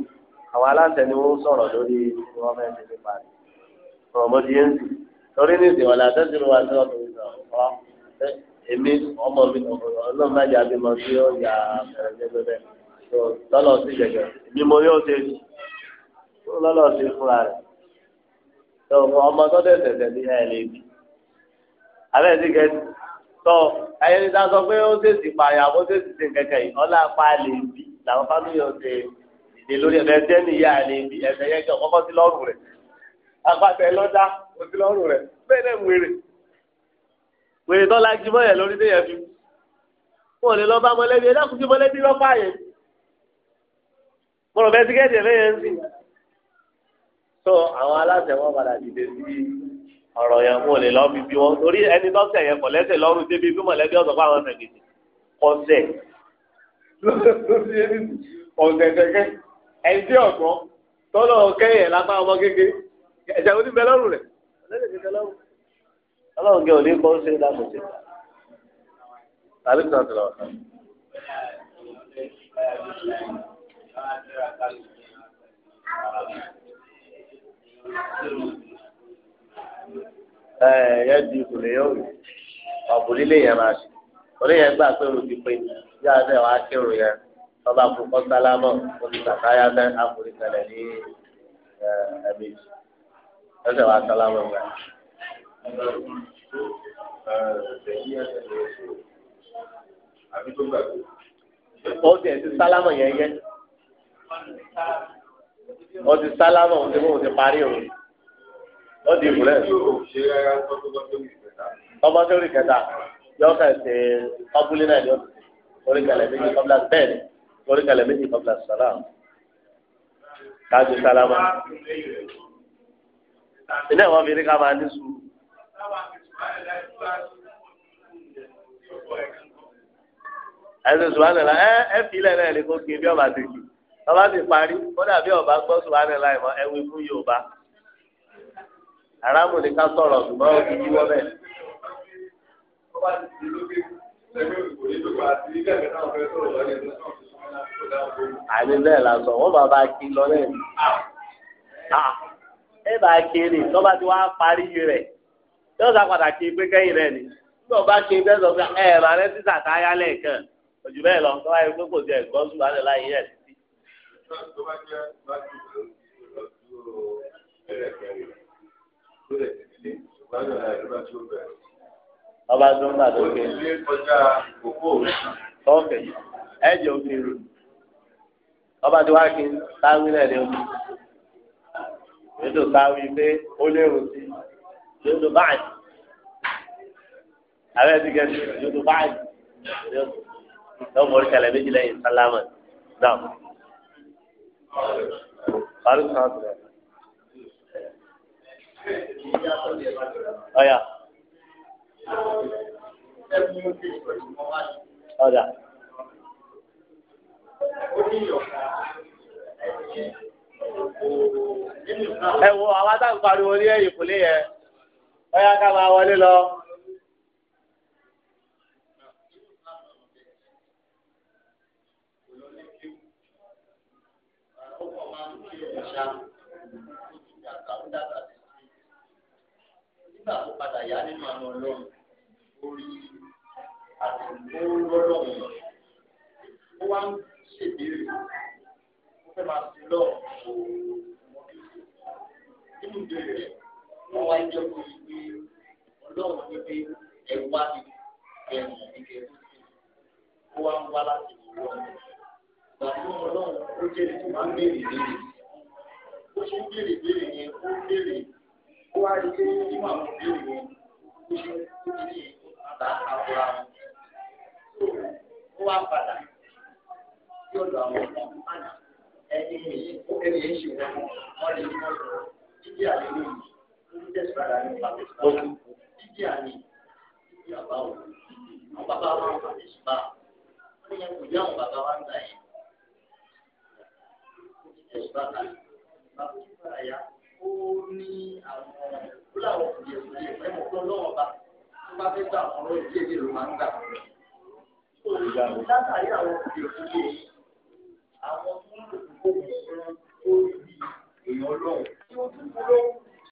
àwọn aláṣẹ ni wọ́n sọ̀rọ̀ lórí wọ́n fẹ́ ṣe nípa rẹ̀ ọ̀rọ̀ mọ́ ti yé ń sì torí ní ìsìn ọ̀la tó ti rú wa sí ọ̀tún ìsọ̀ èmi ọmọ mi ọlọ́run má jà bímọ sí ọ̀yà fẹ̀rẹ̀fẹ̀rẹ̀ lọ́lọ́ sí gẹ̀gẹ̀ ni mo yóò ṣe lọ́lọ́ sí fúnra rẹ̀ ọmọ tó dẹ̀ tẹ̀tẹ̀ ní ẹ̀ tọ ayẹyẹ ta sọ pé ó ṣèṣì pààyà ó ṣèṣì ṣe kẹ̀kẹ́ yìí ọlá pa lè bí làwọn fámìlì ọ̀sẹ̀ ìdè lórí ẹ̀fẹ̀ ẹ̀sẹ̀ nìyá lè bí ẹ̀sẹ̀ yẹn kẹ́ ọkọ́ sí lọ́rùn rẹ̀ àpàtẹ lọ́dá kò sí lọ́rùn rẹ̀ bẹ́ẹ̀ náà wèrè wèrè tó la jí mọ́yẹ̀ lórí déyẹ̀ fi wọn ò lè lọ bá mọ̀lẹ́bí ẹ dákun sí mọ̀lẹ́bí lọ́pàá yẹn mo rò bẹ́ẹ̀ tíkẹ́ẹ̀tì ẹ̀ ń sìn. tó àwọn aláṣẹ wọn padà dìde sí i ọ̀rọ̀ yẹn kò lè lọ bí bí wọn torí ẹni tó ṣẹ̀ yẹn kò lẹ́ṣẹ̀ lọ́rùn débi bí mọ̀lẹ́bí ọ̀sọ̀ fún àwọn ẹ̀gẹ̀dẹ̀ ọ̀sẹ̀ ọ̀sẹ̀ kẹ̀kẹ́ ẹni tí ọ̀gbọ́n tọ́lọ̀ kẹ́yẹ̀ lápá ọmọ kékeré ẹ̀jẹ̀ oní bẹ lọ́rùn rẹ̀ ọlọ́run kẹ́ òní kọ́ ṣe dáàbò ṣe tàbí Thank you yẹn di ìkùlẹ̀ yóò rí ọ̀bùn líle yẹn máa ṣe orí yẹn gbà pé òun ti pé yá ẹ wàá kírun yẹn ọba kú kọ́sálámọ̀ omi kàkáyà bẹ́ àkùrẹ́ tẹ̀lẹ̀ ní ẹ̀mí ẹsẹ̀ wàá sálámọ̀ gbà. ó ti ẹ̀sìn sálámọ̀ yẹn yẹ ó ti sálámọ̀ òun ti mú òun ti parí òun ó di ìbúlẹ̀. ọmọ tó rí kẹta yóò kẹ́ ṣe kọ́búlé náà ni ó orí kalẹ̀ méjì kọ́bílà bẹ́ẹ̀ ni orí kalẹ̀ méjì kọ́bílà sọ̀rọ̀ káàdì sálámà. ilé ìwọ̀n mi ní ká máa ní sùúrù. ẹsẹ̀ sùwánìlá ẹ ẹ filẹ̀ náà ni? kó kí ebi ọba ti kì ọba ti parí kódà bí ọba gbọ́ sùwánìlá ìmọ̀ ẹ wí fún Yorùbá. haramu ni ká sọ̀rọ̀ ṣùgbọ́n ó ti yíwọ́ bẹ́ẹ̀. àní bẹ́ẹ̀ la sọ wọ́n máa bá kí lọ lẹ́yìn. ẹ bá kiri tọ́ba tí wàá parí yóò sá padà kí pé kẹ́yìn ni bá kí bẹ́ẹ̀ sọ pé ẹ bá rẹ tá a yá lẹ́ẹ̀kan òjò bẹ́ẹ̀ lọ pé kò tiẹ̀ gbọ́ sùn wálé láyé yẹn ọba tó ń bà lókè ọkẹ ẹjọ kiri ọba tó wá kí sáwí náà ni ó yóò tó sáwí pé ó léwu sí yóò tó báyìí àwọn ẹbí kẹsì yóò tó báyìí yóò mọ oríkàlẹ méjìlá yìí sálámà náà. Alhamdulillah ọ̀yà. ọ̀dà. ẹ wo àwọn adágún pariwo ní ẹ̀yìn kò lè yẹ ọ̀yà ká máa wọlé lọ. Thank you nígbà tó padà yá nínú àná ọlọ́run orí àti ìgbóhórọ́lọ́run ó wá ń ṣèbéèrè ó fẹ́ máa fi lọ́ọ̀ nínú ìbéèrè rẹ̀ wọ́n wá jẹ́ kó yí pé ọlọ́run ní pé ẹ wá ní ẹ̀yìn ní kẹ́kọ̀ọ́ ó wá ń wá láti ọlọ́run gbàgbọ́ ọlọ́run ó jẹ́ ìtumá béèrè béèrè ó ṣe béèrè béèrè yẹn ó béèrè ó wá rí i pé nínú àwọn òbí òwò ó ṣe ó ti ní àbá àwòrán wọn ó wá padà sí ọ̀dọ̀ àwọn ọmọ àná ẹni yìí ó kẹ́ni yẹn ṣe wọ́n wọ́n lè mọ̀ ọ́ jíjí àlejò yìí ó tẹ̀síwájú ní pàtó jíjí àlè jíjí àbáwò àwọn ó ní àwọn ìwúlò àwọn kùdìẹ̀kùdìẹ̀ pé mo gbọ́ lọ́wọ́ bá tó bá fẹ́ gbà wọn lórí díẹ̀ díẹ̀ ló máa ń gbà. látàrí àwọn kùdìẹ̀kùdìẹ̀ àwọn tó ń lò fún èèyàn lọ́wọ́.